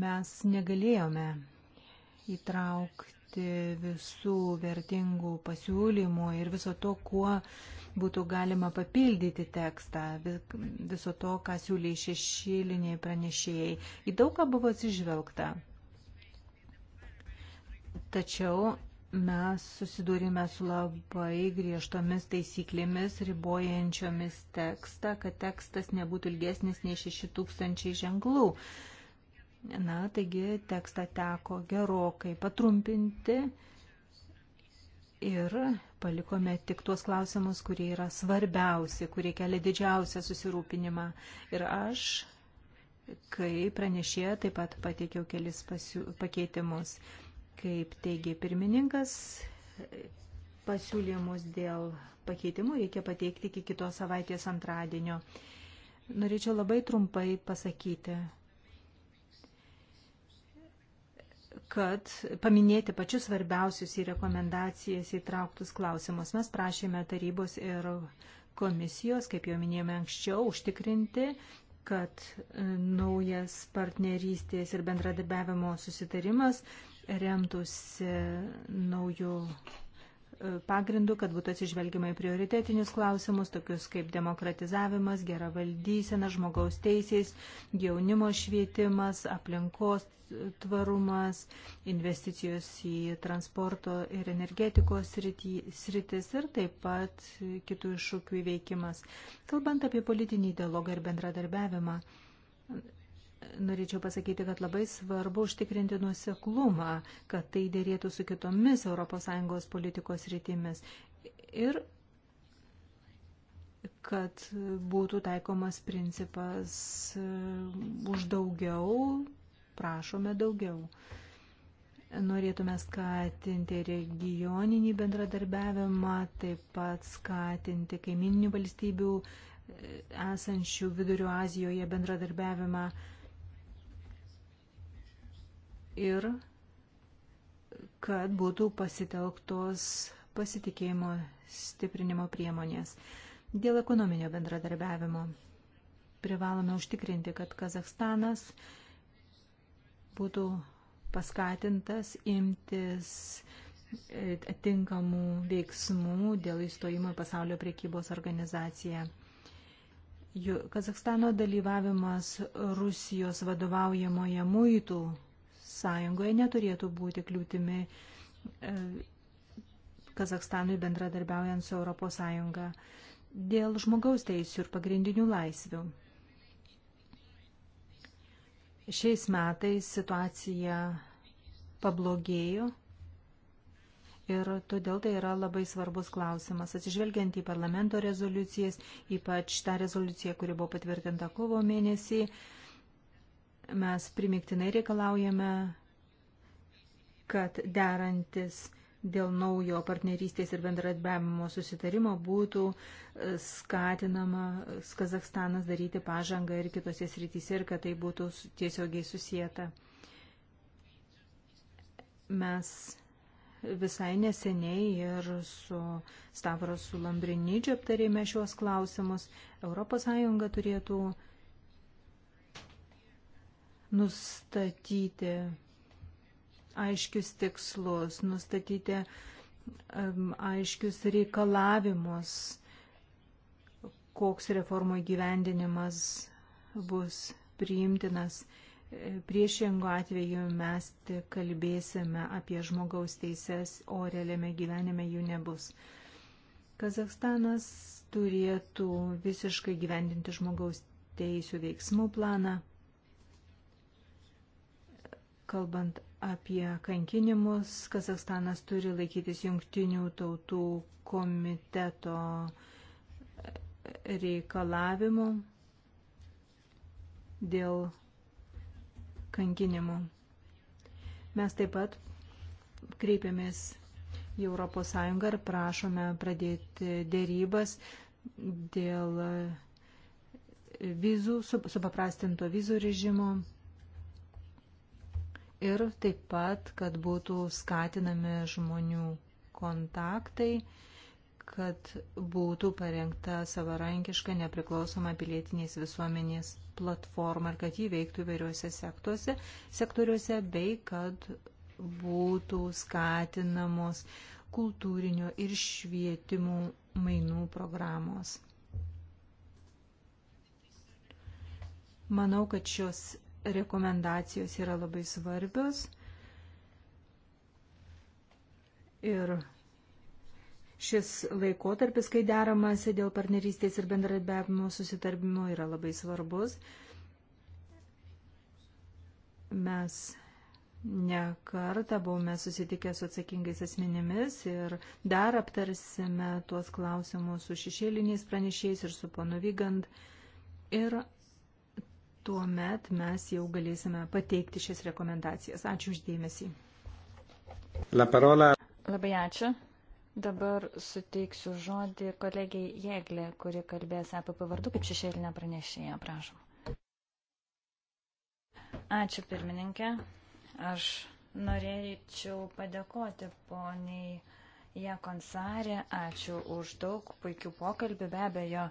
Mes negalėjome įtraukti visų vertingų pasiūlymų ir viso to, kuo uh, būtų galima papildyti tekstą viso to, ką siūlė šešėliniai pranešėjai. Į daugą buvo atsižvelgta. Tačiau mes susidūrime su labai griežtomis taisyklėmis, ribojančiomis tekstą, kad tekstas nebūtų ilgesnis nei 6000 ženklų. Na, taigi tekstą teko gerokai patrumpinti ir palikome tik tuos klausimus, kurie yra svarbiausi, kurie kelia didžiausią susirūpinimą. Ir aš, kai pranešė, taip pat pateikiau kelis pasiū, pakeitimus. Kaip teigia pirmininkas, pasiūlymus dėl pakeitimų reikia pateikti iki kitos savaitės antradienio. Norėčiau labai trumpai pasakyti, kad paminėti pačius svarbiausius į rekomendacijas įtrauktus klausimus. Mes prašėme tarybos ir komisijos, kaip jau minėjome anksčiau, užtikrinti, kad e, naujas partnerystės ir bendradarbiavimo susitarimas remtųsi naujų pagrindu, kad būtų atsižvelgiama į prioritetinius klausimus, tokius kaip demokratizavimas, gera valdysena, žmogaus teisės, jaunimo švietimas, aplinkos tvarumas, investicijos į transporto ir energetikos sritis ir taip pat kitų iššūkių įveikimas. Kalbant apie politinį dialogą ir bendradarbiavimą, norėčiau pasakyti, kad labai svarbu užtikrinti nuoseklumą, kad tai dėrėtų su kitomis ES politikos rytimis ir kad būtų taikomas principas e, už daugiau, prašome daugiau. Norėtume skatinti regioninį bendradarbiavimą, taip pat skatinti kaimininių valstybių e, esančių Vidurio Azijoje bendradarbiavimą ir kad būtų pasitelktos pasitikėjimo stiprinimo priemonės. Dėl ekonominio bendradarbiavimo privalome užtikrinti, kad Kazakstanas būtų paskatintas imtis e, atinkamų veiksmų dėl įstojimo į pasaulio priekybos organizaciją. Kazakstano dalyvavimas Rusijos vadovaujamoje muitų Sąjungoje neturėtų būti kliūtimi e, Kazakstanui bendradarbiaujant su Europos Sąjunga dėl žmogaus teisų ir pagrindinių laisvių. Šiais metais situacija pablogėjo ir todėl tai yra labai svarbus klausimas. Atsižvelgiant į parlamento rezoliucijas, ypač tą rezoliuciją, kuri buvo patvirtinta kovo mėnesį, mes primiktinai reikalaujame, kad derantis dėl naujo partnerystės ir bendradarbiavimo susitarimo būtų e, skatinama Kazakstanas daryti pažangą ir kitose srityse ir kad tai būtų tiesiogiai susijęta. Mes visai neseniai ir su Stavros Sulambriničiu aptarėme šiuos klausimus. ES turėtų nustatyti aiškius tikslus, nustatyti aiškius reikalavimus, koks reformų gyvendinimas bus priimtinas. E, Priešingo atveju mes tik kalbėsime apie žmogaus teises, o realiame gyvenime jų nebus. Kazakstanas turėtų visiškai gyvendinti žmogaus teisų veiksmų planą. Kalbant apie kankinimus, Kazakstanas turi laikytis jungtinių tautų komiteto reikalavimų dėl kankinimų. Mes taip pat kreipiamės į ES ir prašome pradėti dėrybas dėl vizų, supaprastinto vizų režimo ir taip pat, kad būtų skatinami žmonių kontaktai, kad būtų parengta savarankiška nepriklausoma pilietinės visuomenės platforma ir kad jį veiktų įvairiuose sektuose, sektoriuose bei kad būtų skatinamos kultūrinio ir švietimų mainų programos. Manau, kad šios rekomendacijos yra labai svarbios. Ir šis laikotarpis, kai deramasi dėl partnerystės ir bendradarbiavimo susitarpimo, yra labai svarbus. Mes ne kartą buvome susitikę su atsakingais asmenimis ir dar aptarsime tuos klausimus su šešėliniais pranešėjais ir su ponu Vygand. Ir tuo met mes jau galėsime pateikti šias rekomendacijas. Ačiū uždėmesį. La parola. Labai ačiū. Dabar suteiksiu žodį kolegiai Jėglė, kuri kalbės apie pavardų kaip šešėlinę pranešėją. Prašom. Ačiū pirmininkė. Aš norėčiau padėkoti poniai Jekonsarė. Ačiū už daug puikių pokalbių. Be abejo,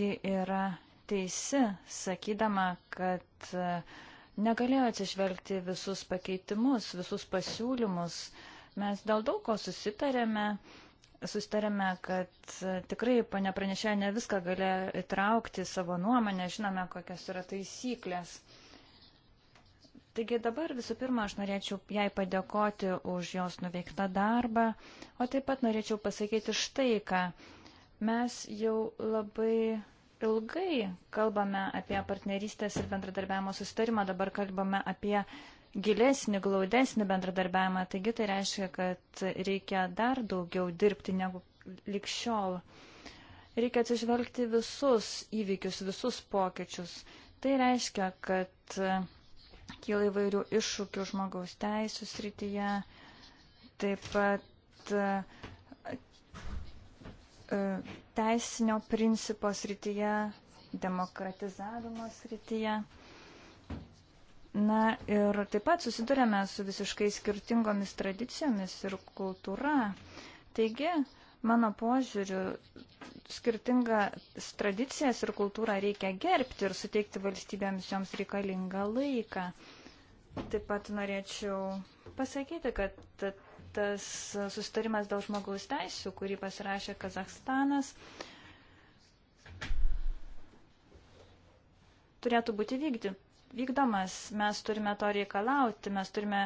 ji yra teisi, sakydama, kad e, negalėjo atsižvelgti visus pakeitimus, visus pasiūlymus. Mes dėl daug ko susitarėme, susitarėme, kad e, tikrai pane pranešė ne viską galėjo įtraukti savo nuomonę, žinome, kokios yra taisyklės. Taigi dabar visų pirma aš norėčiau jai padėkoti už jos nuveiktą darbą, o taip pat norėčiau pasakyti štai ką. Mes jau labai ilgai kalbame apie partnerystės ir bendradarbiavimo sustarimą, dabar kalbame apie gilesnį, glaudesnį bendradarbiavimą, taigi tai reiškia, kad reikia dar daugiau dirbti negu likščiol. Reikia atsižvelgti visus įvykius, visus pokyčius. Tai reiškia, kad kyla įvairių iššūkių žmogaus teisų srityje, taip pat E, teisinio principo srityje, demokratizavimo srityje. Na ir taip pat susidurėme su visiškai skirtingomis tradicijomis ir kultūra. Taigi, mano požiūriu, skirtingas tradicijas ir kultūrą reikia gerbti ir suteikti valstybėms joms reikalingą laiką. Taip pat norėčiau pasakyti, kad pasiektas susitarimas dėl žmogaus teisų, kurį pasirašė Kazakstanas, turėtų būti vykdy, vykdomas. Mes turime to reikalauti, mes turime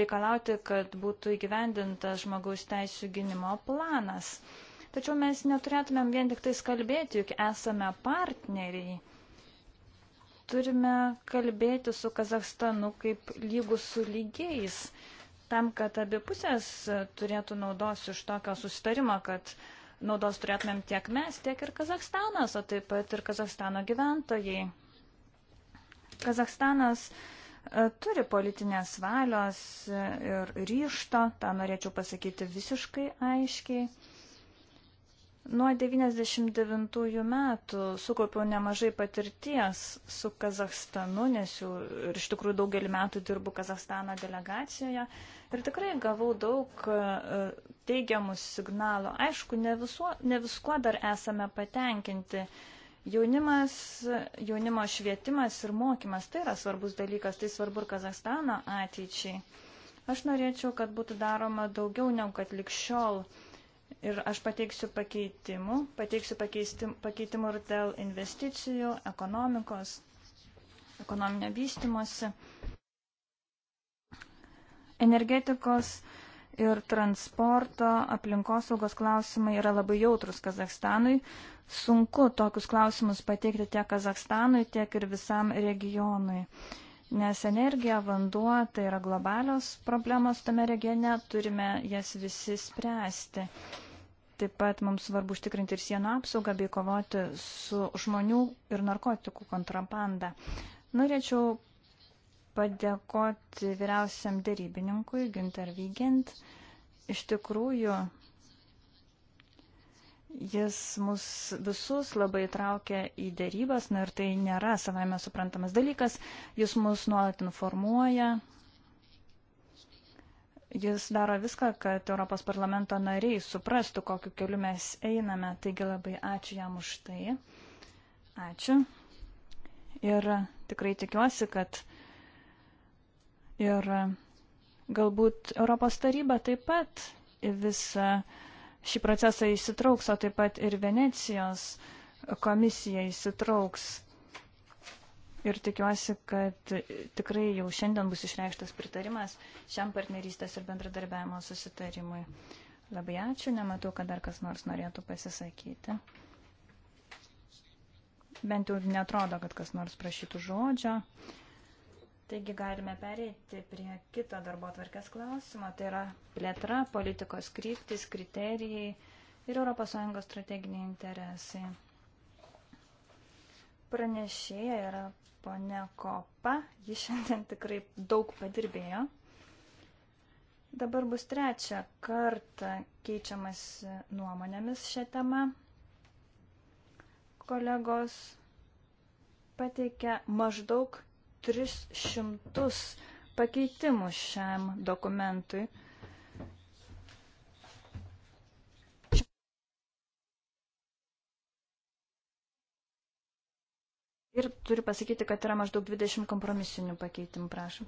reikalauti, kad būtų įgyvendintas žmogaus teisų gynimo planas. Tačiau mes neturėtumėm vien tik tais kalbėti, juk esame partneriai. Turime kalbėti su Kazakstanu kaip lygus su lygiais tam, kad abi pusės turėtų naudos iš tokio susitarimo, kad naudos turėtumėm tiek mes, tiek ir Kazakstanas, o taip pat ir Kazakstano gyventojai. Kazakstanas e, turi politinės valios ir ryšto, tą norėčiau pasakyti visiškai aiškiai. Nuo 99 metų sukaupiau nemažai patirties su Kazahstanu, nes jau ir iš tikrųjų daugelį metų dirbu Kazahstano delegacijoje. Ir tikrai gavau daug e, teigiamų signalų. Aišku, ne, visuo, ne viskuo dar esame patenkinti. Jaunimas, jaunimo švietimas ir mokymas tai yra svarbus dalykas, tai svarbu ir Kazakstano ateičiai. Aš norėčiau, kad būtų daroma daugiau negu kad likščiol. Ir aš pateiksiu pakeitimų, pateiksiu pakeitimų ir dėl investicijų, ekonomikos, ekonominio vystimosi. Energetikos ir transporto aplinkosaugos klausimai yra labai jautrus Kazakstanui. Sunku tokius klausimus pateikti tiek Kazakstanui, tiek ir visam regionui. Nes energija, vanduo tai yra globalios problemos tame regione, turime jas visi spręsti. Taip pat mums svarbu užtikrinti ir sienų apsaugą bei kovoti su žmonių ir narkotikų kontrabanda. Norėčiau padėkoti vyriausiam darybininkui Ginter Vygint. Iš tikrųjų, jis mus visus labai traukia į darybas, na ir tai nėra savaime suprantamas dalykas, jis mus nuolat informuoja. Jis daro viską, kad Europos parlamento nariai suprastų, kokiu keliu mes einame. Taigi labai ačiū jam už tai. Ačiū. Ir tikrai tikiuosi, kad Ir galbūt Europos taryba taip pat į visą šį procesą įsitrauks, o taip pat ir Venecijos komisija įsitrauks. Ir tikiuosi, kad tikrai jau šiandien bus išreikštas pritarimas šiam partnerystės ir bendradarbiavimo susitarimui. Labai ačiū, nematau, kad dar kas nors norėtų pasisakyti. Bent jau netrodo, kad kas nors prašytų žodžio. Taigi galime pereiti prie kito darbo tvarkės klausimo, tai yra plėtra, politikos kryptis, kriterijai ir ES strateginiai interesai. Pranešėja yra ponia Kopa, ji šiandien tikrai daug padirbėjo. Dabar bus trečia kartą keičiamas nuomonėmis šią temą. Kolegos pateikia maždaug 300 pakeitimų šiam dokumentui. Ir turiu pasakyti, kad yra maždaug 20 kompromisinių pakeitimų, prašom.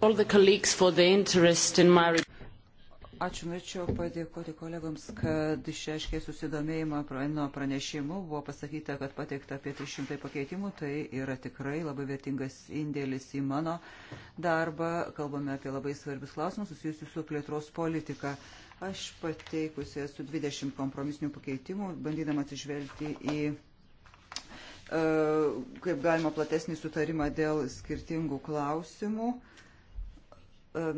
Ačiū, norėčiau padėkoti kolegoms, kad išreiškė susidomėjimą nuo pranešimų. Buvo pasakyta, kad pateikta apie 300 pakeitimų. Tai yra tikrai labai vertingas indėlis į mano darbą. Kalbame apie labai svarbius klausimus susijusius su plėtros politika. Aš pateikusi esu 20 kompromisinių pakeitimų, bandydama atsižvelgti į e, kaip galima platesnį sutarimą dėl skirtingų klausimų. Uh,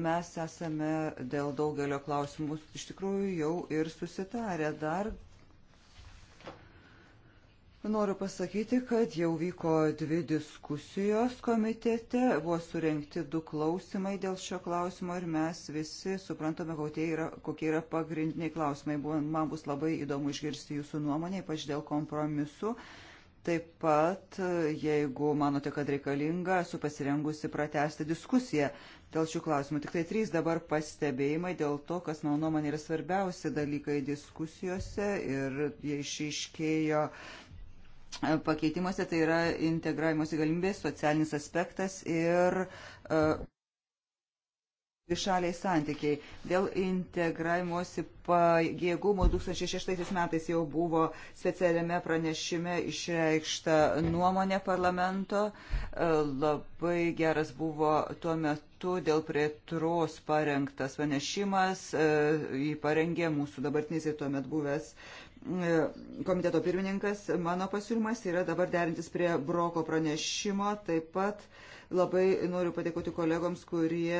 mes esame dėl daugelio klausimų iš tikrųjų jau ir susitarę. Dar noriu pasakyti, kad jau vyko dvi diskusijos komitete, buvo surinkti du klausimai dėl šio klausimo ir mes visi suprantame, kokie yra, kokie yra pagrindiniai klausimai. Man bus labai įdomu išgirsti jūsų nuomonę, ypač dėl kompromisu. Uh, Taip pat, jeigu manote, kad reikalinga, esu pasirengusi pratesti diskusiją dėl šių klausimų. Tik tai trys dabar pastebėjimai dėl to, kas mano nuomonė yra svarbiausi dalykai diskusijose ir jie išiškėjo pakeitimuose, tai yra integravimosi galimybės, socialinis aspektas ir. Uh, dvišaliai santykiai. Dėl integravimosi pajėgumų 2006 metais jau buvo specialiame pranešime išreikšta nuomonė parlamento. E, labai geras buvo tuo metu dėl prietros parengtas pranešimas. E, jį parengė mūsų dabartinis ir tuomet buvęs e, komiteto pirmininkas. Mano pasiūlymas yra dabar derintis prie broko pranešimo. Taip pat uh, Labai noriu padėkoti kolegoms, kurie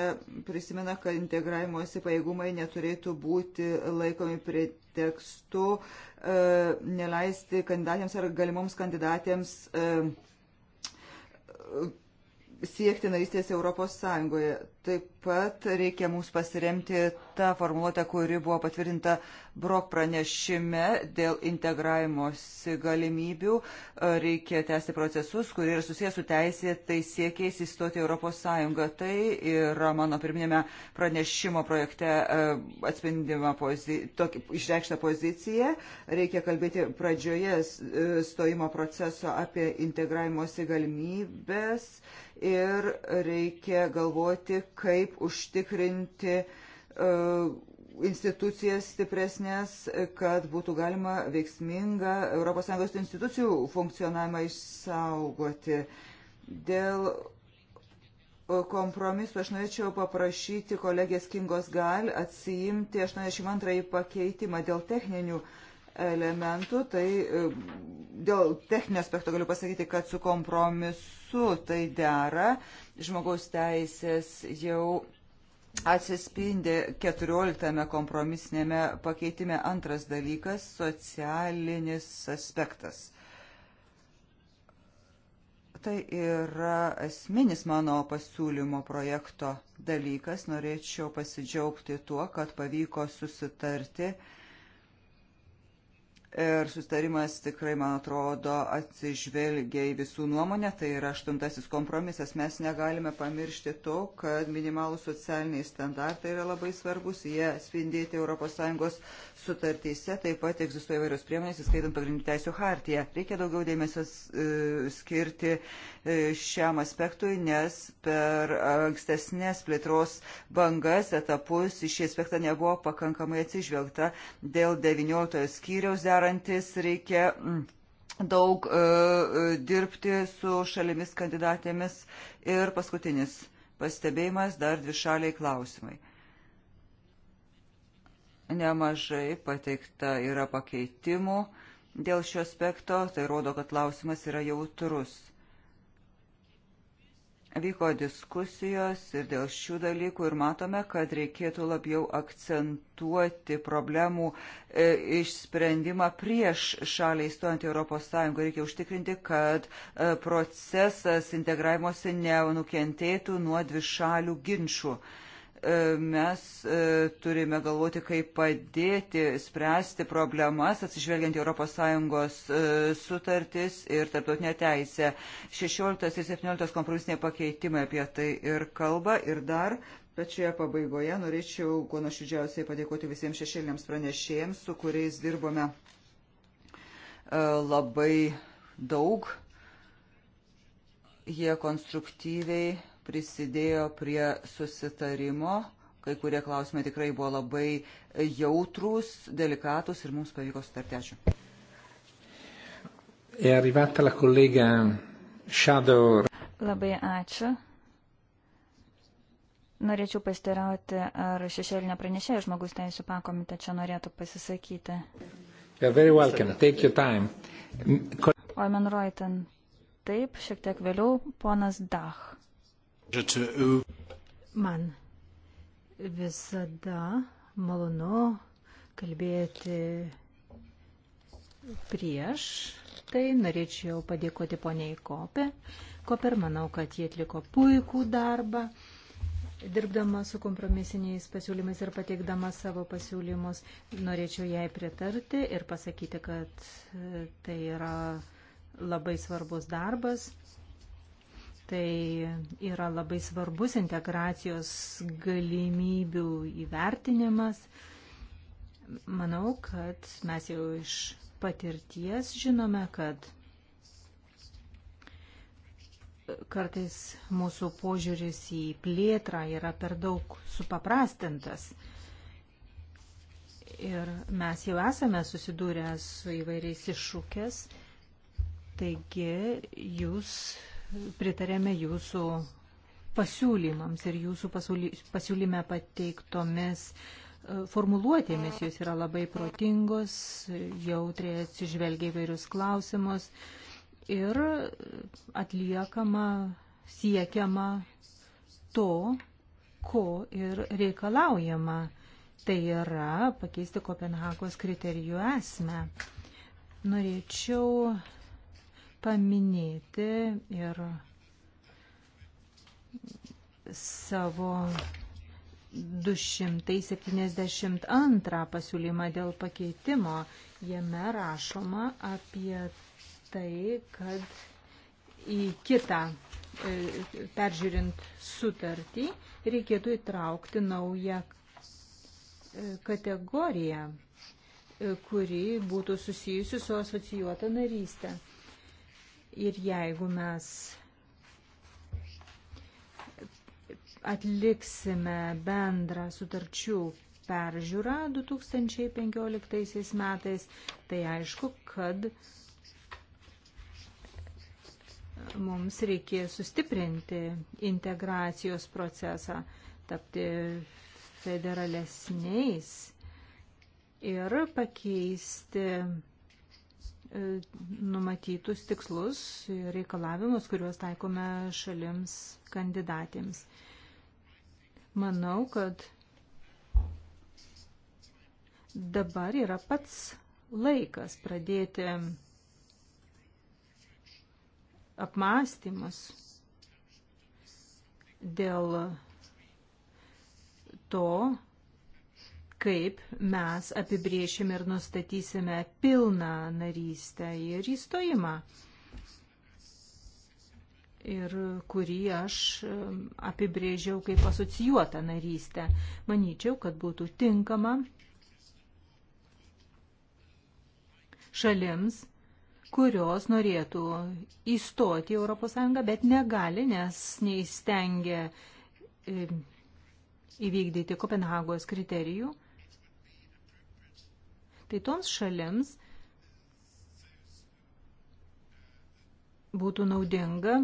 prisimena, kad integravimosi pajėgumai neturėtų būti laikomi pretekstu, e, neleisti kandidatėms ar galimoms kandidatėms e, siekti narystės Europos Sąjungoje. Taip pat reikia mums pasiremti tą formuluotę, kuri buvo patvirtinta Brok pranešime dėl integravimosi galimybių. Reikia tęsti procesus, kurie yra susijęs su teisė, tai siekiais įstoti Europos Sąjungą. Tai yra mano pirminėme pranešimo projekte e, atspindima pozi tokį, išreikšta pozicija. Reikia kalbėti pradžioje e, stojimo proceso apie integravimosi galimybės. Uh, ir reikia galvoti, kaip užtikrinti e, institucijas stipresnės, kad būtų galima veiksmingą ES institucijų funkcionavimą išsaugoti. Dėl e, kompromisu aš norėčiau paprašyti kolegės Kingos Gal atsiimti 82 pakeitimą dėl techninių uh, elementų, tai e, dėl techninio aspekto galiu pasakyti, kad su kompromisu tai dera. Žmogaus teisės jau atsispindi 14 kompromisinėme pakeitime antras dalykas - socialinis aspektas. Tai yra esminis mano pasiūlymo projekto dalykas. Norėčiau pasidžiaugti tuo, kad pavyko susitarti uh, Ir sustarimas tikrai, man atrodo, atsižvelgia į visų nuomonę, tai yra aštuntasis kompromisas. Mes negalime pamiršti to, kad minimalų socialiniai standartai yra labai svarbus, jie spindėti ES sutartyse, taip pat egzistuoja įvairios priemonės, įskaitant pagrindinių teisų hartiją. Reikia daugiau dėmesio e, skirti e, šiam aspektui, nes per ankstesnės plėtros bangas, etapus į šį aspektą nebuvo pakankamai atsižvelgta dėl 19 skyriaus derantis reikia mm, daug e, e, dirbti su šalimis kandidatėmis. Ir paskutinis pastebėjimas dar dvi šaliai klausimai. Nemažai pateikta yra pakeitimų dėl šio aspekto, tai rodo, kad klausimas yra jautrus. Vyko diskusijos ir dėl šių dalykų ir matome, kad reikėtų labiau akcentuoti problemų e, išsprendimą prieš šaliai įstojant į ES. Reikia užtikrinti, kad e, procesas integravimuose nenukentėtų nuo dvišalių ginčių. E, E, mes e, turime galvoti, kaip padėti spręsti problemas, atsižvelgiant į ES e, sutartis ir tarptautinę teisę. 16 ir 17 kompromisiniai pakeitimai apie tai ir kalba. Ir dar pačioje pabaigoje norėčiau kuo nuoširdžiausiai padėkoti visiems šešėlėms pranešėjams, su kuriais dirbome labai daug. Jie konstruktyviai prisidėjo prie susitarimo. Kai kurie klausimai tikrai buvo labai jautrus, delikatus ir mums pavyko sutarti. Ačiū. È arrivata la collega Shadow. Labai ačiū. Norėčiau pasiteirauti, ar šešėlinio pranešėjo žmogus teisų pakomitė čia norėtų pasisakyti. Oimen Reuten. Taip, šiek tiek vėliau ponas Dach. E, Man visada malonu kalbėti prieš. Tai norėčiau padėkoti poniai Kopė. Koper, manau, kad jie atliko puikų darbą, dirbdama su kompromisiniais pasiūlymais ir pateikdama savo pasiūlymus. Norėčiau jai pritarti ir pasakyti, kad e, tai yra labai svarbus darbas. Tai yra labai svarbus integracijos galimybių įvertinimas. Manau, kad mes jau iš patirties žinome, kad kartais mūsų požiūris į plėtrą yra per daug supaprastintas. Ir mes jau esame susidūrę su įvairiais iššūkės, taigi jūs pritarėme jūsų pasiūlymams ir jūsų pasiūlyme pateiktomis e, formuluotėmis. Jos yra labai protingos, jautriai atsižvelgia įvairius klausimus ir atliekama, siekiama to, ko ir reikalaujama. Tai yra pakeisti Kopenhagos kriterijų esmę. Norėčiau paminėti ir savo 272 pasiūlymą dėl pakeitimo. Jame rašoma apie tai, kad į kitą, e, peržiūrint sutartį, reikėtų įtraukti naują e, kategoriją, e, kuri būtų susijusi su asocijuota narystė. Ir jeigu mes atliksime bendrą sutarčių peržiūrą 2015 metais, tai aišku, kad mums reikės sustiprinti integracijos procesą, tapti federalesniais ir pakeisti E, numatytus tikslus ir reikalavimus, kuriuos taikome šalims kandidatėms. Manau, kad dabar yra pats laikas pradėti apmąstymus dėl to, kaip mes apibriešime ir nustatysime pilną narystę ir įstojimą. Ir kurį aš um, apibrėžiau kaip asocijuotą narystę. Manyčiau, kad būtų tinkama šalims, kurios norėtų įstoti į ES, bet negali, nes neįstengia um, įvykdyti Kopenhagos kriterijų tai toms šalims būtų naudinga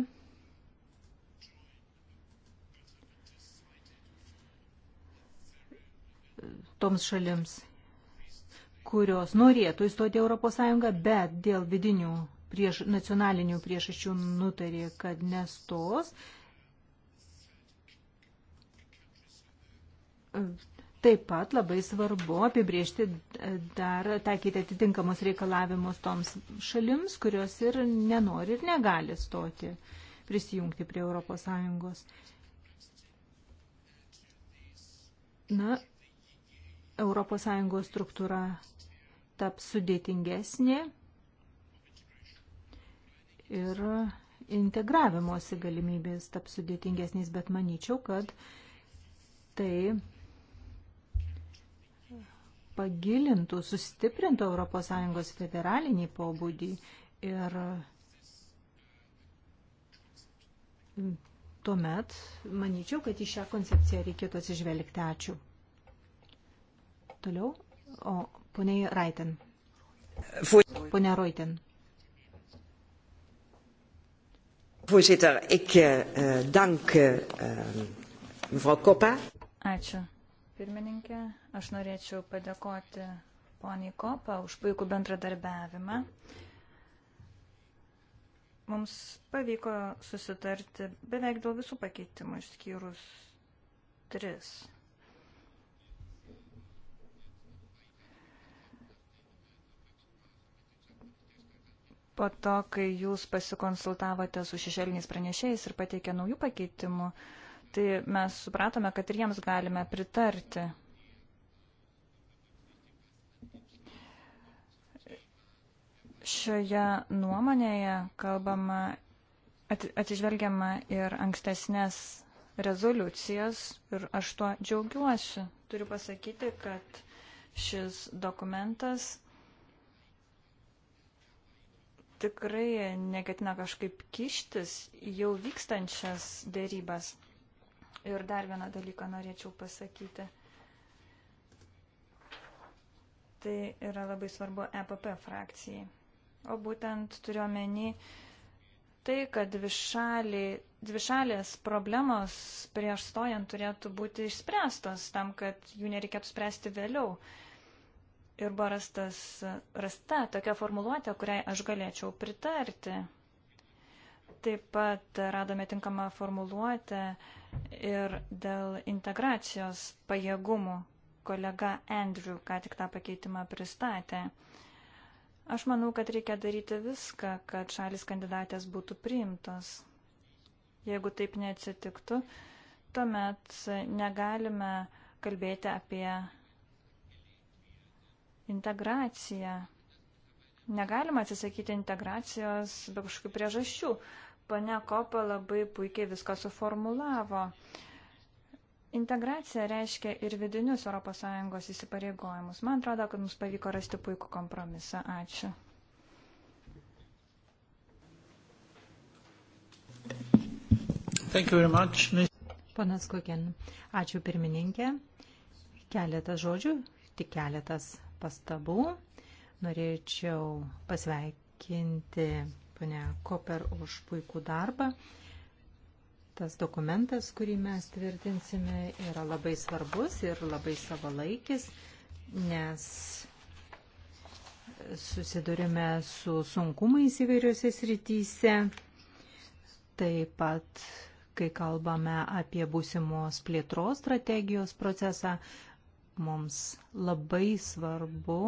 toms šalims, kurios norėtų įstoti Europos Sąjungą, bet dėl vidinių prieš, nacionalinių priešašių nutarė, kad nestos. Taip pat labai svarbu apibriežti e, dar taikyti atitinkamus reikalavimus toms šalims, kurios ir nenori ir negali stoti, prisijungti prie ES. Na, ES struktūra taps sudėtingesnė ir integravimosi galimybės taps sudėtingesnės, bet manyčiau, kad tai pagilintų, sustiprintų ES federalinį pobūdį ir tuomet manyčiau, kad į šią koncepciją reikėtų atsižvelgti. Ačiū. Toliau, o poniai Raiten. Pone Reuten. Voorzitter, ik uh, dank uh, mevrouw Koppa. Ačiū pirmininkė. Aš norėčiau padėkoti poniai Kopą už puikų bendradarbiavimą. Mums pavyko susitarti beveik dėl visų pakeitimų, išskyrus tris. Po to, kai jūs pasikonsultavote su šešėliniais pranešėjais ir pateikė naujų pakeitimų, uh, tai mes supratome, kad ir jiems galime pritarti. Šioje nuomonėje kalbama, atsižvelgiama ir ankstesnės rezoliucijas ir aš tuo džiaugiuosi. Turiu pasakyti, kad šis dokumentas tikrai neketina kažkaip kištis į jau vykstančias dėrybas. Ir dar vieną dalyką norėčiau pasakyti. Tai yra labai svarbu EPP frakcijai. O būtent turiuomenį tai, kad dvišaliai, dvišalės problemos prieš stojant turėtų būti išspręstos tam, kad jų nereikėtų spręsti vėliau ir buvo rastas, rasta tokia formuluotė, kuriai aš galėčiau pritarti. Taip pat radome tinkamą formuluotę ir dėl integracijos pajėgumų. Kolega Andrew ką tik tą pakeitimą pristatė. Aš manau, kad reikia daryti viską, kad šalis kandidatės būtų priimtos. Jeigu taip neatsitiktų, tuomet negalime kalbėti apie integraciją. Negalima atsisakyti integracijos be kažkokių priežasčių. Pane Kopa labai puikiai viską suformulavo. Integracija reiškia ir vidinius ES įsipareigojimus. Man atrodo, kad mums pavyko rasti puikų kompromisą. Ačiū. Much, Panas Kokin, ačiū pirmininkė. Keletas žodžių, tik keletas pastabų. Norėčiau pasveikinti ponė Koper už puikų darbą. Tas dokumentas, kurį mes tvirtinsime, yra labai svarbus ir labai savalaikis, nes susidurime su sunkumais įvairiose srityse. Taip pat, kai kalbame apie būsimos plėtros strategijos procesą, mums labai svarbu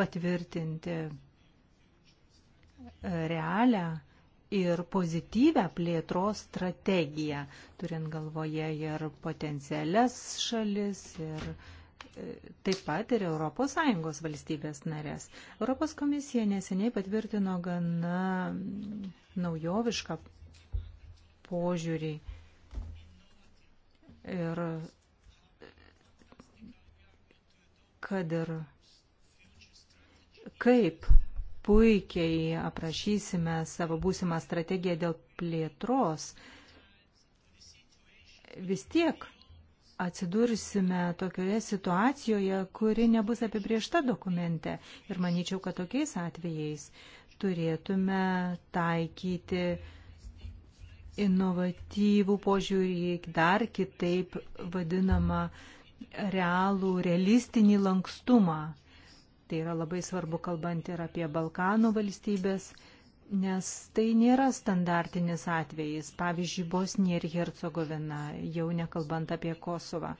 patvirtinti realią ir pozityvę plėtros strategiją, turint galvoje ir potencialias šalis ir e, taip pat ir ES valstybės narės. Europos komisija neseniai patvirtino gana naujovišką požiūrį ir kad ir kaip puikiai aprašysime savo būsimą strategiją dėl plėtros, vis tiek atsidursime tokioje situacijoje, kuri nebus apibriešta dokumente. Ir manyčiau, kad tokiais atvejais turėtume taikyti inovatyvų požiūrį, dar kitaip vadinamą realų, realistinį lankstumą Tai yra labai svarbu kalbant ir apie Balkanų valstybės, nes tai nėra standartinis atvejis. Pavyzdžiui, Bosnija ir Hercegovina, jau nekalbant apie Kosovą.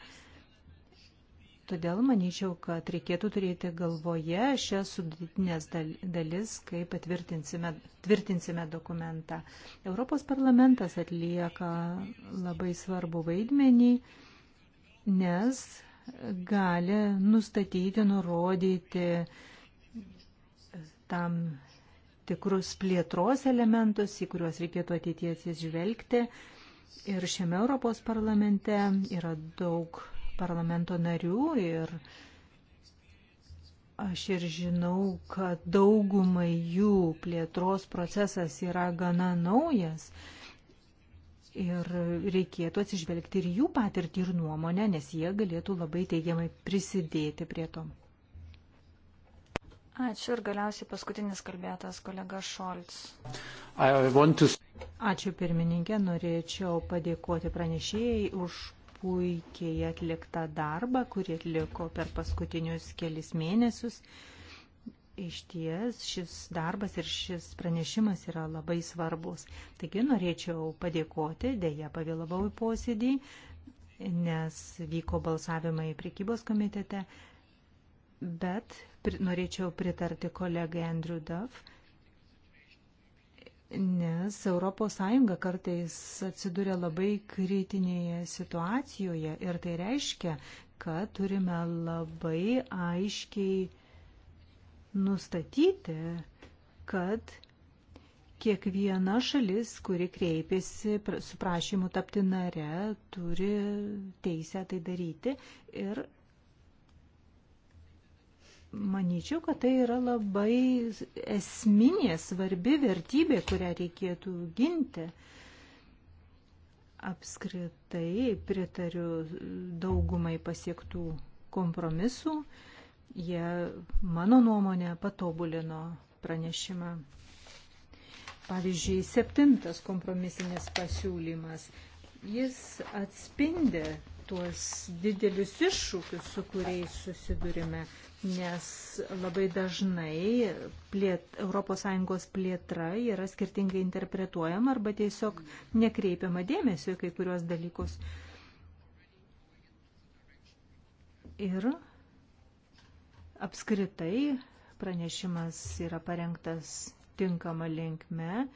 Todėl manyčiau, kad reikėtų turėti galvoje šias sudėtinės dalis, kai patvirtinsime tvirtinsime dokumentą. Europos parlamentas atlieka labai svarbu vaidmenį, nes gali nustatyti, nurodyti tam tikrus plėtros elementus, į kuriuos reikėtų ateityje atsižvelgti. Ir šiame Europos parlamente yra daug parlamento narių ir aš ir žinau, kad daugumai jų plėtros procesas yra gana naujas. Ir reikėtų atsižvelgti ir jų patirtį ir nuomonę, nes jie galėtų labai teigiamai prisidėti prie to. Ačiū ir galiausiai paskutinis kalbėtas kolega Šolts. To... Ačiū pirmininkė, norėčiau padėkoti pranešėjai už puikiai atliktą darbą, kurį atliko per paskutinius kelis mėnesius. Iš ties šis darbas ir šis pranešimas yra labai svarbus. Taigi norėčiau padėkoti, dėja pavėlavau į posėdį, nes vyko balsavimai priekybos komitete, bet pri, norėčiau pritarti kolegai Andrew Duff, nes ES kartais atsiduria labai kritinėje situacijoje ir tai reiškia, kad turime labai aiškiai nustatyti, kad kiekviena šalis, kuri kreipiasi su prašymu tapti nare, turi teisę tai daryti ir manyčiau, kad tai yra labai esminė, svarbi vertybė, kurią reikėtų ginti. Apskritai pritariu daugumai pasiektų kompromisų. Uh, Jie, mano nuomonė, patobulino pranešimą. Pavyzdžiui, septintas kompromisinis pasiūlymas. Jis atspindi tuos didelius iššūkius, su kuriais susidurime, nes labai dažnai plėt, ES plėtra yra skirtingai interpretuojama arba tiesiog nekreipiama dėmesio į kai kuriuos dalykus. Ir Apskritai pranešimas yra parengtas tinkama linkme.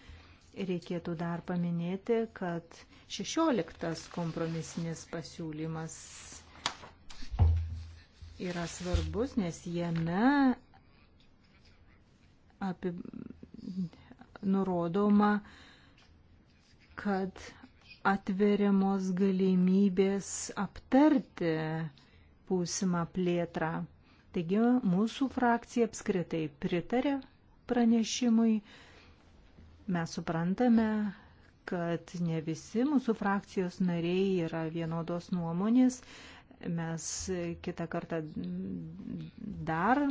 Reikėtų dar paminėti, kad 16 kompromisinis pasiūlymas yra svarbus, nes jame api, nurodoma, kad atveriamos galimybės aptarti būsimą plėtrą Taigi mūsų frakcija apskritai pritarė pranešimui. Mes suprantame, kad ne visi mūsų frakcijos nariai yra vienodos nuomonės. Mes kitą kartą dar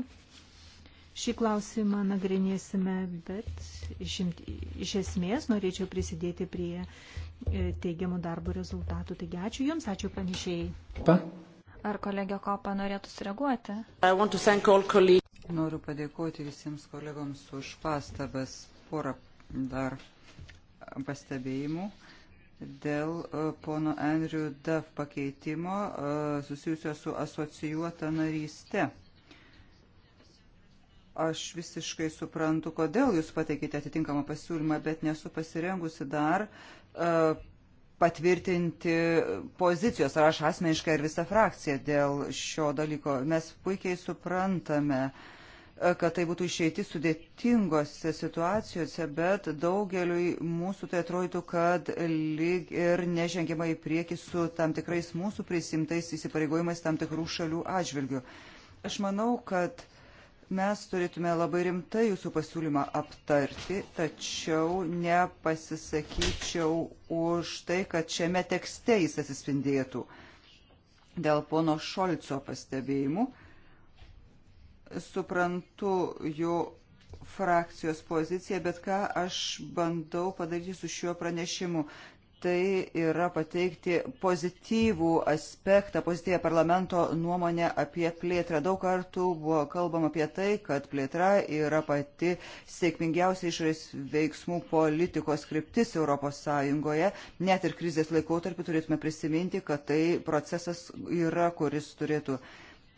šį klausimą nagrinėsime, bet išimt, iš esmės norėčiau prisidėti prie e, teigiamų darbo rezultatų. Taigi ačiū Jums, ačiū pranešėjai. Pa. Ar kolegė Kopa norėtų sureaguoti? Noriu padėkoti visiems kolegoms už pastabas. Porą dar pastebėjimų. Dėl e, pono Andrew Duff pakeitimo e, susijusio su asocijuota naryste. Aš visiškai suprantu, kodėl jūs pateikite atitinkamą pasiūlymą, bet nesu pasirengusi dar uh, patvirtinti pozicijos, ar aš asmeniškai, ar visa frakcija dėl šio dalyko. Mes puikiai suprantame, e, kad tai būtų išeiti sudėtingose situacijose, bet daugeliui mūsų tai atrodytų, kad lyg ir nežengiama į priekį su tam tikrais mūsų prisimtais įsipareigojimais tam tikrų šalių atžvilgių. Aš manau, kad uh, Mes turėtume labai rimtai jūsų pasiūlymą aptarti, tačiau nepasisakyčiau už tai, kad šiame tekste jis atsispindėtų. Dėl pono Šolco pastebėjimų suprantu jų frakcijos poziciją, bet ką aš bandau padaryti su šiuo pranešimu tai yra pateikti pozityvų aspektą, pozityvę parlamento nuomonę apie plėtrą. Daug kartų buvo kalbama apie tai, kad plėtra yra pati sėkmingiausia išorės veiksmų politikos kryptis ES. Net ir krizės laikotarpį turėtume prisiminti, kad tai procesas yra, kuris turėtų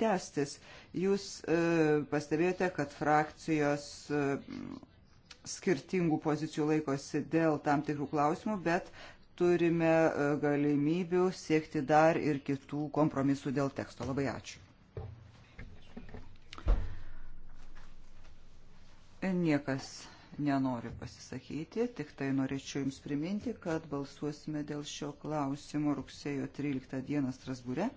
tęstis. Jūs e, pastebėjote, kad frakcijos. E, skirtingų pozicijų laikosi dėl tam tikrų klausimų, bet turime e, galimybių siekti dar ir kitų kompromisų dėl teksto. Labai ačiū. Niekas nenori pasisakyti, tik tai norėčiau Jums priminti, kad balsuosime dėl šio klausimo rugsėjo 13 dieną Strasbūre.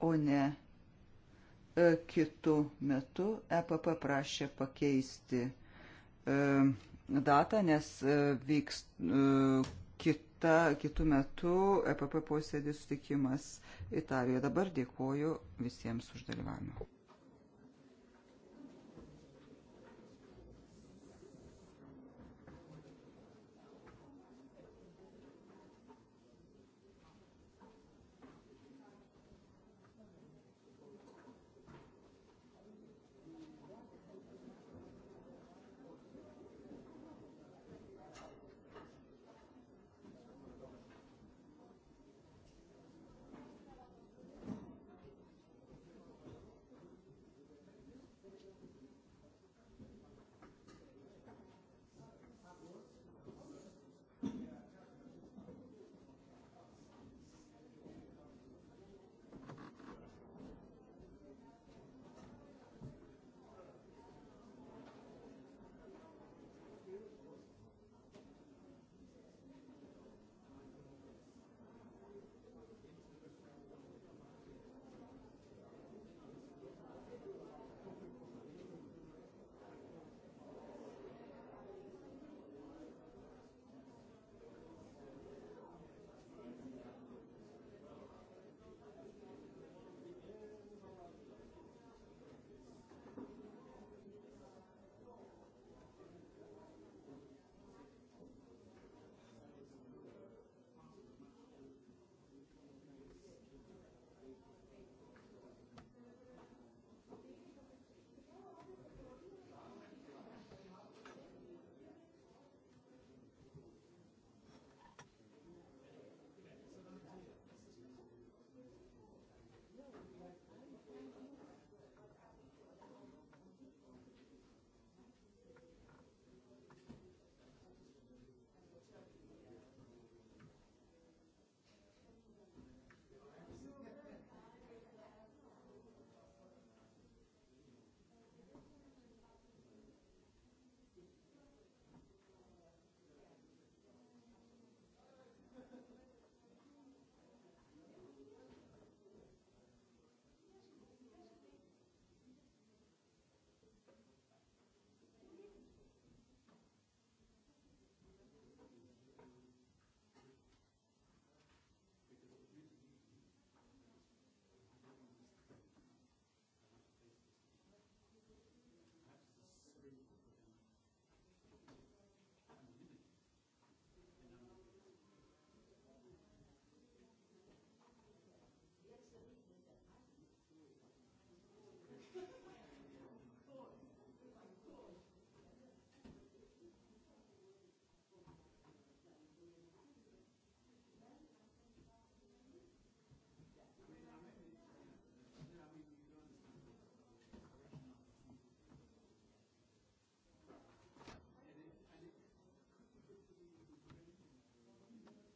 O ne E, kitų metų EPP prašė pakeisti e, datą, nes e, vyks kita, kitų metų EPP posėdis sutikimas Italijoje. Dabar dėkoju visiems už dalyvavimą.